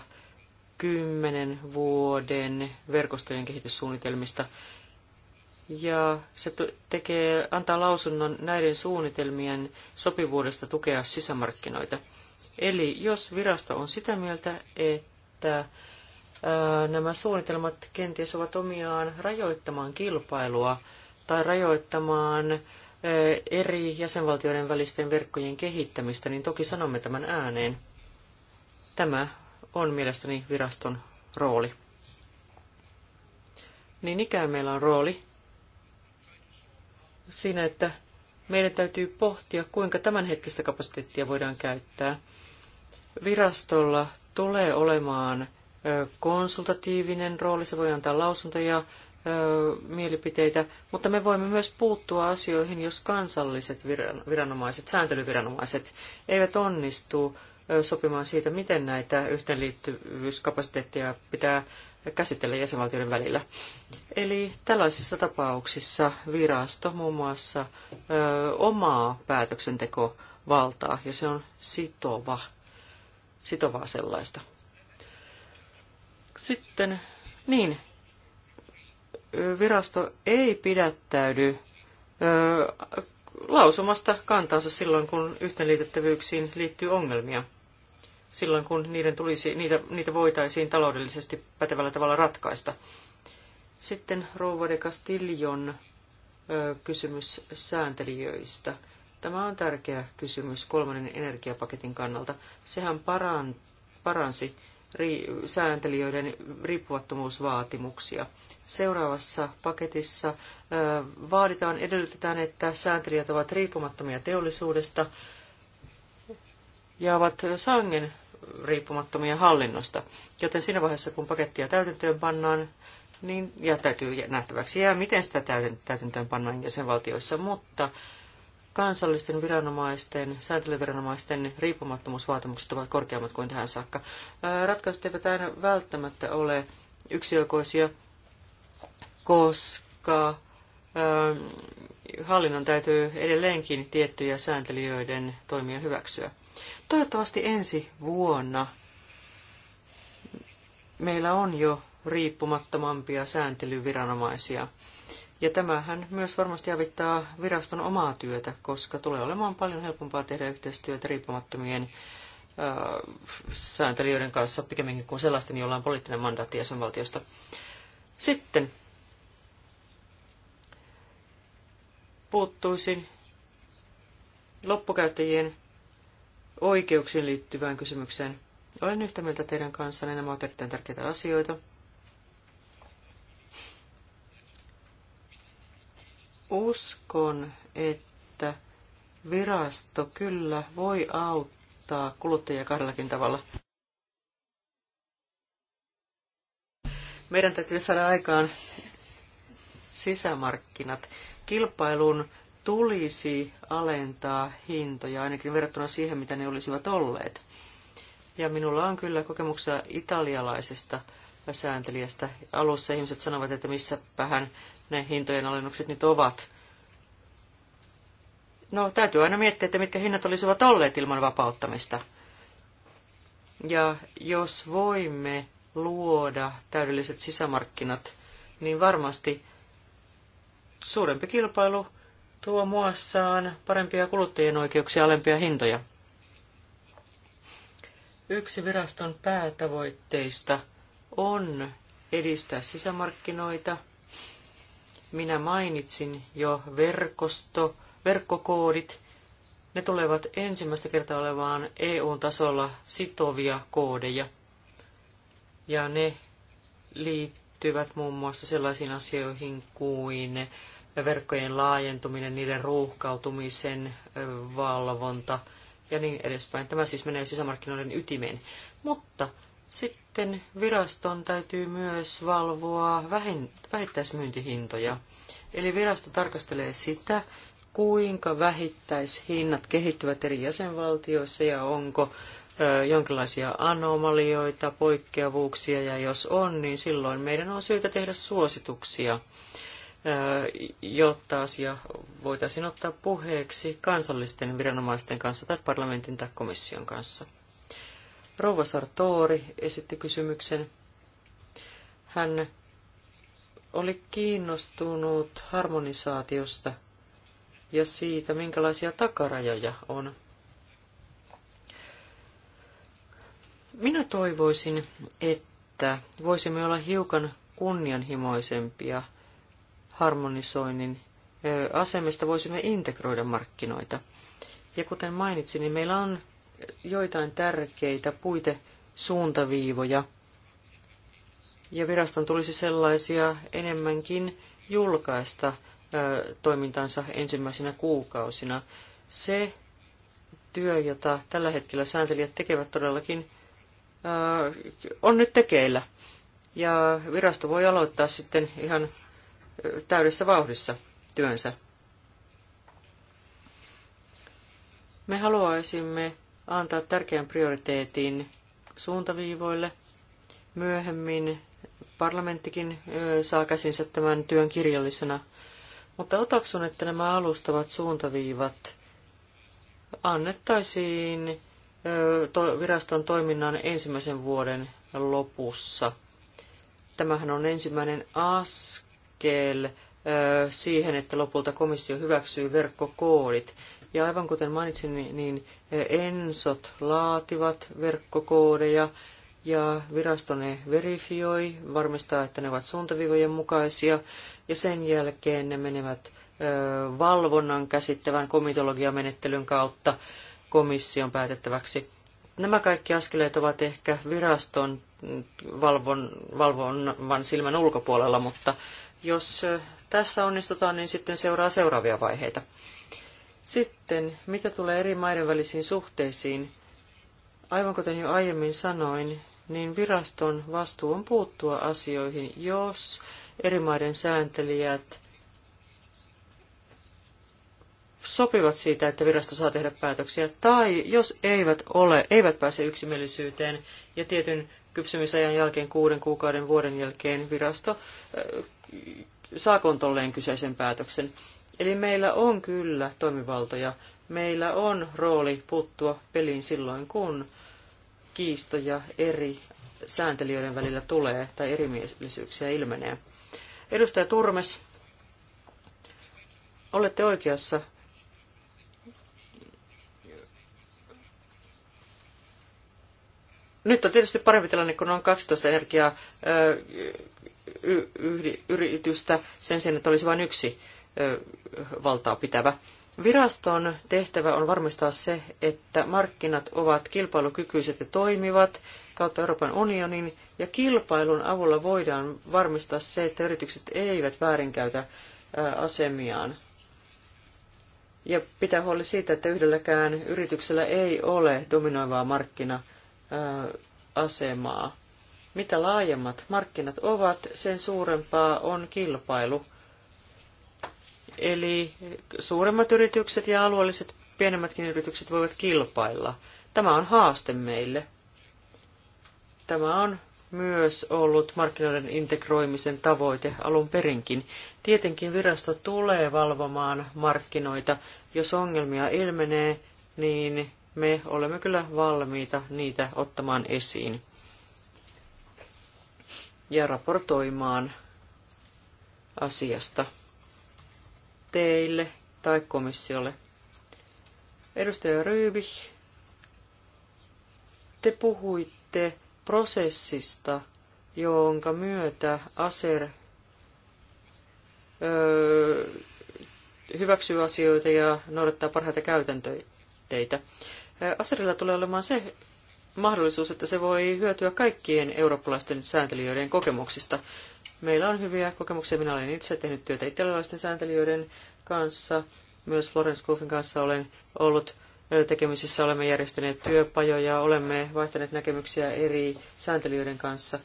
kymmenen vuoden verkostojen kehityssuunnitelmista. Ja se tekee, antaa lausunnon näiden suunnitelmien sopivuudesta tukea sisämarkkinoita – Eli jos virasto on sitä mieltä, että nämä suunnitelmat kenties ovat omiaan rajoittamaan kilpailua tai rajoittamaan eri jäsenvaltioiden välisten verkkojen kehittämistä, niin toki sanomme tämän ääneen. Tämä on mielestäni viraston rooli. Niin ikään meillä on rooli siinä, että meidän täytyy pohtia, kuinka tämänhetkistä kapasiteettia voidaan käyttää. Virastolla tulee olemaan konsultatiivinen rooli, se voi antaa lausuntoja, mielipiteitä, mutta me voimme myös puuttua asioihin, jos kansalliset viranomaiset, sääntelyviranomaiset eivät onnistu sopimaan siitä, miten näitä yhteenliittyvyyskapasiteetteja pitää käsitellä jäsenvaltioiden välillä. Eli tällaisissa tapauksissa virasto muun muassa ö, omaa päätöksentekovaltaa, ja se on sitova, sitovaa sellaista. Sitten, niin, virasto ei pidättäydy ö, lausumasta kantaansa silloin, kun yhteenliitettävyyksiin liittyy ongelmia – silloin, kun niiden tulisi, niitä, niitä voitaisiin taloudellisesti pätevällä tavalla ratkaista. Sitten Rouva de Castillon kysymys sääntelijöistä. Tämä on tärkeä kysymys kolmannen energiapaketin kannalta. Sehän paran, paransi ri, sääntelijöiden riippuvattomuusvaatimuksia. Seuraavassa paketissa vaaditaan, edellytetään, että sääntelijät ovat riippumattomia teollisuudesta ja ovat sangen riippumattomia hallinnosta. Joten siinä vaiheessa, kun pakettia täytäntöön pannaan, niin, ja täytyy nähtäväksi jää, miten sitä täytäntöön pannaan jäsenvaltioissa, mutta kansallisten viranomaisten, sääntelyviranomaisten riippumattomuusvaatimukset ovat korkeammat kuin tähän saakka. Ratkaisut eivät aina välttämättä ole yksioikoisia, koska hallinnon täytyy edelleenkin tiettyjä sääntelijöiden toimia hyväksyä. Toivottavasti ensi vuonna meillä on jo riippumattomampia sääntelyviranomaisia. Ja tämähän myös varmasti avittaa viraston omaa työtä, koska tulee olemaan paljon helpompaa tehdä yhteistyötä riippumattomien äh, sääntelijöiden kanssa pikemminkin kuin sellaisten, joilla on poliittinen mandaatti jäsenvaltiosta. Sitten puuttuisin loppukäyttäjien oikeuksiin liittyvään kysymykseen. Olen yhtä mieltä teidän kanssanne, nämä ovat erittäin tärkeitä asioita. Uskon, että virasto kyllä voi auttaa kuluttajia kahdellakin tavalla. Meidän täytyy saada aikaan sisämarkkinat. Kilpailun tulisi alentaa hintoja, ainakin verrattuna siihen, mitä ne olisivat olleet. Ja minulla on kyllä kokemuksia italialaisesta sääntelijästä. Alussa ihmiset sanovat, että missäpähän ne hintojen alennukset nyt ovat. No, täytyy aina miettiä, että mitkä hinnat olisivat olleet ilman vapauttamista. Ja jos voimme luoda täydelliset sisämarkkinat, niin varmasti suurempi kilpailu tuo muassaan parempia kuluttajien oikeuksia alempia hintoja. Yksi viraston päätavoitteista on edistää sisämarkkinoita. Minä mainitsin jo verkosto, verkkokoodit. Ne tulevat ensimmäistä kertaa olevaan EU-tasolla sitovia koodeja. Ja ne liittyvät muun muassa sellaisiin asioihin kuin verkkojen laajentuminen, niiden ruuhkautumisen valvonta ja niin edespäin. Tämä siis menee sisämarkkinoiden ytimeen. Mutta sitten viraston täytyy myös valvoa vähittäismyyntihintoja. Eli virasto tarkastelee sitä, kuinka vähittäishinnat kehittyvät eri jäsenvaltioissa ja onko jonkinlaisia anomalioita, poikkeavuuksia ja jos on, niin silloin meidän on syytä tehdä suosituksia jotta asia voitaisiin ottaa puheeksi kansallisten viranomaisten kanssa tai parlamentin tai komission kanssa. Rouva Sartori esitti kysymyksen. Hän oli kiinnostunut harmonisaatiosta ja siitä, minkälaisia takarajoja on. Minä toivoisin, että voisimme olla hiukan kunnianhimoisempia – harmonisoinnin asemesta voisimme integroida markkinoita. Ja kuten mainitsin, niin meillä on joitain tärkeitä puitesuuntaviivoja, ja viraston tulisi sellaisia enemmänkin julkaista toimintansa ensimmäisenä kuukausina. Se työ, jota tällä hetkellä sääntelijät tekevät todellakin, on nyt tekeillä. Ja virasto voi aloittaa sitten ihan täydessä vauhdissa työnsä. Me haluaisimme antaa tärkeän prioriteetin suuntaviivoille. Myöhemmin parlamenttikin saa käsinsä tämän työn kirjallisena, mutta otaksun, että nämä alustavat suuntaviivat annettaisiin viraston toiminnan ensimmäisen vuoden lopussa. Tämähän on ensimmäinen askel askel siihen, että lopulta komissio hyväksyy verkkokoodit. Ja aivan kuten mainitsin, niin, niin ensot laativat verkkokoodeja ja virasto ne verifioi, varmistaa, että ne ovat suuntavivojen mukaisia ja sen jälkeen ne menevät valvonnan käsittävän komitologiamenettelyn kautta komission päätettäväksi. Nämä kaikki askeleet ovat ehkä viraston mm, valvon, valvonnan silmän ulkopuolella, mutta jos tässä onnistutaan, niin sitten seuraa seuraavia vaiheita. Sitten, mitä tulee eri maiden välisiin suhteisiin, aivan kuten jo aiemmin sanoin, niin viraston vastuu on puuttua asioihin, jos eri maiden sääntelijät sopivat siitä, että virasto saa tehdä päätöksiä, tai jos eivät ole, eivät pääse yksimielisyyteen, ja tietyn kypsymisajan jälkeen, kuuden kuukauden vuoden jälkeen virasto saakontolleen kyseisen päätöksen. Eli meillä on kyllä toimivaltoja. Meillä on rooli puuttua peliin silloin, kun kiistoja eri sääntelijöiden välillä tulee tai erimielisyyksiä ilmenee. Edustaja Turmes, olette oikeassa. Nyt on tietysti parempi tilanne, kun on 12 energiaa yritystä sen sijaan, että olisi vain yksi valtaa pitävä. Viraston tehtävä on varmistaa se, että markkinat ovat kilpailukykyiset ja toimivat kautta Euroopan unionin, ja kilpailun avulla voidaan varmistaa se, että yritykset eivät väärinkäytä asemiaan. Ja pitää huoli siitä, että yhdelläkään yrityksellä ei ole dominoivaa markkina-asemaa. Mitä laajemmat markkinat ovat, sen suurempaa on kilpailu. Eli suuremmat yritykset ja alueelliset pienemmätkin yritykset voivat kilpailla. Tämä on haaste meille. Tämä on myös ollut markkinoiden integroimisen tavoite alun perinkin. Tietenkin virasto tulee valvomaan markkinoita. Jos ongelmia ilmenee, niin me olemme kyllä valmiita niitä ottamaan esiin ja raportoimaan asiasta teille tai komissiolle. Edustaja Ryyvi, te puhuitte prosessista, jonka myötä ASER öö, hyväksyy asioita ja noudattaa parhaita käytäntöitä. Aserilla tulee olemaan se mahdollisuus, että se voi hyötyä kaikkien eurooppalaisten sääntelijöiden kokemuksista. Meillä on hyviä kokemuksia. Minä olen itse tehnyt työtä italialaisten sääntelijöiden kanssa. Myös Florence Kuffin kanssa olen ollut tekemisissä, olemme järjestäneet työpajoja, olemme vaihtaneet näkemyksiä eri sääntelijöiden kanssa.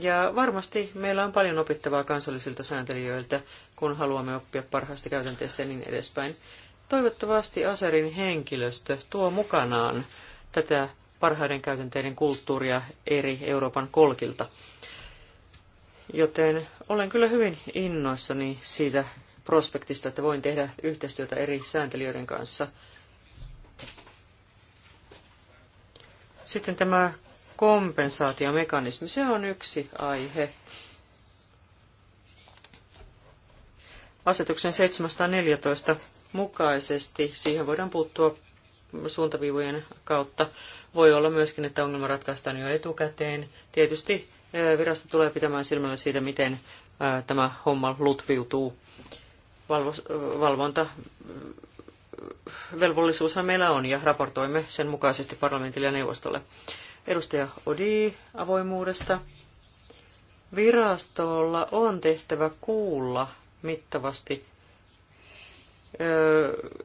Ja varmasti meillä on paljon opittavaa kansallisilta sääntelijöiltä, kun haluamme oppia parhaista käytänteestä ja niin edespäin. Toivottavasti Aserin henkilöstö tuo mukanaan tätä parhaiden käytänteiden kulttuuria eri Euroopan kolkilta. Joten olen kyllä hyvin innoissani siitä prospektista, että voin tehdä yhteistyötä eri sääntelijöiden kanssa. Sitten tämä kompensaatiomekanismi, se on yksi aihe. Asetuksen 714 mukaisesti siihen voidaan puuttua suuntaviivojen kautta voi olla myöskin, että ongelma ratkaistaan jo etukäteen. Tietysti virasto tulee pitämään silmällä siitä, miten tämä homma lutviutuu. Valvonta velvollisuushan meillä on ja raportoimme sen mukaisesti parlamentille ja neuvostolle. Edustaja Odi avoimuudesta. Virastolla on tehtävä kuulla mittavasti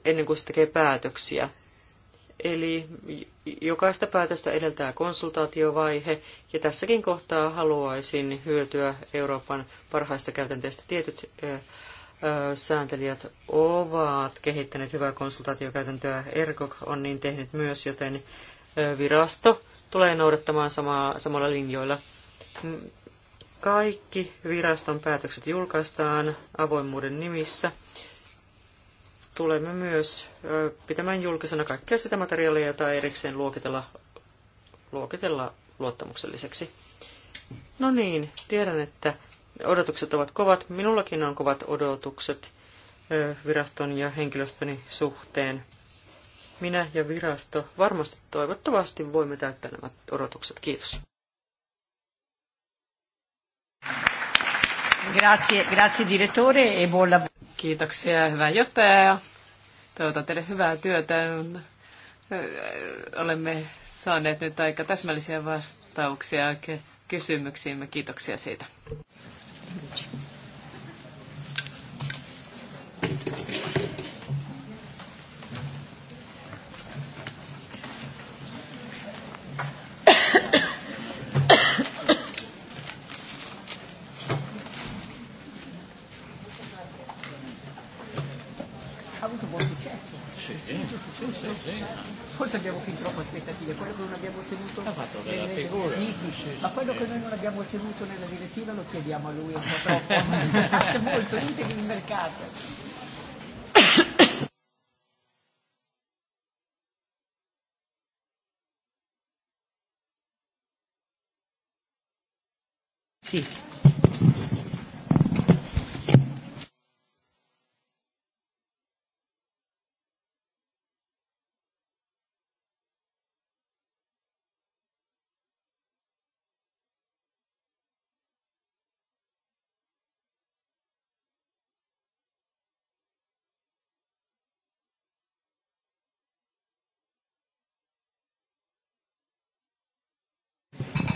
ennen kuin se tekee päätöksiä. Eli jokaista päätöstä edeltää konsultaatiovaihe, ja tässäkin kohtaa haluaisin hyötyä Euroopan parhaista käytänteistä. Tietyt sääntelijät ovat kehittäneet hyvää konsultaatiokäytäntöä. ERKOK on niin tehnyt myös, joten virasto tulee noudattamaan samaa, samalla linjoilla. Kaikki viraston päätökset julkaistaan avoimuuden nimissä tulemme myös pitämään julkisena kaikkea sitä materiaalia, jota erikseen luokitella, luokitella luottamukselliseksi. No niin, tiedän, että odotukset ovat kovat. Minullakin on kovat odotukset viraston ja henkilöstöni suhteen. Minä ja virasto varmasti toivottavasti voimme täyttää nämä odotukset. Kiitos. Grazie, grazie direttore e buon lavoro. Kiitoksia, hyvä johtaja ja toivotan teille hyvää työtä. Olemme saaneet nyt aika täsmällisiä vastauksia kysymyksiimme. Kiitoksia siitä. Sì. Forse abbiamo fin troppo aspettative, quello che non abbiamo ottenuto nelle... figura, sì, sì. Sì, ma quello che noi non abbiamo ottenuto nella direttiva lo chiediamo a lui un po' troppo, è molto integri il mercato. Sì.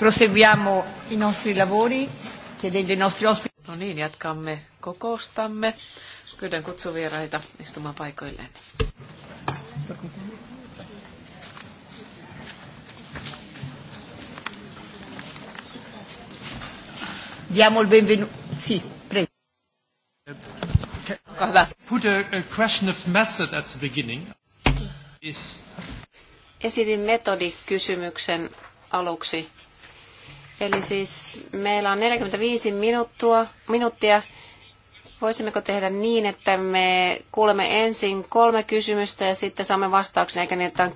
Proseguiamo i nostri lavori, chiedendo nostri ospiti. No niin, jatkamme kokoustamme. Pyydän kutsuvieraita istumaan paikoilleen. Diamo il benvenuto. Sì, prego. Hyvä. Put a, a question of method at the beginning. Is... Esitin metodikysymyksen aluksi. Eli siis meillä on 45 minuuttua, minuuttia. Voisimmeko tehdä niin, että me kuulemme ensin kolme kysymystä ja sitten saamme vastauksen, eikä niin, että on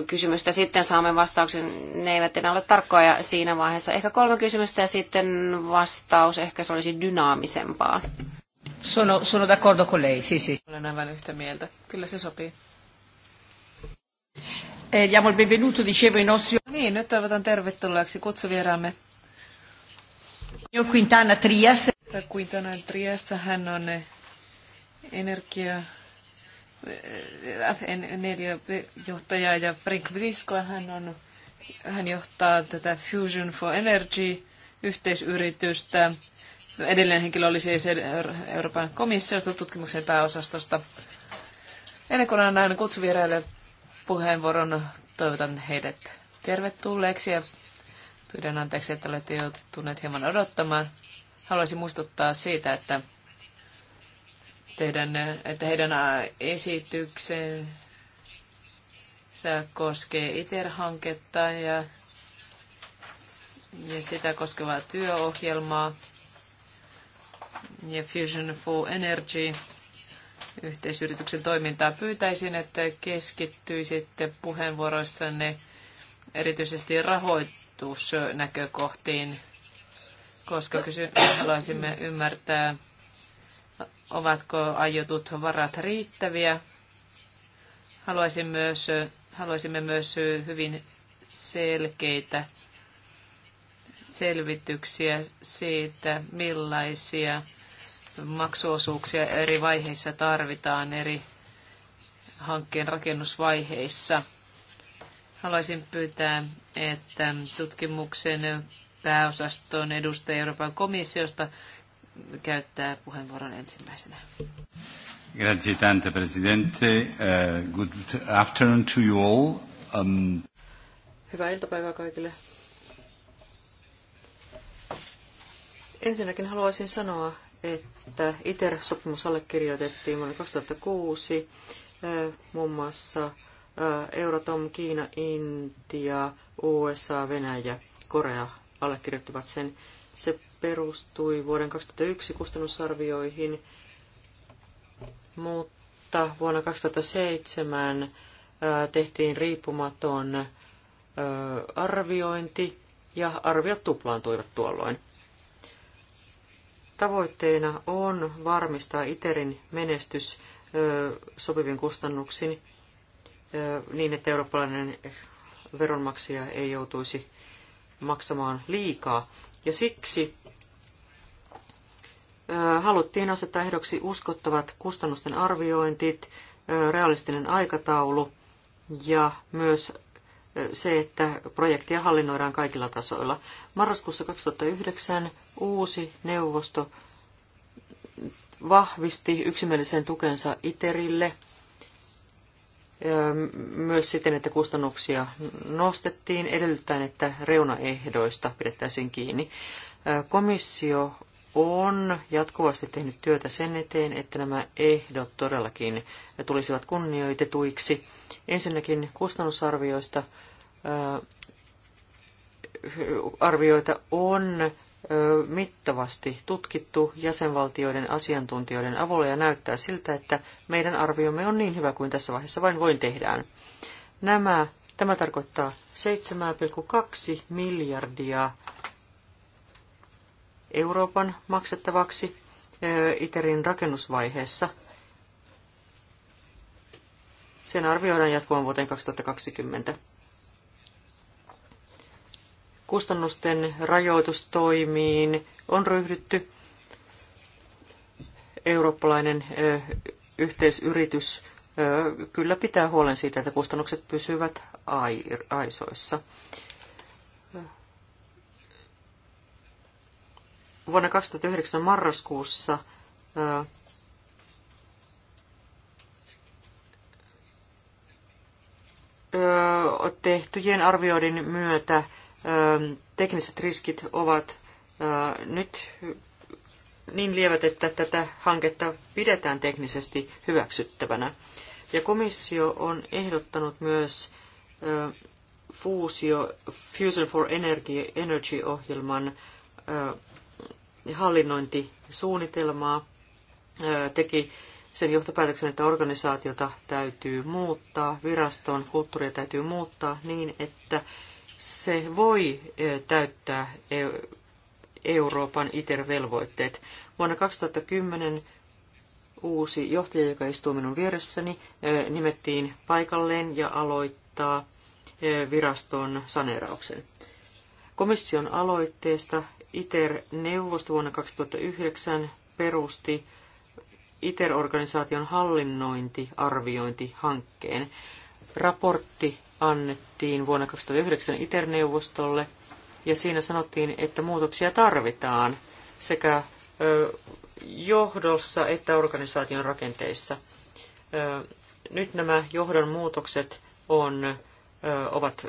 10-12 kysymystä, sitten saamme vastauksen. Ne eivät enää ole tarkkoja siinä vaiheessa. Ehkä kolme kysymystä ja sitten vastaus, ehkä se olisi dynaamisempaa. Sono, sono d'accordo con lei, sì, sì. Olen aivan yhtä mieltä. Kyllä se sopii. Eh, diamo il benvenuto, dicevo, i nostri... Niin, nyt toivotan tervetulleeksi kutsuvieraamme. Quintana Trias. Quintana Trias, hän on eh, energia F4-johtaja eh, ja Frank Brisco, hän, on, hän johtaa tätä Fusion for Energy-yhteisyritystä. Edellinen henkilö oli siis Euroopan komissiosta tutkimuksen pääosastosta. Ennen kuin annan kutsuvieraille puheenvuoron. Toivotan heidät tervetulleeksi ja pyydän anteeksi, että olette joutuneet hieman odottamaan. Haluaisin muistuttaa siitä, että, teidän, että heidän esityksensä koskee ITER-hanketta ja, ja sitä koskevaa työohjelmaa ja Fusion for Energy yhteisyrityksen toimintaa. Pyytäisin, että keskittyisitte puheenvuoroissanne erityisesti rahoitusnäkökohtiin, koska haluaisimme ymmärtää, ovatko aiotut varat riittäviä. Haluaisin myös, haluaisimme myös hyvin selkeitä selvityksiä siitä, millaisia maksuosuuksia eri vaiheissa tarvitaan eri hankkeen rakennusvaiheissa. Haluaisin pyytää, että tutkimuksen pääosaston edustaja Euroopan komissiosta käyttää puheenvuoron ensimmäisenä. Grazie tante presidente. Uh, good afternoon to you all. Um... Hyvää iltapäivää kaikille. Ensinnäkin haluaisin sanoa, että ITER-sopimus allekirjoitettiin vuonna 2006 eh, muun muassa eh, Euratom, Kiina, Intia, USA, Venäjä, Korea allekirjoittivat sen. Se perustui vuoden 2001 kustannusarvioihin, mutta vuonna 2007 eh, tehtiin riippumaton arviointi ja arviot tuplaantuivat tuolloin. Tavoitteena on varmistaa ITERin menestys sopivin kustannuksin niin, että eurooppalainen veronmaksaja ei joutuisi maksamaan liikaa. Ja siksi haluttiin asettaa ehdoksi uskottavat kustannusten arviointit, realistinen aikataulu ja myös se, että projektia hallinnoidaan kaikilla tasoilla. Marraskuussa 2009 uusi neuvosto vahvisti yksimielisen tukensa ITERille myös siten, että kustannuksia nostettiin edellyttäen, että reunaehdoista pidettäisiin kiinni. Komissio on jatkuvasti tehnyt työtä sen eteen, että nämä ehdot todellakin tulisivat kunnioitetuiksi. Ensinnäkin kustannusarvioista arvioita on mittavasti tutkittu jäsenvaltioiden asiantuntijoiden avulla ja näyttää siltä, että meidän arviomme on niin hyvä kuin tässä vaiheessa vain voin tehdään. Nämä, tämä tarkoittaa 7,2 miljardia Euroopan maksettavaksi ITERin rakennusvaiheessa. Sen arvioidaan jatkuvan vuoteen 2020 kustannusten rajoitustoimiin on ryhdytty. Eurooppalainen yhteisyritys kyllä pitää huolen siitä, että kustannukset pysyvät aisoissa. Vuonna 2009 marraskuussa tehtyjen arvioiden myötä Ähm, tekniset riskit ovat äh, nyt niin lievät, että tätä hanketta pidetään teknisesti hyväksyttävänä. Ja komissio on ehdottanut myös äh, Fusio, Fusion for Energy, Energy-ohjelman äh, hallinnointisuunnitelmaa. Teki sen johtopäätöksen, että organisaatiota täytyy muuttaa, viraston kulttuuria täytyy muuttaa niin, että se voi täyttää e- Euroopan ITER-velvoitteet. Vuonna 2010 uusi johtaja, joka istuu minun vieressäni, nimettiin paikalleen ja aloittaa viraston saneerauksen. Komission aloitteesta ITER-neuvosto vuonna 2009 perusti ITER-organisaation hallinnointi hallinnointi-arviointihankkeen. Raportti annettiin vuonna 2009 ITER-neuvostolle, ja siinä sanottiin, että muutoksia tarvitaan sekä johdossa että organisaation rakenteissa. Nyt nämä johdon muutokset on, ovat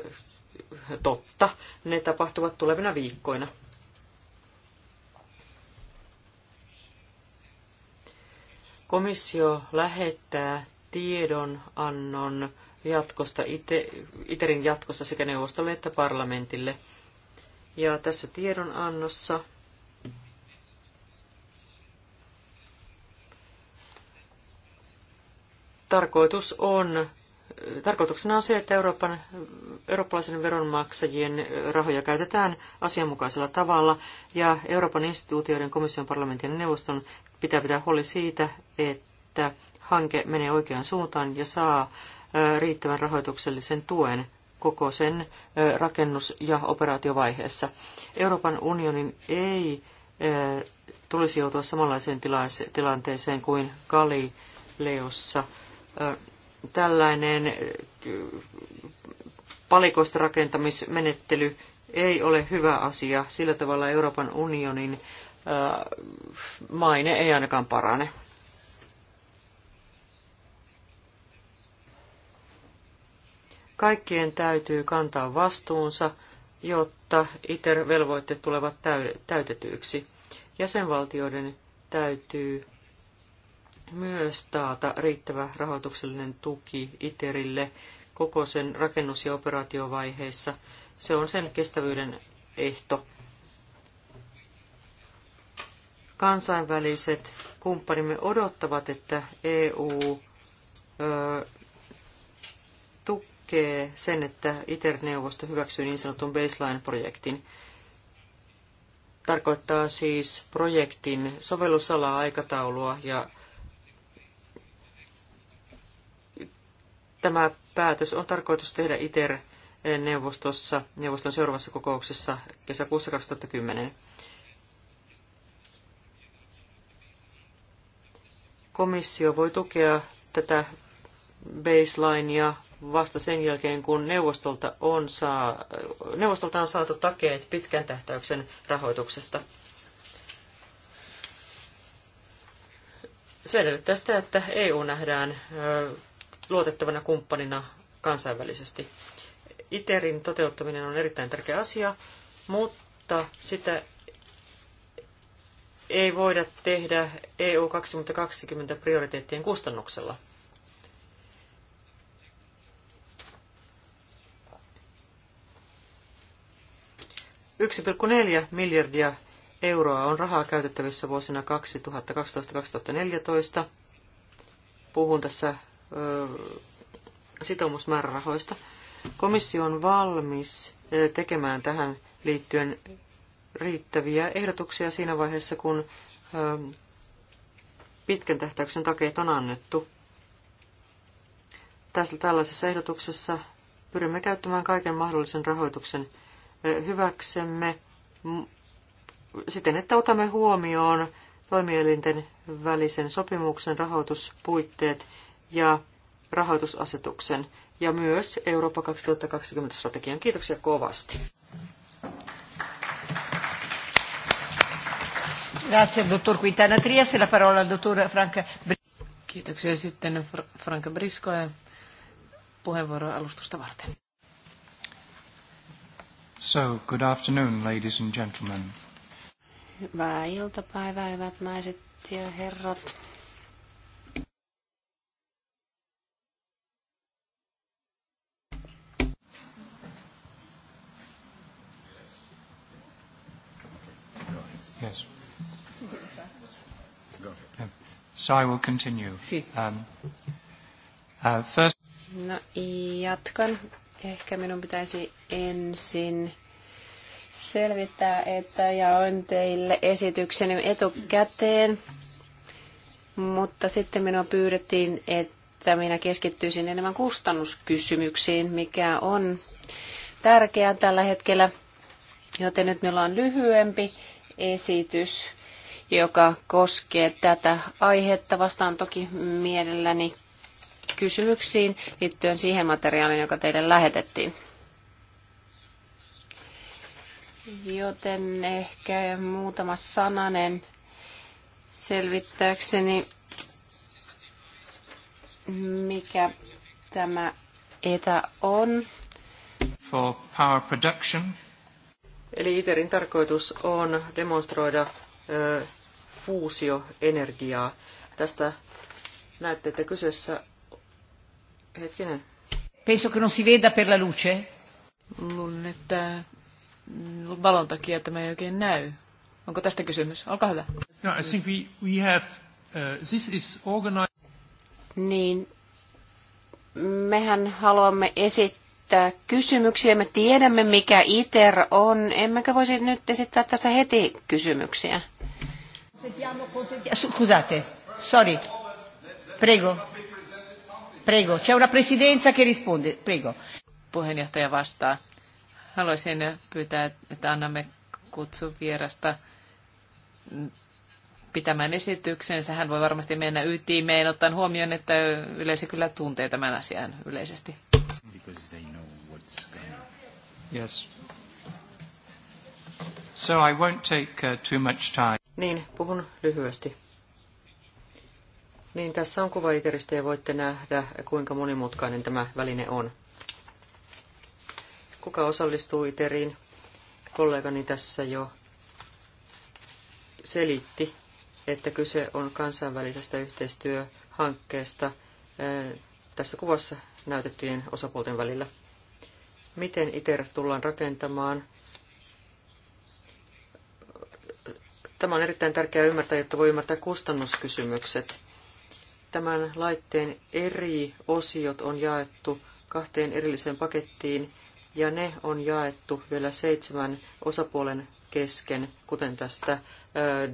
totta. Ne tapahtuvat tulevina viikkoina. Komissio lähettää tiedonannon jatkosta, ITERin jatkosta sekä neuvostolle että parlamentille. Ja tässä tiedonannossa tarkoitus on, tarkoituksena on se, että Euroopan, eurooppalaisen veronmaksajien rahoja käytetään asianmukaisella tavalla ja Euroopan instituutioiden, komission, parlamentin ja neuvoston pitää pitää huoli siitä, että hanke menee oikeaan suuntaan ja saa riittävän rahoituksellisen tuen koko sen rakennus- ja operaatiovaiheessa. Euroopan unionin ei tulisi joutua samanlaiseen tilanteeseen kuin Galileossa. Tällainen palikoista rakentamismenettely ei ole hyvä asia. Sillä tavalla Euroopan unionin maine ei ainakaan parane. Kaikkien täytyy kantaa vastuunsa, jotta ITER-velvoitteet tulevat täytetyiksi. Jäsenvaltioiden täytyy myös taata riittävä rahoituksellinen tuki ITERille koko sen rakennus- ja operaatiovaiheessa. Se on sen kestävyyden ehto. Kansainväliset kumppanimme odottavat, että EU tekee sen, että ITER-neuvosto hyväksyy niin sanotun baseline-projektin. Tarkoittaa siis projektin sovellusalaa, aikataulua ja tämä päätös on tarkoitus tehdä ITER-neuvostossa, neuvoston seuraavassa kokouksessa kesäkuussa 2010. Komissio voi tukea tätä baselinea vasta sen jälkeen, kun neuvostolta on, saa, neuvostolta on saatu takeet pitkän tähtäyksen rahoituksesta. Se edellyttää sitä, että EU nähdään luotettavana kumppanina kansainvälisesti. ITERin toteuttaminen on erittäin tärkeä asia, mutta sitä ei voida tehdä EU 2020 prioriteettien kustannuksella. 1,4 miljardia euroa on rahaa käytettävissä vuosina 2012-2014. Puhun tässä ö, sitoumusmäärärahoista. Komissio on valmis tekemään tähän liittyen riittäviä ehdotuksia siinä vaiheessa, kun pitkän tähtäyksen takeet on annettu. Tässä tällaisessa ehdotuksessa pyrimme käyttämään kaiken mahdollisen rahoituksen hyväksemme siten, että otamme huomioon toimielinten välisen sopimuksen rahoituspuitteet ja rahoitusasetuksen ja myös Eurooppa 2020 strategian. Kiitoksia kovasti. Grazie, dottor Quintana Trias. La parola dottor Frank Kiitoksia sitten Frank Brisko ja puheenvuoro alustusta varten. So, good afternoon, ladies and gentlemen. Hyvää iltapäivää, hyvät naiset ja herrat. Yes. So I will continue. Um, uh, first... No, jatkan Ehkä minun pitäisi ensin selvittää, että jaoin teille esitykseni etukäteen, mutta sitten minua pyydettiin, että minä keskittyisin enemmän kustannuskysymyksiin, mikä on tärkeää tällä hetkellä. Joten nyt meillä on lyhyempi esitys, joka koskee tätä aihetta. Vastaan toki mielelläni kysymyksiin liittyen siihen materiaaliin, joka teille lähetettiin. Joten ehkä muutama sananen selvittääkseni, mikä tämä etä on. For power production. Eli ITERin tarkoitus on demonstroida ö, fuusioenergiaa. Tästä näette, että kyseessä Hetkinen. Penso che non si veda per la luce. Luulen, että valon takia tämä ei oikein näy. Onko tästä kysymys? Olkaa hyvä. No, I think we, we have, uh, this is organized... Niin, mehän haluamme esittää kysymyksiä. Me tiedämme, mikä ITER on. Emmekä voisi nyt esittää tässä heti kysymyksiä. Scusate, sorry. Prego. Prego, c'è una presidenza che risponde. Prego. Puheenjohtaja vastaa. Haluaisin pyytää, että annamme vierasta pitämään esityksensä. Hän voi varmasti mennä ytimeen, ottaen huomioon, että yleisö kyllä tuntee tämän asian yleisesti. Yes. So I won't take uh, too much time. Niin, puhun lyhyesti. Niin tässä on kuva Ikeristä ja voitte nähdä, kuinka monimutkainen tämä väline on. Kuka osallistuu Iteriin? Kollegani tässä jo selitti, että kyse on kansainvälisestä yhteistyöhankkeesta eh, tässä kuvassa näytettyjen osapuolten välillä. Miten ITER tullaan rakentamaan? Tämä on erittäin tärkeää ymmärtää, jotta voi ymmärtää kustannuskysymykset. Tämän laitteen eri osiot on jaettu kahteen erilliseen pakettiin ja ne on jaettu vielä seitsemän osapuolen kesken, kuten tästä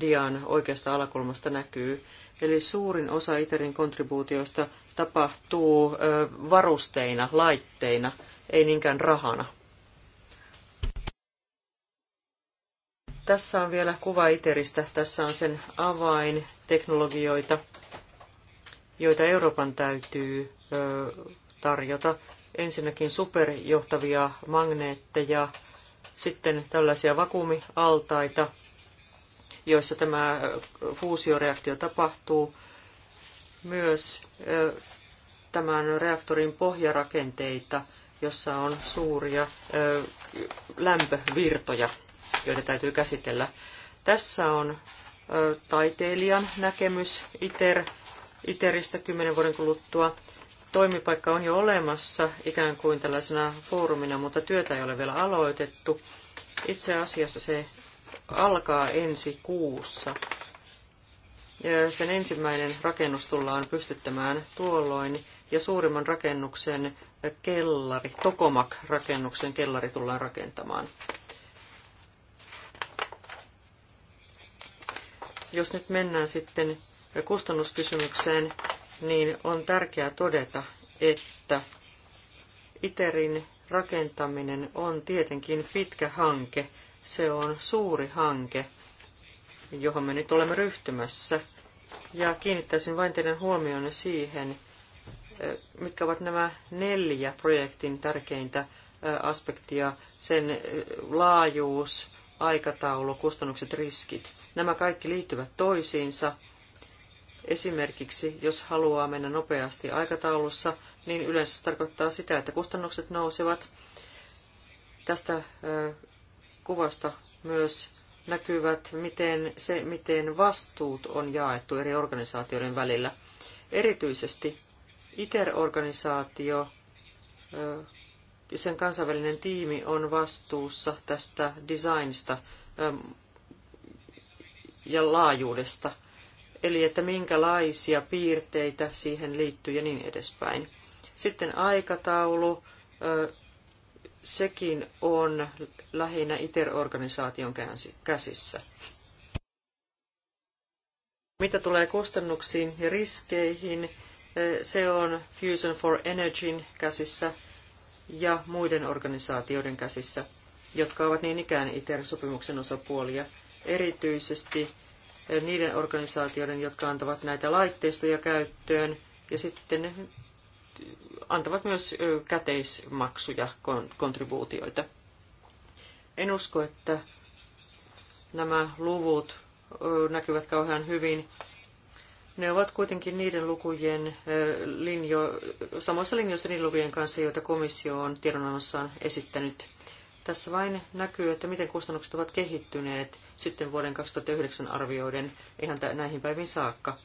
dian oikeasta alakulmasta näkyy. Eli suurin osa ITERin kontribuutioista tapahtuu varusteina, laitteina, ei niinkään rahana. Tässä on vielä kuva ITERistä. Tässä on sen avainteknologioita joita Euroopan täytyy tarjota. Ensinnäkin superjohtavia magneetteja, sitten tällaisia vakuumialtaita, joissa tämä fuusioreaktio tapahtuu. Myös tämän reaktorin pohjarakenteita, jossa on suuria lämpövirtoja, joita täytyy käsitellä. Tässä on taiteilijan näkemys ITER ITERistä kymmenen vuoden kuluttua. Toimipaikka on jo olemassa ikään kuin tällaisena foorumina, mutta työtä ei ole vielä aloitettu. Itse asiassa se alkaa ensi kuussa. ja Sen ensimmäinen rakennus tullaan pystyttämään tuolloin ja suurimman rakennuksen kellari, Tokomak-rakennuksen kellari tullaan rakentamaan. Jos nyt mennään sitten kustannuskysymykseen, niin on tärkeää todeta, että ITERin rakentaminen on tietenkin pitkä hanke. Se on suuri hanke, johon me nyt olemme ryhtymässä. Ja kiinnittäisin vain teidän huomionne siihen, eh, mitkä ovat nämä neljä projektin tärkeintä eh, aspektia, sen eh, laajuus, aikataulu, kustannukset, riskit. Nämä kaikki liittyvät toisiinsa Esimerkiksi jos haluaa mennä nopeasti aikataulussa, niin yleensä se tarkoittaa sitä, että kustannukset nousevat. Tästä kuvasta myös näkyvät miten, se, miten vastuut on jaettu eri organisaatioiden välillä. Erityisesti ITER-organisaatio ja sen kansainvälinen tiimi on vastuussa tästä designista ja laajuudesta – eli että minkälaisia piirteitä siihen liittyy ja niin edespäin. Sitten aikataulu, sekin on lähinnä ITER-organisaation käsissä. Mitä tulee kustannuksiin ja riskeihin, se on Fusion for Energyn käsissä ja muiden organisaatioiden käsissä, jotka ovat niin ikään ITER-sopimuksen osapuolia. Erityisesti niiden organisaatioiden, jotka antavat näitä laitteistoja käyttöön, ja sitten antavat myös käteismaksuja, kontribuutioita. En usko, että nämä luvut näkyvät kauhean hyvin. Ne ovat kuitenkin niiden lukujen linjo, samoissa linjoissa niiden luvien kanssa, joita komissio on tiedonannossaan esittänyt. Tässä vain näkyy, että miten kustannukset ovat kehittyneet sitten vuoden 2009 arvioiden ihan näihin päiviin saakka.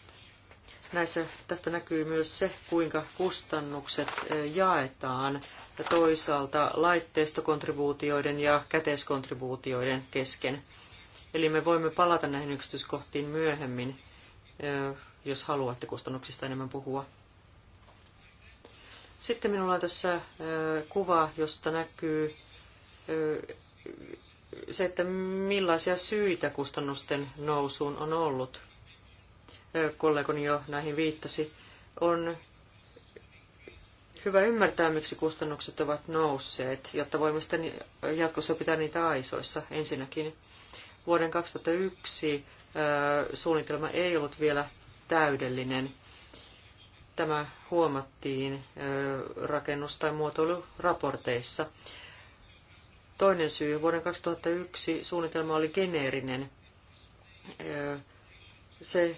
Näissä tästä näkyy myös se, kuinka kustannukset jaetaan ja toisaalta laitteistokontribuutioiden ja käteiskontribuutioiden kesken. Eli me voimme palata näihin yksityiskohtiin myöhemmin, jos haluatte kustannuksista enemmän puhua. Sitten minulla on tässä kuva, josta näkyy se, että millaisia syitä kustannusten nousuun on ollut, kollegoni jo näihin viittasi, on hyvä ymmärtää, miksi kustannukset ovat nousseet, jotta voimme sitten jatkossa pitää niitä aisoissa. Ensinnäkin vuoden 2001 suunnitelma ei ollut vielä täydellinen. Tämä huomattiin rakennus- tai muotoiluraporteissa. Toinen syy, vuoden 2001 suunnitelma oli geneerinen. Se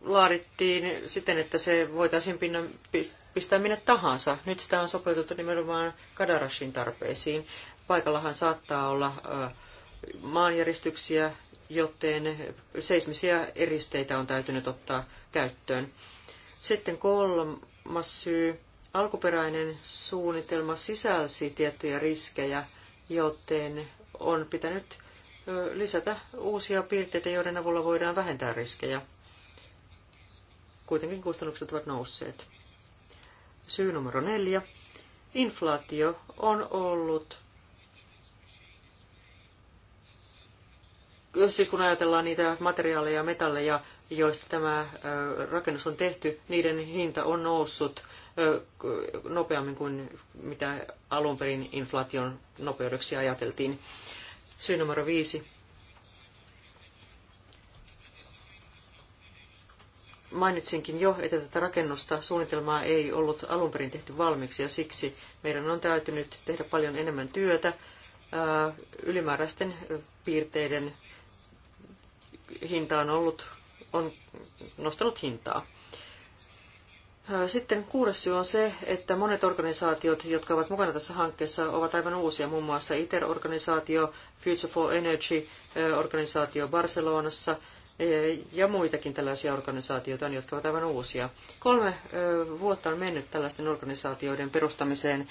laadittiin siten, että se voitaisiin pinnan, pistää minne tahansa. Nyt sitä on sopeutettu nimenomaan Kadarashin tarpeisiin. Paikallahan saattaa olla maanjäristyksiä, joten seismisiä eristeitä on täytynyt ottaa käyttöön. Sitten kolmas syy Alkuperäinen suunnitelma sisälsi tiettyjä riskejä, joten on pitänyt lisätä uusia piirteitä, joiden avulla voidaan vähentää riskejä. Kuitenkin kustannukset ovat nousseet. Syy numero neljä. Inflaatio on ollut, siis kun ajatellaan niitä materiaaleja ja metalleja, joista tämä rakennus on tehty, niiden hinta on noussut nopeammin kuin mitä alun perin inflaation nopeudeksi ajateltiin. Syy numero viisi. Mainitsinkin jo, että tätä rakennusta suunnitelmaa ei ollut alun perin tehty valmiiksi ja siksi meidän on täytynyt tehdä paljon enemmän työtä ylimääräisten piirteiden hinta on ollut, on nostanut hintaa. Sitten kuudes syy on se, että monet organisaatiot, jotka ovat mukana tässä hankkeessa, ovat aivan uusia, muun muassa ITER-organisaatio, Future for Energy-organisaatio Barcelonassa ja muitakin tällaisia organisaatioita, jotka ovat aivan uusia. Kolme vuotta on mennyt tällaisten organisaatioiden perustamiseen,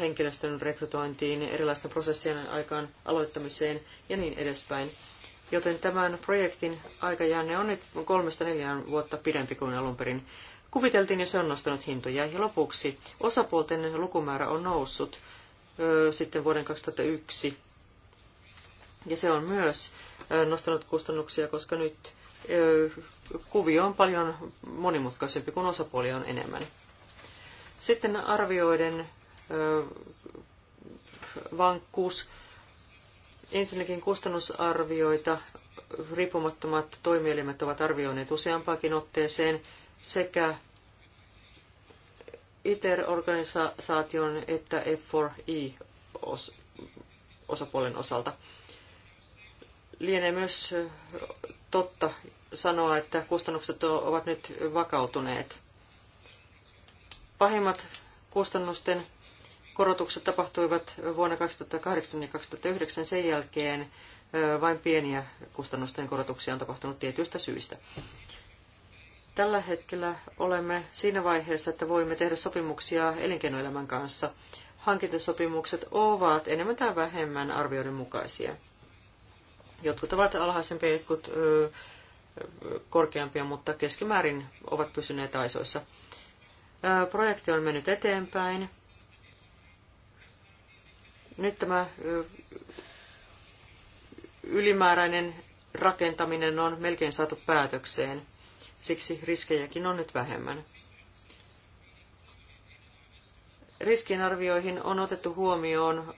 henkilöstön rekrytointiin, erilaisten prosessien aikaan aloittamiseen ja niin edespäin joten tämän projektin aikajänne on nyt kolmesta neljään vuotta pidempi kuin alun perin kuviteltiin ja se on nostanut hintoja. Ja lopuksi osapuolten lukumäärä on noussut ö, sitten vuoden 2001. Ja se on myös ö, nostanut kustannuksia, koska nyt ö, kuvio on paljon monimutkaisempi, kun osapuolia on enemmän. Sitten arvioiden ö, vankkuus. Ensinnäkin kustannusarvioita riippumattomat toimielimet ovat arvioineet useampaakin otteeseen – sekä ITER-organisaation että F4I-osapuolen osalta. Lienee myös totta sanoa, että kustannukset ovat nyt vakautuneet. Pahimmat kustannusten korotukset tapahtuivat vuonna 2008 ja 2009. Sen jälkeen vain pieniä kustannusten korotuksia on tapahtunut tietyistä syistä. Tällä hetkellä olemme siinä vaiheessa, että voimme tehdä sopimuksia elinkeinoelämän kanssa. Hankintasopimukset ovat enemmän tai vähemmän arvioiden mukaisia. Jotkut ovat alhaisempia, jotkut korkeampia, mutta keskimäärin ovat pysyneet aisoissa. projekti on mennyt eteenpäin. Nyt tämä ylimääräinen rakentaminen on melkein saatu päätökseen – siksi riskejäkin on nyt vähemmän. Riskinarvioihin on otettu huomioon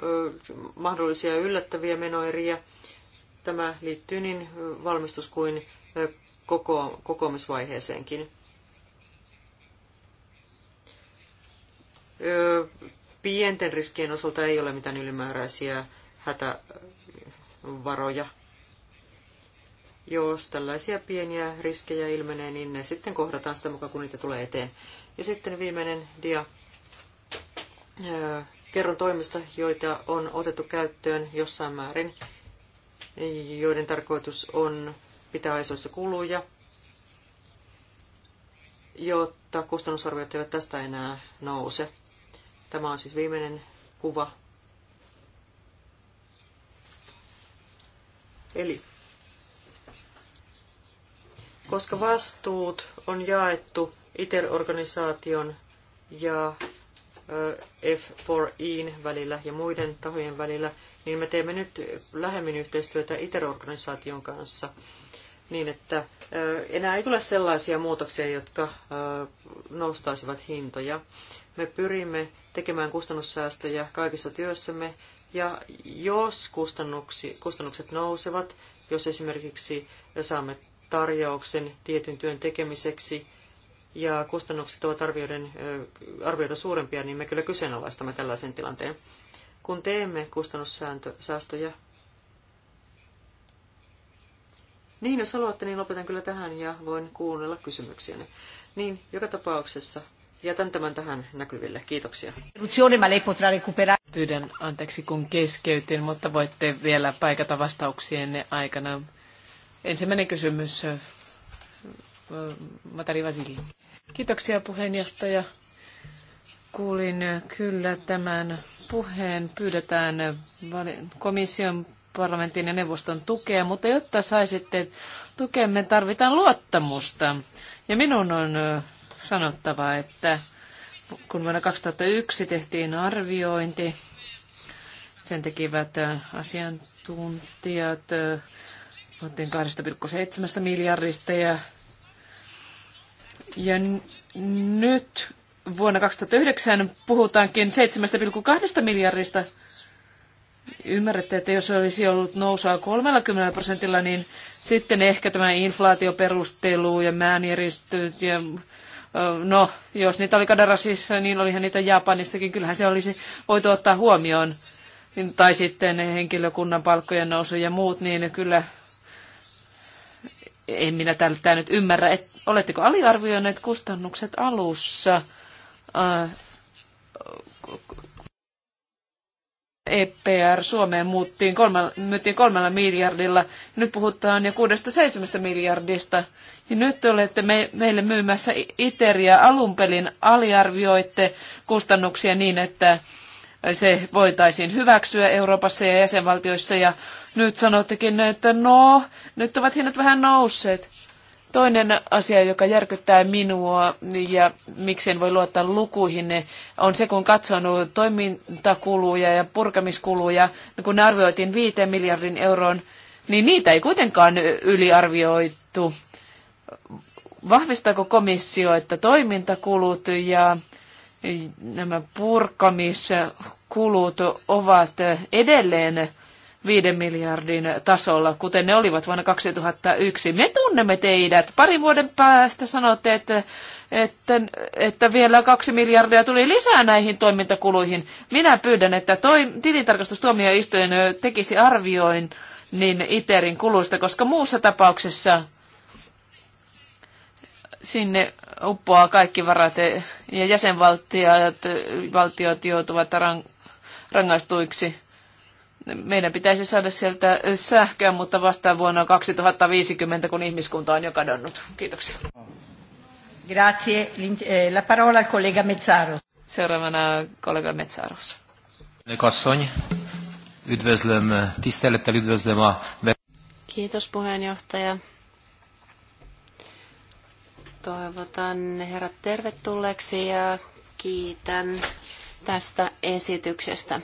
mahdollisia yllättäviä menoeriä. Tämä liittyy niin valmistus- kuin koko, kokoamisvaiheeseenkin. Pienten riskien osalta ei ole mitään ylimääräisiä hätävaroja jos tällaisia pieniä riskejä ilmenee, niin ne sitten kohdataan sitä mukaan, kun niitä tulee eteen. Ja sitten viimeinen dia. Kerron toimista, joita on otettu käyttöön jossain määrin, joiden tarkoitus on pitää aisoissa kuluja, jotta kustannusarviot eivät tästä enää nouse. Tämä on siis viimeinen kuva. Eli koska vastuut on jaettu ITER-organisaation ja F4Ein välillä ja muiden tahojen välillä, niin me teemme nyt lähemmin yhteistyötä ITER-organisaation kanssa niin, että enää ei tule sellaisia muutoksia, jotka nostaisivat hintoja. Me pyrimme tekemään kustannussäästöjä kaikissa työssämme ja jos kustannukset nousevat, jos esimerkiksi saamme tarjouksen tietyn työn tekemiseksi ja kustannukset ovat arvioiden, arvioita suurempia, niin me kyllä kyseenalaistamme tällaisen tilanteen. Kun teemme kustannussäästöjä, niin jos haluatte, niin lopetan kyllä tähän ja voin kuunnella kysymyksiänne. Niin, joka tapauksessa jätän tämän tähän näkyville. Kiitoksia. Pyydän anteeksi, kun keskeytin, mutta voitte vielä paikata vastauksienne aikana. Ensimmäinen kysymys, äh, Matari Vasili. Kiitoksia puheenjohtaja. Kuulin kyllä tämän puheen. Pyydetään komission parlamentin ja neuvoston tukea, mutta jotta saisitte me tarvitaan luottamusta. Ja minun on äh, sanottava, että kun vuonna 2001 tehtiin arviointi, sen tekivät äh, asiantuntijat puhuttiin 2,7 miljardista ja, ja nyt vuonna 2009 puhutaankin 7,2 miljardista. Ymmärrätte, että jos olisi ollut nousua 30 prosentilla, niin sitten ehkä tämä inflaatioperustelu ja määnjäristöt ja no, jos niitä oli Kadarasissa, niin olihan niitä Japanissakin. Kyllähän se olisi voitu ottaa huomioon. Tai sitten henkilökunnan palkkojen nousu ja muut, niin kyllä en minä tältä nyt ymmärrä, että oletteko aliarvioineet kustannukset alussa? Äh, EPR Suomeen muuttiin kolmella, muuttiin kolmella miljardilla. Nyt puhutaan jo kuudesta seitsemästä miljardista. Ja nyt olette me, meille myymässä Iteria pelin aliarvioitte kustannuksia niin, että se voitaisiin hyväksyä Euroopassa ja jäsenvaltioissa. Ja nyt sanottekin, että no, nyt ovat hinnat vähän nousseet. Toinen asia, joka järkyttää minua ja miksi en voi luottaa lukuihin, on se, kun katson toimintakuluja ja purkamiskuluja, kun ne arvioitiin 5 miljardin euroon, niin niitä ei kuitenkaan yliarvioitu. Vahvistaako komissio, että toimintakulut ja nämä purkamiskulut ovat edelleen 5 miljardin tasolla, kuten ne olivat vuonna 2001. Me tunnemme teidät. Pari vuoden päästä sanotte, että, että, että vielä kaksi miljardia tuli lisää näihin toimintakuluihin. Minä pyydän, että toi, tilintarkastustuomioistuin tekisi arvioin niin ITERin kuluista, koska muussa tapauksessa sinne uppoaa kaikki varat ja jäsenvaltiot valtiot joutuvat rang, rangaistuiksi. Meidän pitäisi saada sieltä sähköä, mutta vasta vuonna 2050, kun ihmiskunta on jo kadonnut. Kiitoksia. Grazie. Eh, la parola al collega Mezzaros. Seuraavana kollega Mezzaros. Kiitos puheenjohtaja. Toivotan herrat tervetulleeksi ja kiitän tästä esityksestä.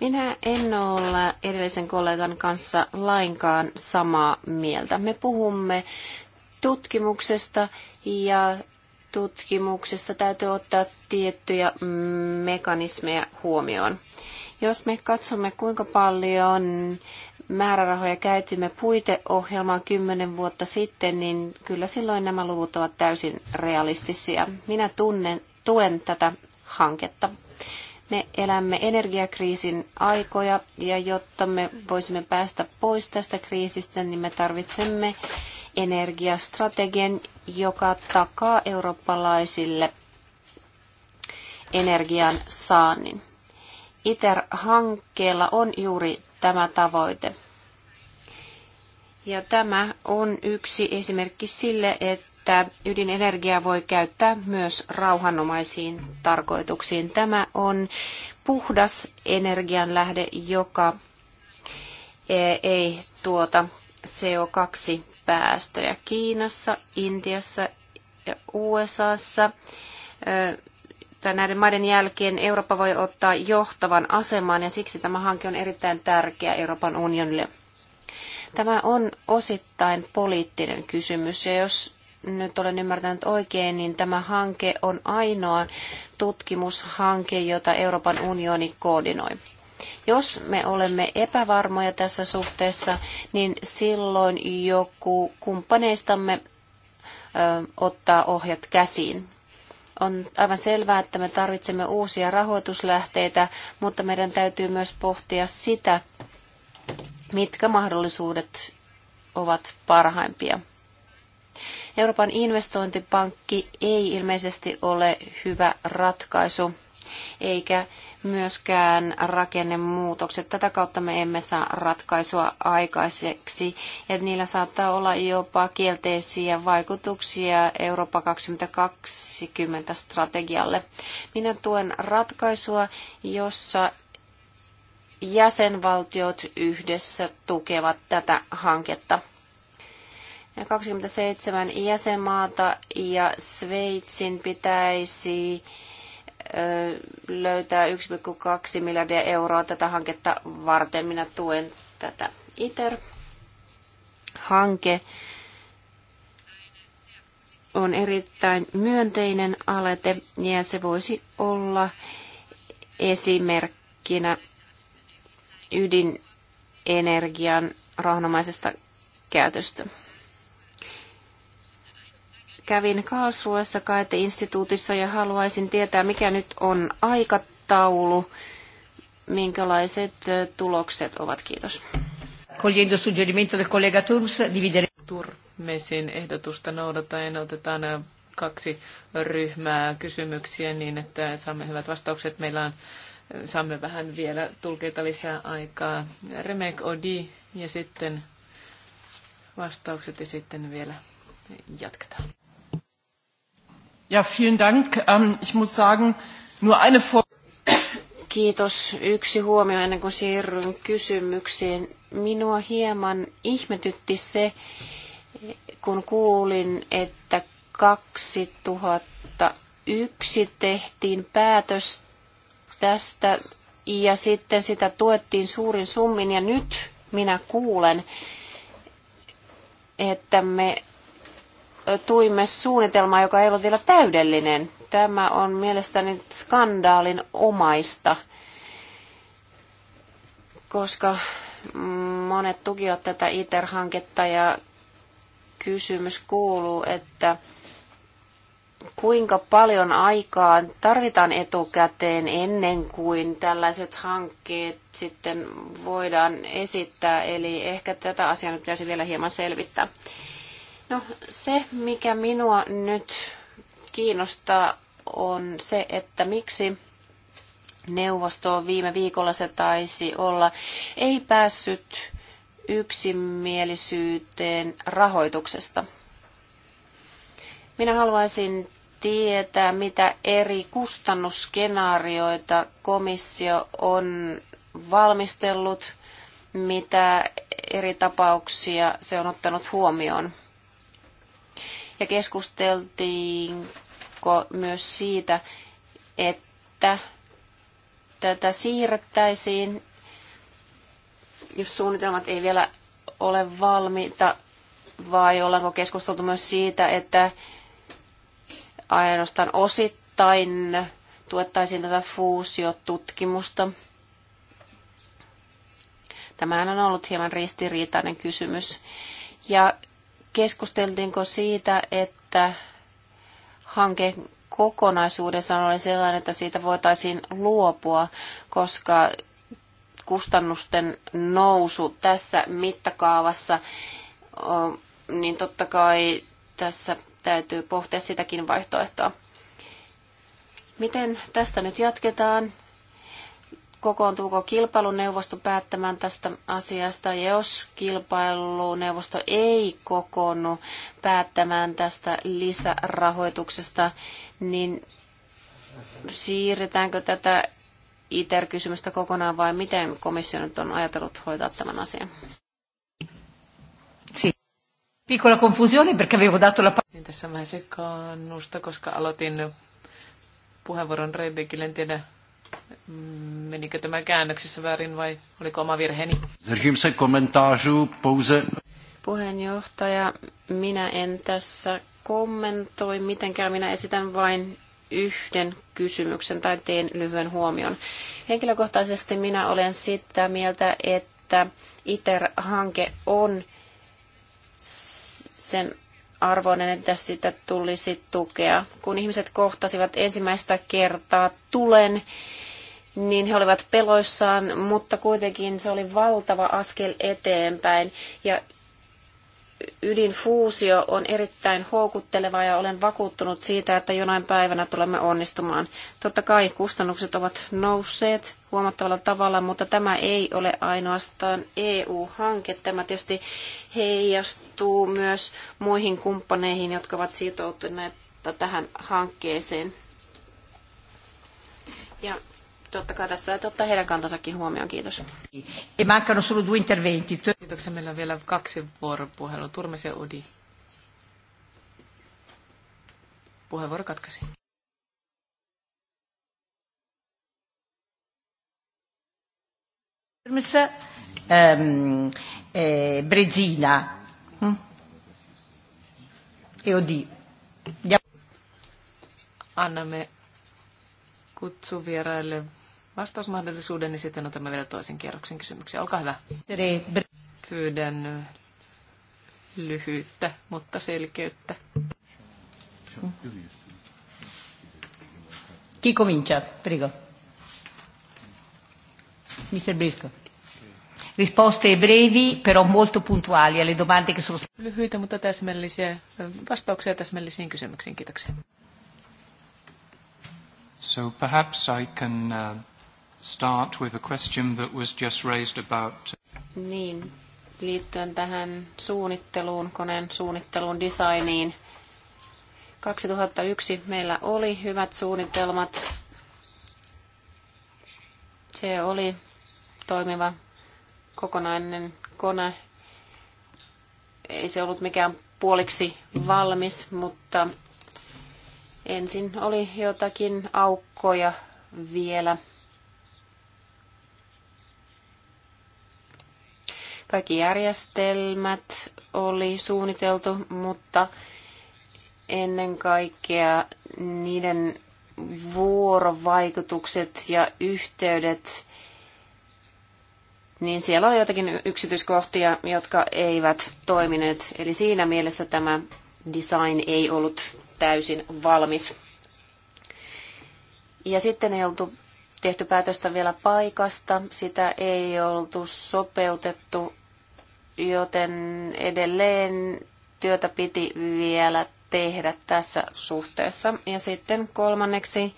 Minä en ole edellisen kollegan kanssa lainkaan samaa mieltä. Me puhumme tutkimuksesta ja tutkimuksessa täytyy ottaa tiettyjä mekanismeja huomioon. Jos me katsomme, kuinka paljon määrärahoja käytimme puiteohjelmaan kymmenen vuotta sitten, niin kyllä silloin nämä luvut ovat täysin realistisia. Minä tunnen, tuen tätä hanketta. Me elämme energiakriisin aikoja ja jotta me voisimme päästä pois tästä kriisistä, niin me tarvitsemme energiastrategian, joka takaa eurooppalaisille energian saannin. ITER-hankkeella on juuri tämä tavoite. Ja tämä on yksi esimerkki sille, että ydinenergiaa voi käyttää myös rauhanomaisiin tarkoituksiin. Tämä on puhdas energianlähde, joka e, ei tuota CO2-päästöjä Kiinassa, Intiassa ja USAssa että näiden maiden jälkeen Eurooppa voi ottaa johtavan aseman ja siksi tämä hanke on erittäin tärkeä Euroopan unionille. Tämä on osittain poliittinen kysymys ja jos nyt olen ymmärtänyt oikein, niin tämä hanke on ainoa tutkimushanke, jota Euroopan unioni koordinoi. Jos me olemme epävarmoja tässä suhteessa, niin silloin joku kumppaneistamme ö, ottaa ohjat käsiin. On aivan selvää, että me tarvitsemme uusia rahoituslähteitä, mutta meidän täytyy myös pohtia sitä, mitkä mahdollisuudet ovat parhaimpia. Euroopan investointipankki ei ilmeisesti ole hyvä ratkaisu eikä myöskään rakennemuutokset. Tätä kautta me emme saa ratkaisua aikaiseksi ja niillä saattaa olla jopa kielteisiä vaikutuksia Eurooppa 2020 strategialle. Minä tuen ratkaisua, jossa jäsenvaltiot yhdessä tukevat tätä hanketta. 27 jäsenmaata ja Sveitsin pitäisi löytää 1,2 miljardia euroa tätä hanketta varten. Minä tuen tätä ITER-hanke on erittäin myönteinen alete ja se voisi olla esimerkkinä ydinenergian rauhanomaisesta käytöstä kävin Karlsruessa Kaite-instituutissa ja haluaisin tietää, mikä nyt on aikataulu, minkälaiset tulokset ovat. Kiitos. Cogliendo suggerimento del collega Turms, dividere... Turmesin ehdotusta noudataan otetaan kaksi ryhmää kysymyksiä niin, että saamme hyvät vastaukset. Meillä on, saamme vähän vielä tulkeita lisää aikaa. Remek Odi ja sitten vastaukset ja sitten vielä jatketaan. Ja, vielen Dank. Ähm, ich muss sagen, nur eine Vor Kiitos. Yksi huomio ennen kuin siirryn kysymyksiin. Minua hieman ihmetytti se, kun kuulin, että 2001 tehtiin päätös tästä ja sitten sitä tuettiin suurin summin ja nyt minä kuulen, että me tuimme suunnitelmaa, joka ei ollut vielä täydellinen. Tämä on mielestäni skandaalin omaista, koska monet tukivat tätä ITER-hanketta ja kysymys kuuluu, että kuinka paljon aikaa tarvitaan etukäteen ennen kuin tällaiset hankkeet sitten voidaan esittää. Eli ehkä tätä asiaa nyt pitäisi vielä hieman selvittää. No se, mikä minua nyt kiinnostaa, on se, että miksi neuvosto viime viikolla se taisi olla, ei päässyt yksimielisyyteen rahoituksesta. Minä haluaisin tietää, mitä eri kustannusskenaarioita komissio on valmistellut, mitä eri tapauksia se on ottanut huomioon ja keskusteltiinko myös siitä, että tätä siirrettäisiin, jos suunnitelmat ei vielä ole valmiita, vai ollaanko keskusteltu myös siitä, että ainoastaan osittain tuettaisiin tätä fuusiotutkimusta. Tämähän on ollut hieman ristiriitainen kysymys. Ja keskusteltiinko siitä, että hanke kokonaisuudessaan oli sellainen, että siitä voitaisiin luopua, koska kustannusten nousu tässä mittakaavassa, niin totta kai tässä täytyy pohtia sitäkin vaihtoehtoa. Miten tästä nyt jatketaan? kokoontuuko kilpailuneuvosto päättämään tästä asiasta. Ja jos kilpailuneuvosto ei kokoonnu päättämään tästä lisärahoituksesta, niin siirretäänkö tätä ITER-kysymystä kokonaan vai miten komissio nyt on ajatellut hoitaa tämän asian? Piccola confusione perché avevo dato la parola. Niin tässä vähän sekaannusta, koska aloitin puheenvuoron Rebekille. En tiedä, Menikö tämä käännöksessä väärin vai oliko oma virheeni? Držím se pouze... Puheenjohtaja, minä en tässä kommentoi mitenkään. Minä esitän vain yhden kysymyksen tai teen lyhyen huomion. Henkilökohtaisesti minä olen sitä mieltä, että ITER-hanke on sen arvoinen, että sitä tulisi tukea. Kun ihmiset kohtasivat ensimmäistä kertaa tulen, niin he olivat peloissaan, mutta kuitenkin se oli valtava askel eteenpäin. Ja ydinfuusio on erittäin houkutteleva ja olen vakuuttunut siitä, että jonain päivänä tulemme onnistumaan. Totta kai kustannukset ovat nousseet huomattavalla tavalla, mutta tämä ei ole ainoastaan EU-hanke. Tämä tietysti heijastuu myös muihin kumppaneihin, jotka ovat sitoutuneet tähän hankkeeseen. Ja totta kai tässä täytyy ottaa heidän kantansakin huomioon. Kiitos. E mancano solo due interventi. Kiitoksia. Meillä on vielä kaksi vuoropuhelua. Turmes ja Udi. Puheenvuoro katkaisi. eh, e Brezina hm? e Odi. Ja. Annamme vieraille vastausmahdollisuuden, niin sitten otamme vielä toisen kierroksen kysymyksiä. Olkaa hyvä. Pyydän lyhyyttä, mutta selkeyttä. Chi comincia? Prego. Mr. Brisco. Risposte brevi, però molto puntuali alle domande che sono state. Lyhyitä, mutta täsmällisiä vastauksia täsmällisiin kysymyksiin. Kiitoksia. So perhaps I can uh, start with a question that was just raised about... Uh, niin, liittyen tähän suunnitteluun, koneen suunnitteluun, designiin. 2001 meillä oli hyvät suunnitelmat. Se oli toimiva kokonainen kone. Ei se ollut mikään puoliksi valmis, mutta Ensin oli jotakin aukkoja vielä. Kaikki järjestelmät oli suunniteltu, mutta ennen kaikkea niiden vuorovaikutukset ja yhteydet, niin siellä oli jotakin yksityiskohtia, jotka eivät toimineet. Eli siinä mielessä tämä design ei ollut täysin valmis. Ja sitten ei oltu tehty päätöstä vielä paikasta, sitä ei oltu sopeutettu, joten edelleen työtä piti vielä tehdä tässä suhteessa. Ja sitten kolmanneksi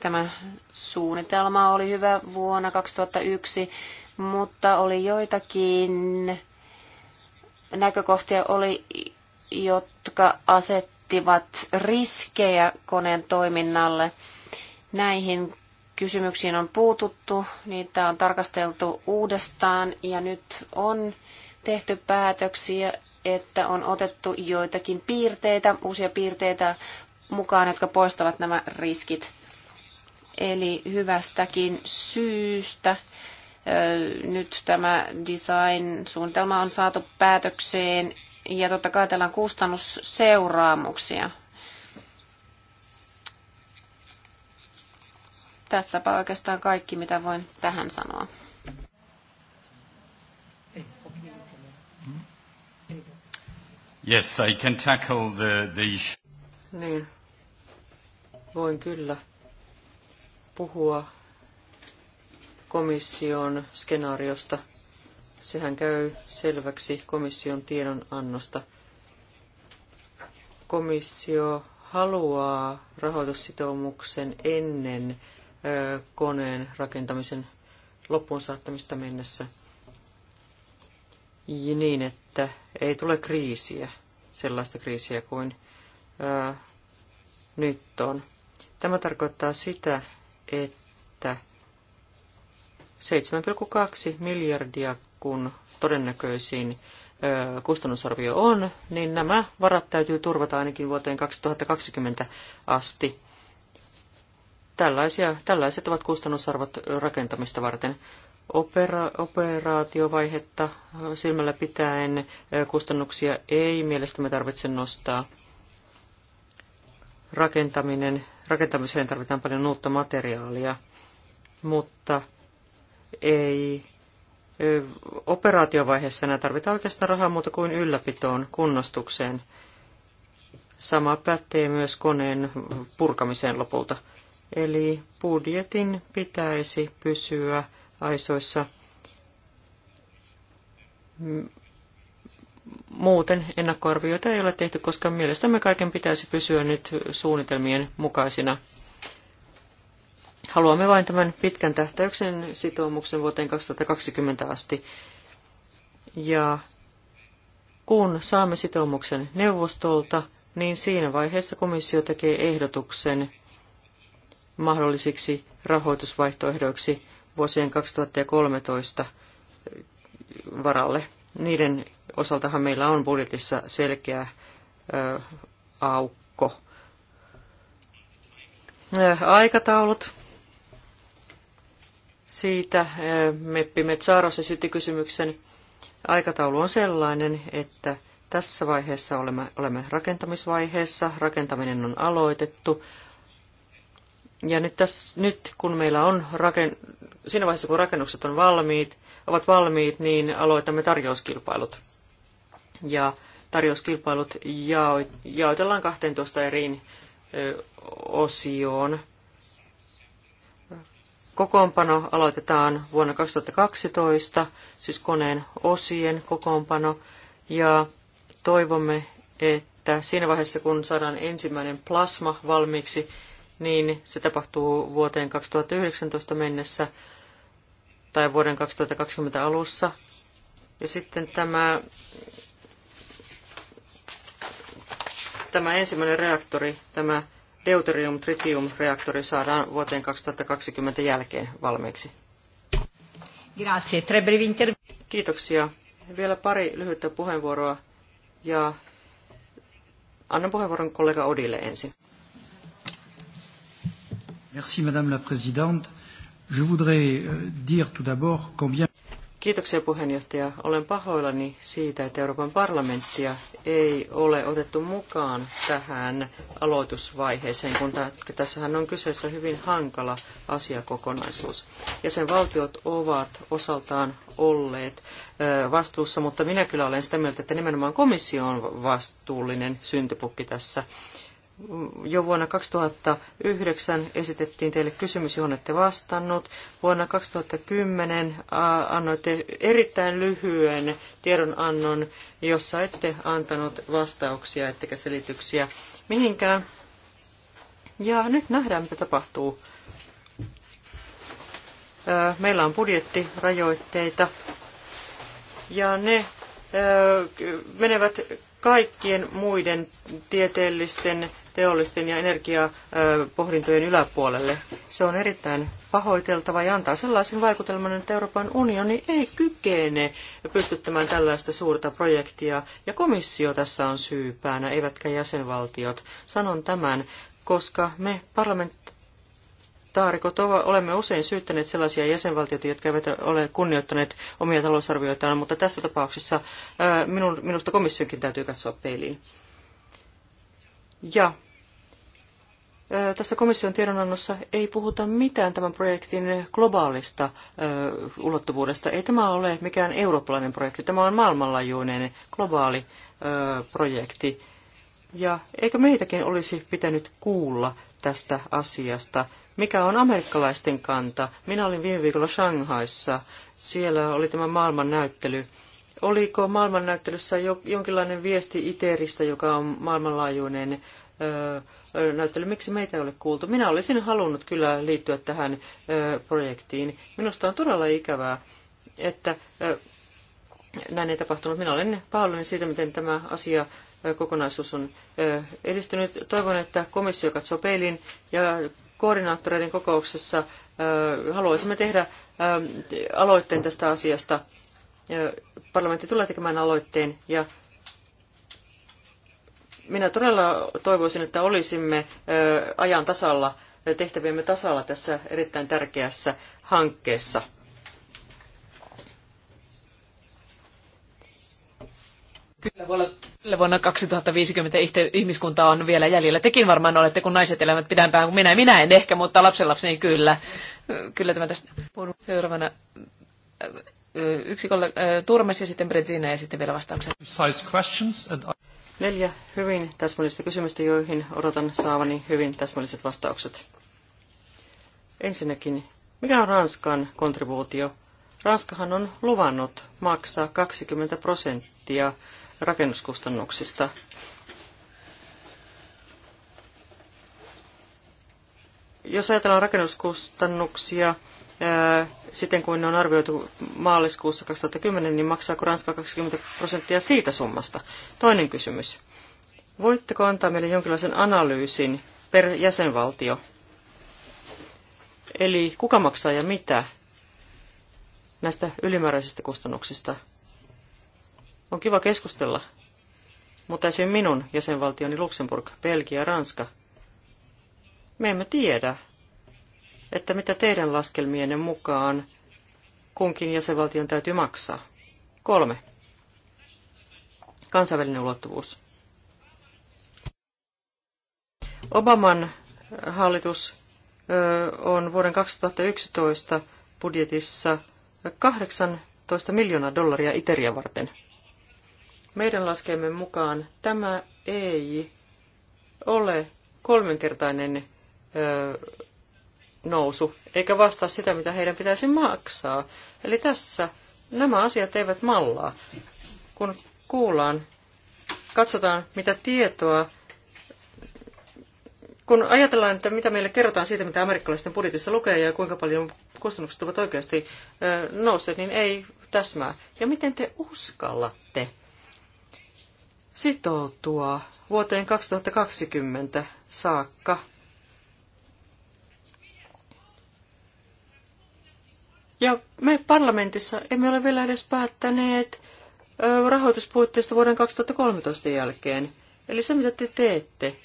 tämä suunnitelma oli hyvä vuonna 2001, mutta oli joitakin näkökohtia oli, jotka asettivat riskejä koneen toiminnalle. Näihin kysymyksiin on puututtu, niitä on tarkasteltu uudestaan ja nyt on tehty päätöksiä, että on otettu joitakin piirteitä, uusia piirteitä mukaan, jotka poistavat nämä riskit. Eli hyvästäkin syystä nyt tämä design-suunnitelma on saatu päätökseen ja totta kai täällä on kustannusseuraamuksia. Tässäpä oikeastaan kaikki, mitä voin tähän sanoa. Yes, I can tackle the, the issue. Niin, voin kyllä puhua komission skenaariosta. Sehän käy selväksi komission tiedonannosta. Komissio haluaa rahoitussitoumuksen ennen koneen rakentamisen loppuun saattamista mennessä niin, että ei tule kriisiä, sellaista kriisiä kuin nyt on. Tämä tarkoittaa sitä, että 7,2 miljardia, kun todennäköisin kustannusarvio on, niin nämä varat täytyy turvata ainakin vuoteen 2020 asti. Tällaisia, tällaiset ovat kustannusarvot rakentamista varten. Opera, operaatiovaihetta silmällä pitäen kustannuksia ei mielestämme tarvitse nostaa. Rakentaminen, rakentamiseen tarvitaan paljon uutta materiaalia, mutta ei operaatiovaiheessa enää tarvita oikeastaan rahaa muuta kuin ylläpitoon, kunnostukseen. Sama pätee myös koneen purkamiseen lopulta. Eli budjetin pitäisi pysyä aisoissa. Muuten ennakkoarvioita ei ole tehty, koska mielestämme kaiken pitäisi pysyä nyt suunnitelmien mukaisina. Haluamme vain tämän pitkän tähtäyksen sitoumuksen vuoteen 2020 asti. Ja kun saamme sitoumuksen neuvostolta, niin siinä vaiheessa komissio tekee ehdotuksen mahdollisiksi rahoitusvaihtoehdoiksi vuosien 2013 varalle. Niiden osaltahan meillä on budjetissa selkeä ö, aukko. Aikataulut siitä eh, Meppi Metsaaros esitti kysymyksen. Aikataulu on sellainen, että tässä vaiheessa olemme, olemme rakentamisvaiheessa, rakentaminen on aloitettu. Ja nyt, tässä, nyt kun meillä on raken, siinä vaiheessa, kun rakennukset on valmiit, ovat valmiit, niin aloitamme tarjouskilpailut. Ja tarjouskilpailut jaoitellaan 12 eri osioon. Kokoonpano aloitetaan vuonna 2012, siis koneen osien kokoonpano, ja toivomme, että siinä vaiheessa, kun saadaan ensimmäinen plasma valmiiksi, niin se tapahtuu vuoteen 2019 mennessä tai vuoden 2020 alussa. Ja sitten tämä, tämä ensimmäinen reaktori, tämä deuterium-tritium-reaktori saadaan vuoteen 2020 jälkeen valmiiksi? Grazie. Tre brevi Kiitoksia. Vielä pari lyhyttä puheenvuoroa ja annan puheenvuoron kollega Odille ensin. Merci Madame la Présidente. Je voudrais euh, dire tout d'abord combien Kiitoksia puheenjohtaja. Olen pahoillani siitä, että Euroopan parlamenttia ei ole otettu mukaan tähän aloitusvaiheeseen, kun tässähän on kyseessä hyvin hankala asiakokonaisuus. Jäsenvaltiot ovat osaltaan olleet vastuussa, mutta minä kyllä olen sitä mieltä, että nimenomaan komissio on vastuullinen syntipukki tässä jo vuonna 2009 esitettiin teille kysymys, johon ette vastannut. Vuonna 2010 annoitte erittäin lyhyen tiedonannon, jossa ette antanut vastauksia ettekä selityksiä mihinkään. Ja nyt nähdään, mitä tapahtuu. Meillä on budjettirajoitteita ja ne menevät kaikkien muiden tieteellisten teollisten ja energiapohdintojen yläpuolelle. Se on erittäin pahoiteltava ja antaa sellaisen vaikutelman, että Euroopan unioni ei kykene pystyttämään tällaista suurta projektia, ja komissio tässä on syypäänä, eivätkä jäsenvaltiot. Sanon tämän, koska me parlamentaarikot olemme usein syyttäneet sellaisia jäsenvaltioita, jotka eivät ole kunnioittaneet omia talousarvioitaan, mutta tässä tapauksessa minusta komissionkin täytyy katsoa peiliin. Ja tässä komission tiedonannossa ei puhuta mitään tämän projektin globaalista ulottuvuudesta. Ei tämä ole mikään eurooppalainen projekti, tämä on maailmanlaajuinen globaali projekti. Ja eikö meitäkin olisi pitänyt kuulla tästä asiasta? Mikä on amerikkalaisten kanta? Minä olin viime viikolla Shanghaissa. Siellä oli tämä maailmannäyttely. Oliko maailmannäyttelyssä jonkinlainen viesti ITERistä, joka on maailmanlaajuinen näyttely. Miksi meitä ei ole kuultu? Minä olisin halunnut kyllä liittyä tähän projektiin. Minusta on todella ikävää, että näin ei tapahtunut. Minä olen pahoillani siitä, miten tämä asia kokonaisuus on edistynyt. Toivon, että komissio katsoo peiliin ja koordinaattoreiden kokouksessa haluaisimme tehdä aloitteen tästä asiasta. Parlamentti tulee tekemään aloitteen ja minä todella toivoisin, että olisimme ajan tasalla, tehtäviemme tasalla tässä erittäin tärkeässä hankkeessa. Kyllä vuonna, kyllä 2050 ihmiskunta on vielä jäljellä. Tekin varmaan olette, kun naiset elävät pidempään kuin minä. Minä en ehkä, mutta lapsenlapseni kyllä. Kyllä tämä tästä puhun seuraavana yksi kollega, Turmes ja sitten Bredzina ja sitten vielä vastaukset. Neljä hyvin täsmällistä kysymystä, joihin odotan saavani hyvin täsmälliset vastaukset. Ensinnäkin, mikä on Ranskan kontribuutio? Ranskahan on luvannut maksaa 20 prosenttia rakennuskustannuksista. Jos ajatellaan rakennuskustannuksia, sitten kun ne on arvioitu maaliskuussa 2010, niin maksaako Ranska 20 prosenttia siitä summasta? Toinen kysymys. Voitteko antaa meille jonkinlaisen analyysin per jäsenvaltio? Eli kuka maksaa ja mitä näistä ylimääräisistä kustannuksista? On kiva keskustella, mutta esim. minun jäsenvaltioni Luxemburg, Belgia ja Ranska. Me emme tiedä, että mitä teidän laskelmienne mukaan kunkin jäsenvaltion täytyy maksaa? Kolme. Kansainvälinen ulottuvuus. Obaman äh, hallitus äh, on vuoden 2011 budjetissa 18 miljoonaa dollaria Iteriä varten. Meidän laskemme mukaan tämä ei ole kolminkertainen äh, nousu, eikä vastaa sitä, mitä heidän pitäisi maksaa. Eli tässä nämä asiat eivät mallaa. Kun kuullaan, katsotaan, mitä tietoa, kun ajatellaan, että mitä meille kerrotaan siitä, mitä amerikkalaisten budjetissa lukee ja kuinka paljon kustannukset ovat oikeasti nousseet, niin ei täsmää. Ja miten te uskallatte sitoutua vuoteen 2020 saakka Ja me parlamentissa emme ole vielä edes päättäneet rahoituspuitteista vuoden 2013 jälkeen. Eli se, mitä te teette,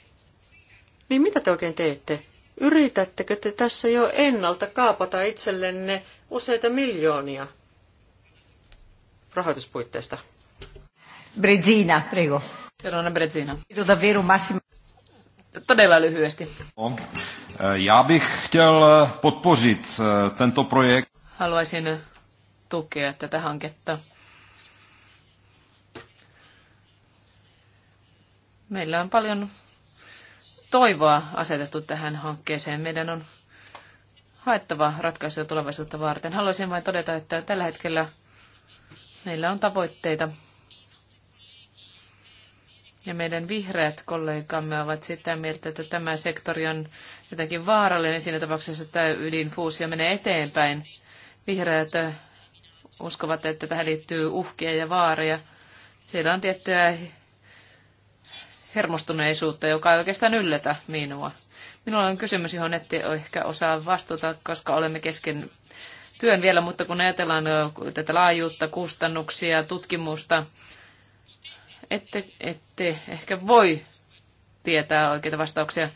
niin mitä te oikein teette? Yritättekö te tässä jo ennalta kaapata itsellenne useita miljoonia rahoituspuitteista? Brezina, prego. Seuraavana Brezina. Todella lyhyesti. Ja bych chtěl podpořit eh, tento projekt. Haluaisin tukea tätä hanketta. Meillä on paljon toivoa asetettu tähän hankkeeseen. Meidän on haettava ratkaisuja tulevaisuutta varten. Haluaisin vain todeta, että tällä hetkellä meillä on tavoitteita. Ja meidän vihreät kollegamme ovat sitä mieltä, että tämä sektori on jotenkin vaarallinen siinä tapauksessa, että ydinfuusio menee eteenpäin. Vihreät uskovat, että tähän liittyy uhkia ja vaaria. Siellä on tiettyä hermostuneisuutta, joka ei oikeastaan yllätä minua. Minulla on kysymys, johon ette ehkä osaa vastata, koska olemme kesken työn vielä, mutta kun ajatellaan tätä laajuutta, kustannuksia, tutkimusta, ette, ette ehkä voi tietää oikeita vastauksia,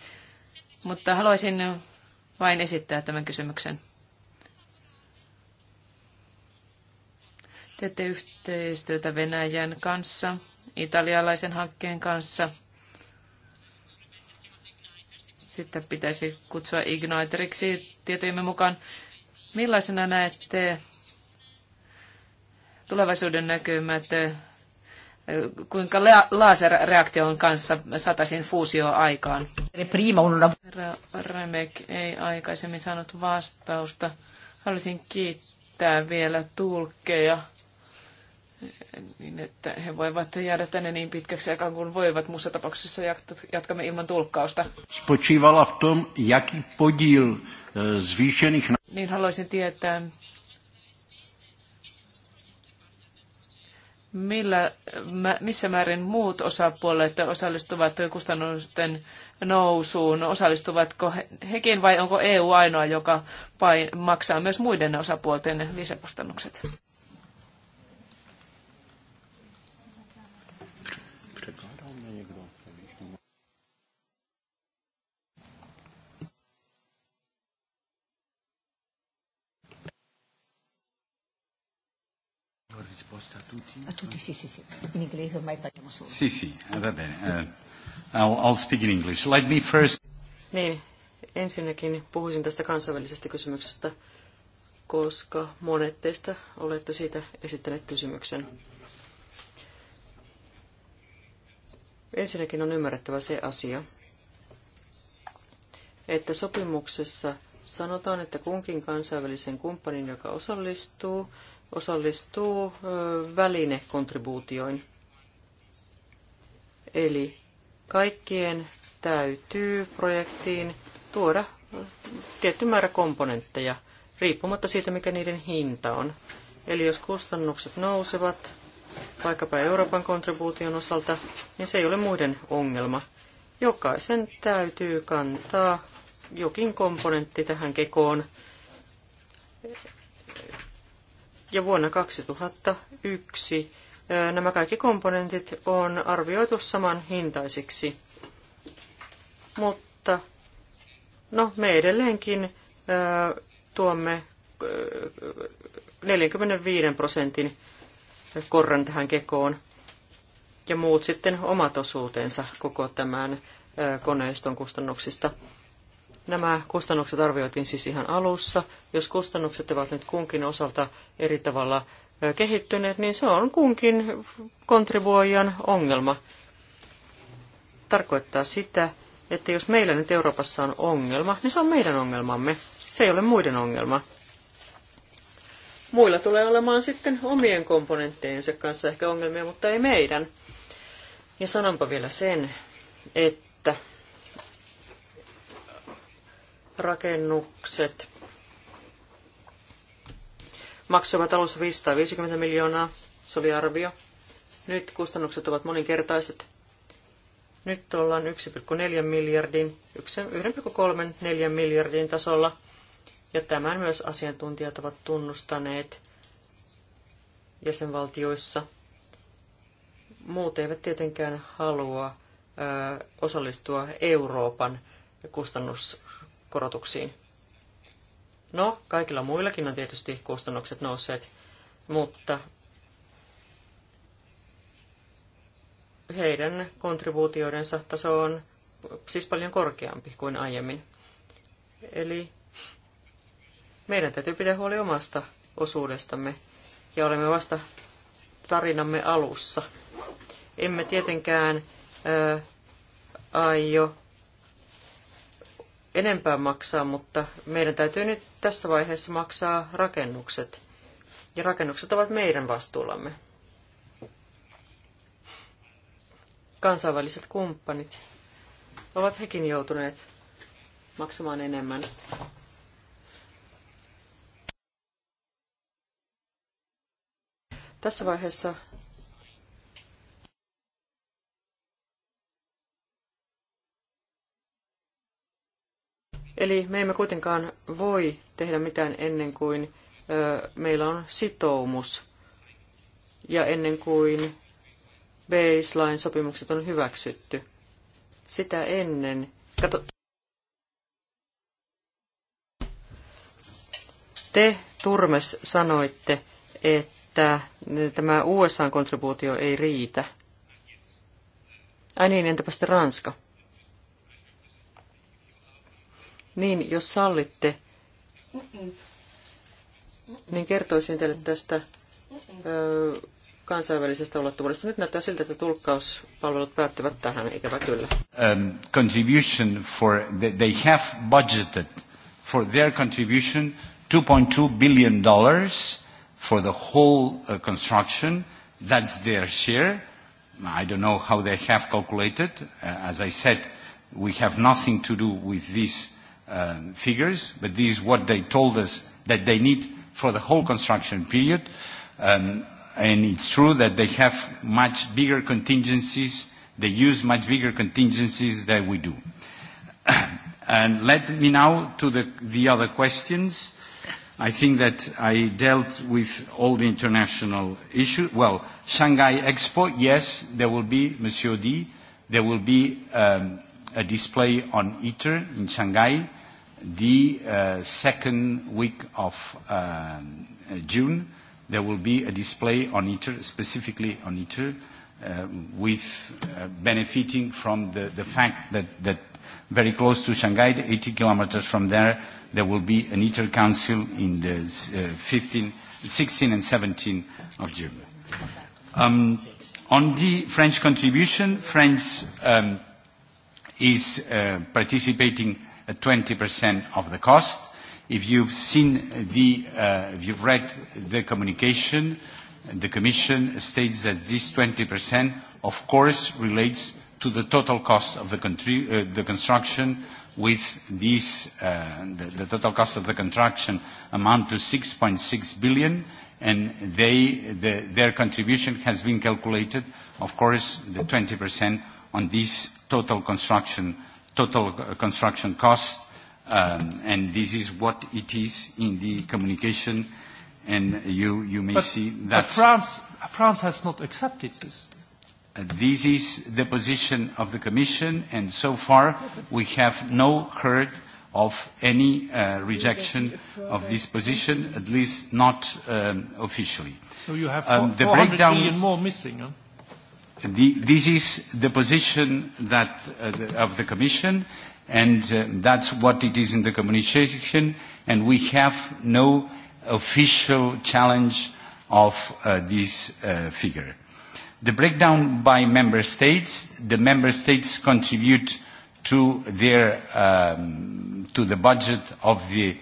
mutta haluaisin vain esittää tämän kysymyksen. Teette yhteistyötä Venäjän kanssa, italialaisen hankkeen kanssa. Sitten pitäisi kutsua Igniteriksi tietojemme mukaan. Millaisena näette tulevaisuuden näkymät, kuinka laserreaktion kanssa saataisiin fuusio aikaan? Herra Remek ei aikaisemmin saanut vastausta. Haluaisin kiittää vielä tulkkeja niin että he voivat jäädä tänne niin pitkäksi aikaan kuin voivat. Muussa tapauksessa jatkamme ilman tulkkausta. Spočívala v tom, jaký podíl e, zvýšených... Niin haluaisin tietää, millä, missä määrin muut osapuolet osallistuvat kustannusten nousuun? Osallistuvatko hekin vai onko EU ainoa, joka maksaa myös muiden osapuolten lisäkustannukset? risposta a tutti? A tutti, sì, sì, sì. In inglese ormai parliamo solo. Sì, sì, eh, va bene. Uh, I'll, I'll speak in English. Let me first... Niin, ensinnäkin puhuisin tästä kansainvälisestä kysymyksestä, koska monet teistä olette siitä esittäneet kysymyksen. Ensinnäkin on ymmärrettävä se asia, että sopimuksessa sanotaan, että kunkin kansainvälisen kumppanin, joka osallistuu, osallistuu välinekontribuutioin. Eli kaikkien täytyy projektiin tuoda tietty määrä komponentteja, riippumatta siitä, mikä niiden hinta on. Eli jos kustannukset nousevat, vaikkapa Euroopan kontribuution osalta, niin se ei ole muiden ongelma. Jokaisen täytyy kantaa jokin komponentti tähän kekoon, ja vuonna 2001 nämä kaikki komponentit on arvioitu saman hintaisiksi. Mutta no, me edelleenkin tuomme 45 prosentin korran tähän kekoon ja muut sitten omat osuutensa koko tämän koneiston kustannuksista. Nämä kustannukset arvioitiin siis ihan alussa. Jos kustannukset ovat nyt kunkin osalta eri tavalla kehittyneet, niin se on kunkin kontribuoijan ongelma. Tarkoittaa sitä, että jos meillä nyt Euroopassa on ongelma, niin se on meidän ongelmamme. Se ei ole muiden ongelma. Muilla tulee olemaan sitten omien komponenttiensa kanssa ehkä ongelmia, mutta ei meidän. Ja sanonpa vielä sen, että rakennukset maksoivat alussa 550 miljoonaa, se oli arvio. Nyt kustannukset ovat moninkertaiset. Nyt ollaan 1,4 miljardin, 1,34 miljardin tasolla, ja tämän myös asiantuntijat ovat tunnustaneet jäsenvaltioissa. Muut eivät tietenkään halua ö, osallistua Euroopan kustannus korotuksiin. No, kaikilla muillakin on tietysti kustannukset nousseet, mutta heidän kontribuutioidensa taso on siis paljon korkeampi kuin aiemmin. Eli meidän täytyy pitää huoli omasta osuudestamme ja olemme vasta tarinamme alussa. Emme tietenkään ää, aio enempää maksaa, mutta meidän täytyy nyt tässä vaiheessa maksaa rakennukset. Ja rakennukset ovat meidän vastuullamme. Kansainväliset kumppanit ovat hekin joutuneet maksamaan enemmän. Tässä vaiheessa Eli me emme kuitenkaan voi tehdä mitään ennen kuin meillä on sitoumus ja ennen kuin baseline-sopimukset on hyväksytty. Sitä ennen... Kato. Te, Turmes, sanoitte, että tämä usa kontribuutio ei riitä. Ai niin, entäpä sitten Ranska? Niin, jos sallitte, niin kertoisin teille tästä ö, kansainvälisestä ulottuvuudesta. Nyt näyttää siltä, että tulkkauspalvelut päättyvät tähän, ikävä kyllä. Um, contribution for, they have budgeted for their contribution 2.2 billion dollars for the whole uh, construction. That's their share. I don't know how they have calculated. Uh, as I said, we have nothing to do with this um, figures, but this is what they told us that they need for the whole construction period. Um, and it's true that they have much bigger contingencies, they use much bigger contingencies than we do. and let me now to the, the other questions. I think that I dealt with all the international issues. Well, Shanghai Expo, yes, there will be Monsieur D. There will be um, a display on ITER in Shanghai the uh, second week of uh, June. There will be a display on ITER, specifically on ITER, uh, with benefiting from the, the fact that, that very close to Shanghai, 80 kilometers from there, there will be an ITER council in the 16 and 17 of June. Um, on the French contribution, France um, is uh, participating at 20% of the cost. If you've seen the, uh, if you've read the communication, the Commission states that this 20%, of course, relates to the total cost of the, uh, the construction with this, the, total cost of the construction amount to 6.6 billion, and they, their contribution has been calculated, of course, the 20% on this total construction, total uh, construction cost, um, and this is what it is in the communication, and you, you may see that... But France, has not accepted this. Uh, this is the position of the Commission, and so far we have no heard of any uh, rejection of this position, at least not um, officially. So you have 400 um, million more missing, huh? The, this is the position that, uh, the, of the Commission, and uh, that's what it is in the communication, and we have no official challenge of uh, this uh, figure. The breakdown by member states, the member states contribute to their um, to the budget of the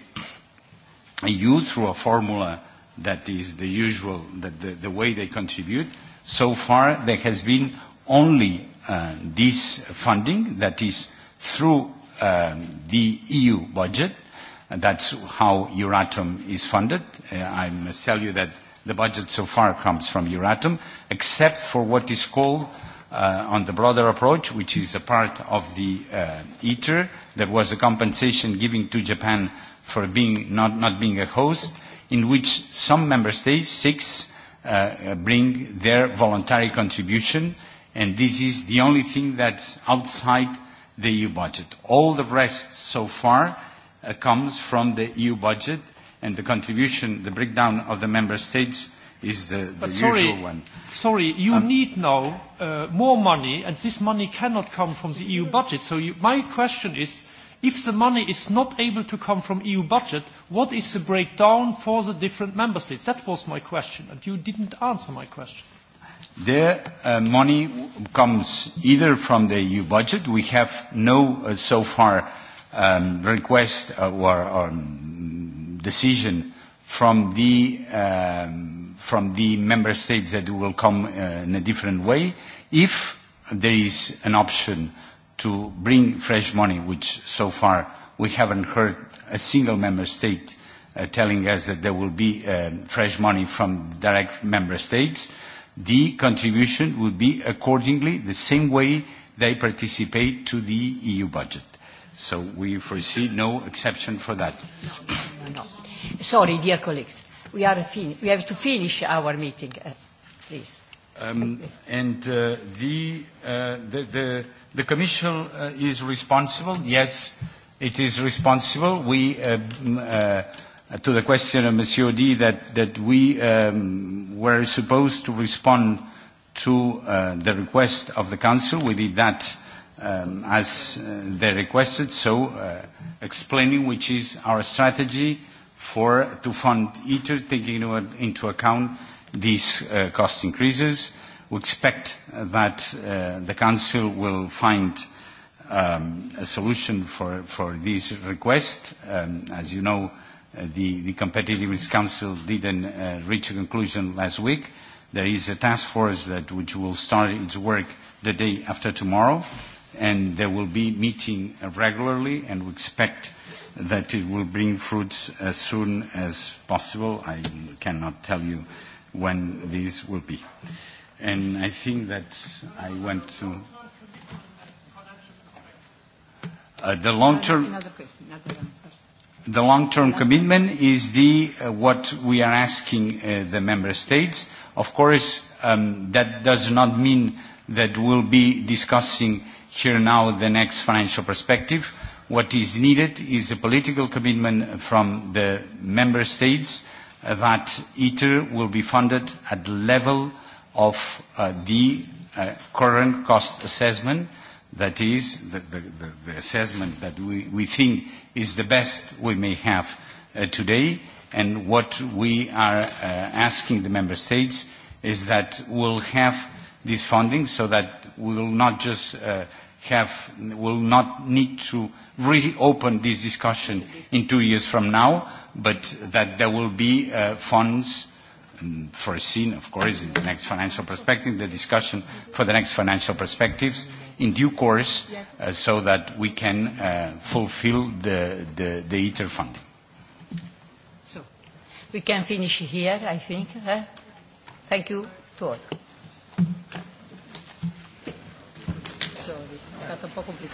EU through a formula that is the usual, that the, the way they contribute. So far, there has been only uh, this funding, that is through um, the EU budget. And that's how Euratom is funded. Uh, I must tell you that the budget so far comes from Euratom, except for what is called uh, on the broader approach, which is a part of the uh, ITER. That was a compensation given to Japan for being not, not being a host, in which some member states, six, Uh, bring their voluntary contribution, and this is the only thing that's outside the EU budget. All the rest so far uh, comes from the EU budget, and the contribution, the breakdown of the member states is the, the sorry, usual one. Sorry, you um, need now uh, more money, and this money cannot come from the EU budget. So you, my question is, If the money is not able to come from EU budget, what is the breakdown for the different member states? That was my question, and you didn't answer my question. The uh, money comes either from the EU budget. We have no, uh, so far, um, request uh, or, um, decision from the um, from the member states that will come uh, in a different way. If there is an option to bring fresh money, which so far we haven't heard a single member state uh, telling us that there will be uh, fresh money from direct member states, the contribution will be accordingly the same way they participate to the EU budget. So we foresee no exception for that. No, no, no. Sorry, dear colleagues. We, are fin we have to finish our meeting, uh, please. Um, and uh, the, uh, the, the The Commission uh, is responsible. Yes, it is responsible. We, uh, uh, to the question of Monsieur D, that, that we um, were supposed to respond to uh, the request of the Council. We did that um, as uh, they requested, so uh, explaining which is our strategy for to fund ITER, taking into account these uh, cost increases would expect uh, that uh, the Council will find um, a solution for, for this request. Um, as you know, uh, the, the Competitiveness Council didn't uh, reach a conclusion last week. There is a task force that, which will start its work the day after tomorrow, and there will be meeting regularly, and we expect that it will bring fruits as soon as possible. I cannot tell you when this will be. Uh, And I think that I want to. Uh, the long term. The long term commitment is the uh, what we are asking uh, the member states. Of course, um, that does not mean that we'll be discussing here now the next financial perspective. What is needed is a political commitment from the member states that ITER will be funded at level of uh, the uh, current cost assessment, that is, the, the, the assessment that we, we think is the best we may have uh, today, and what we are uh, asking the member states is that we'll have this funding so that we will not just uh, have, will not need to reopen this discussion in two years from now, but that there will be uh, funds foreseen, of course, in the next financial perspective, the discussion for the next financial perspectives in due course uh, so that we can uh, fulfill the, ITER funding. So, we can finish here, I think. Huh? Eh? Thank you to all. Sorry, it's a un complicated.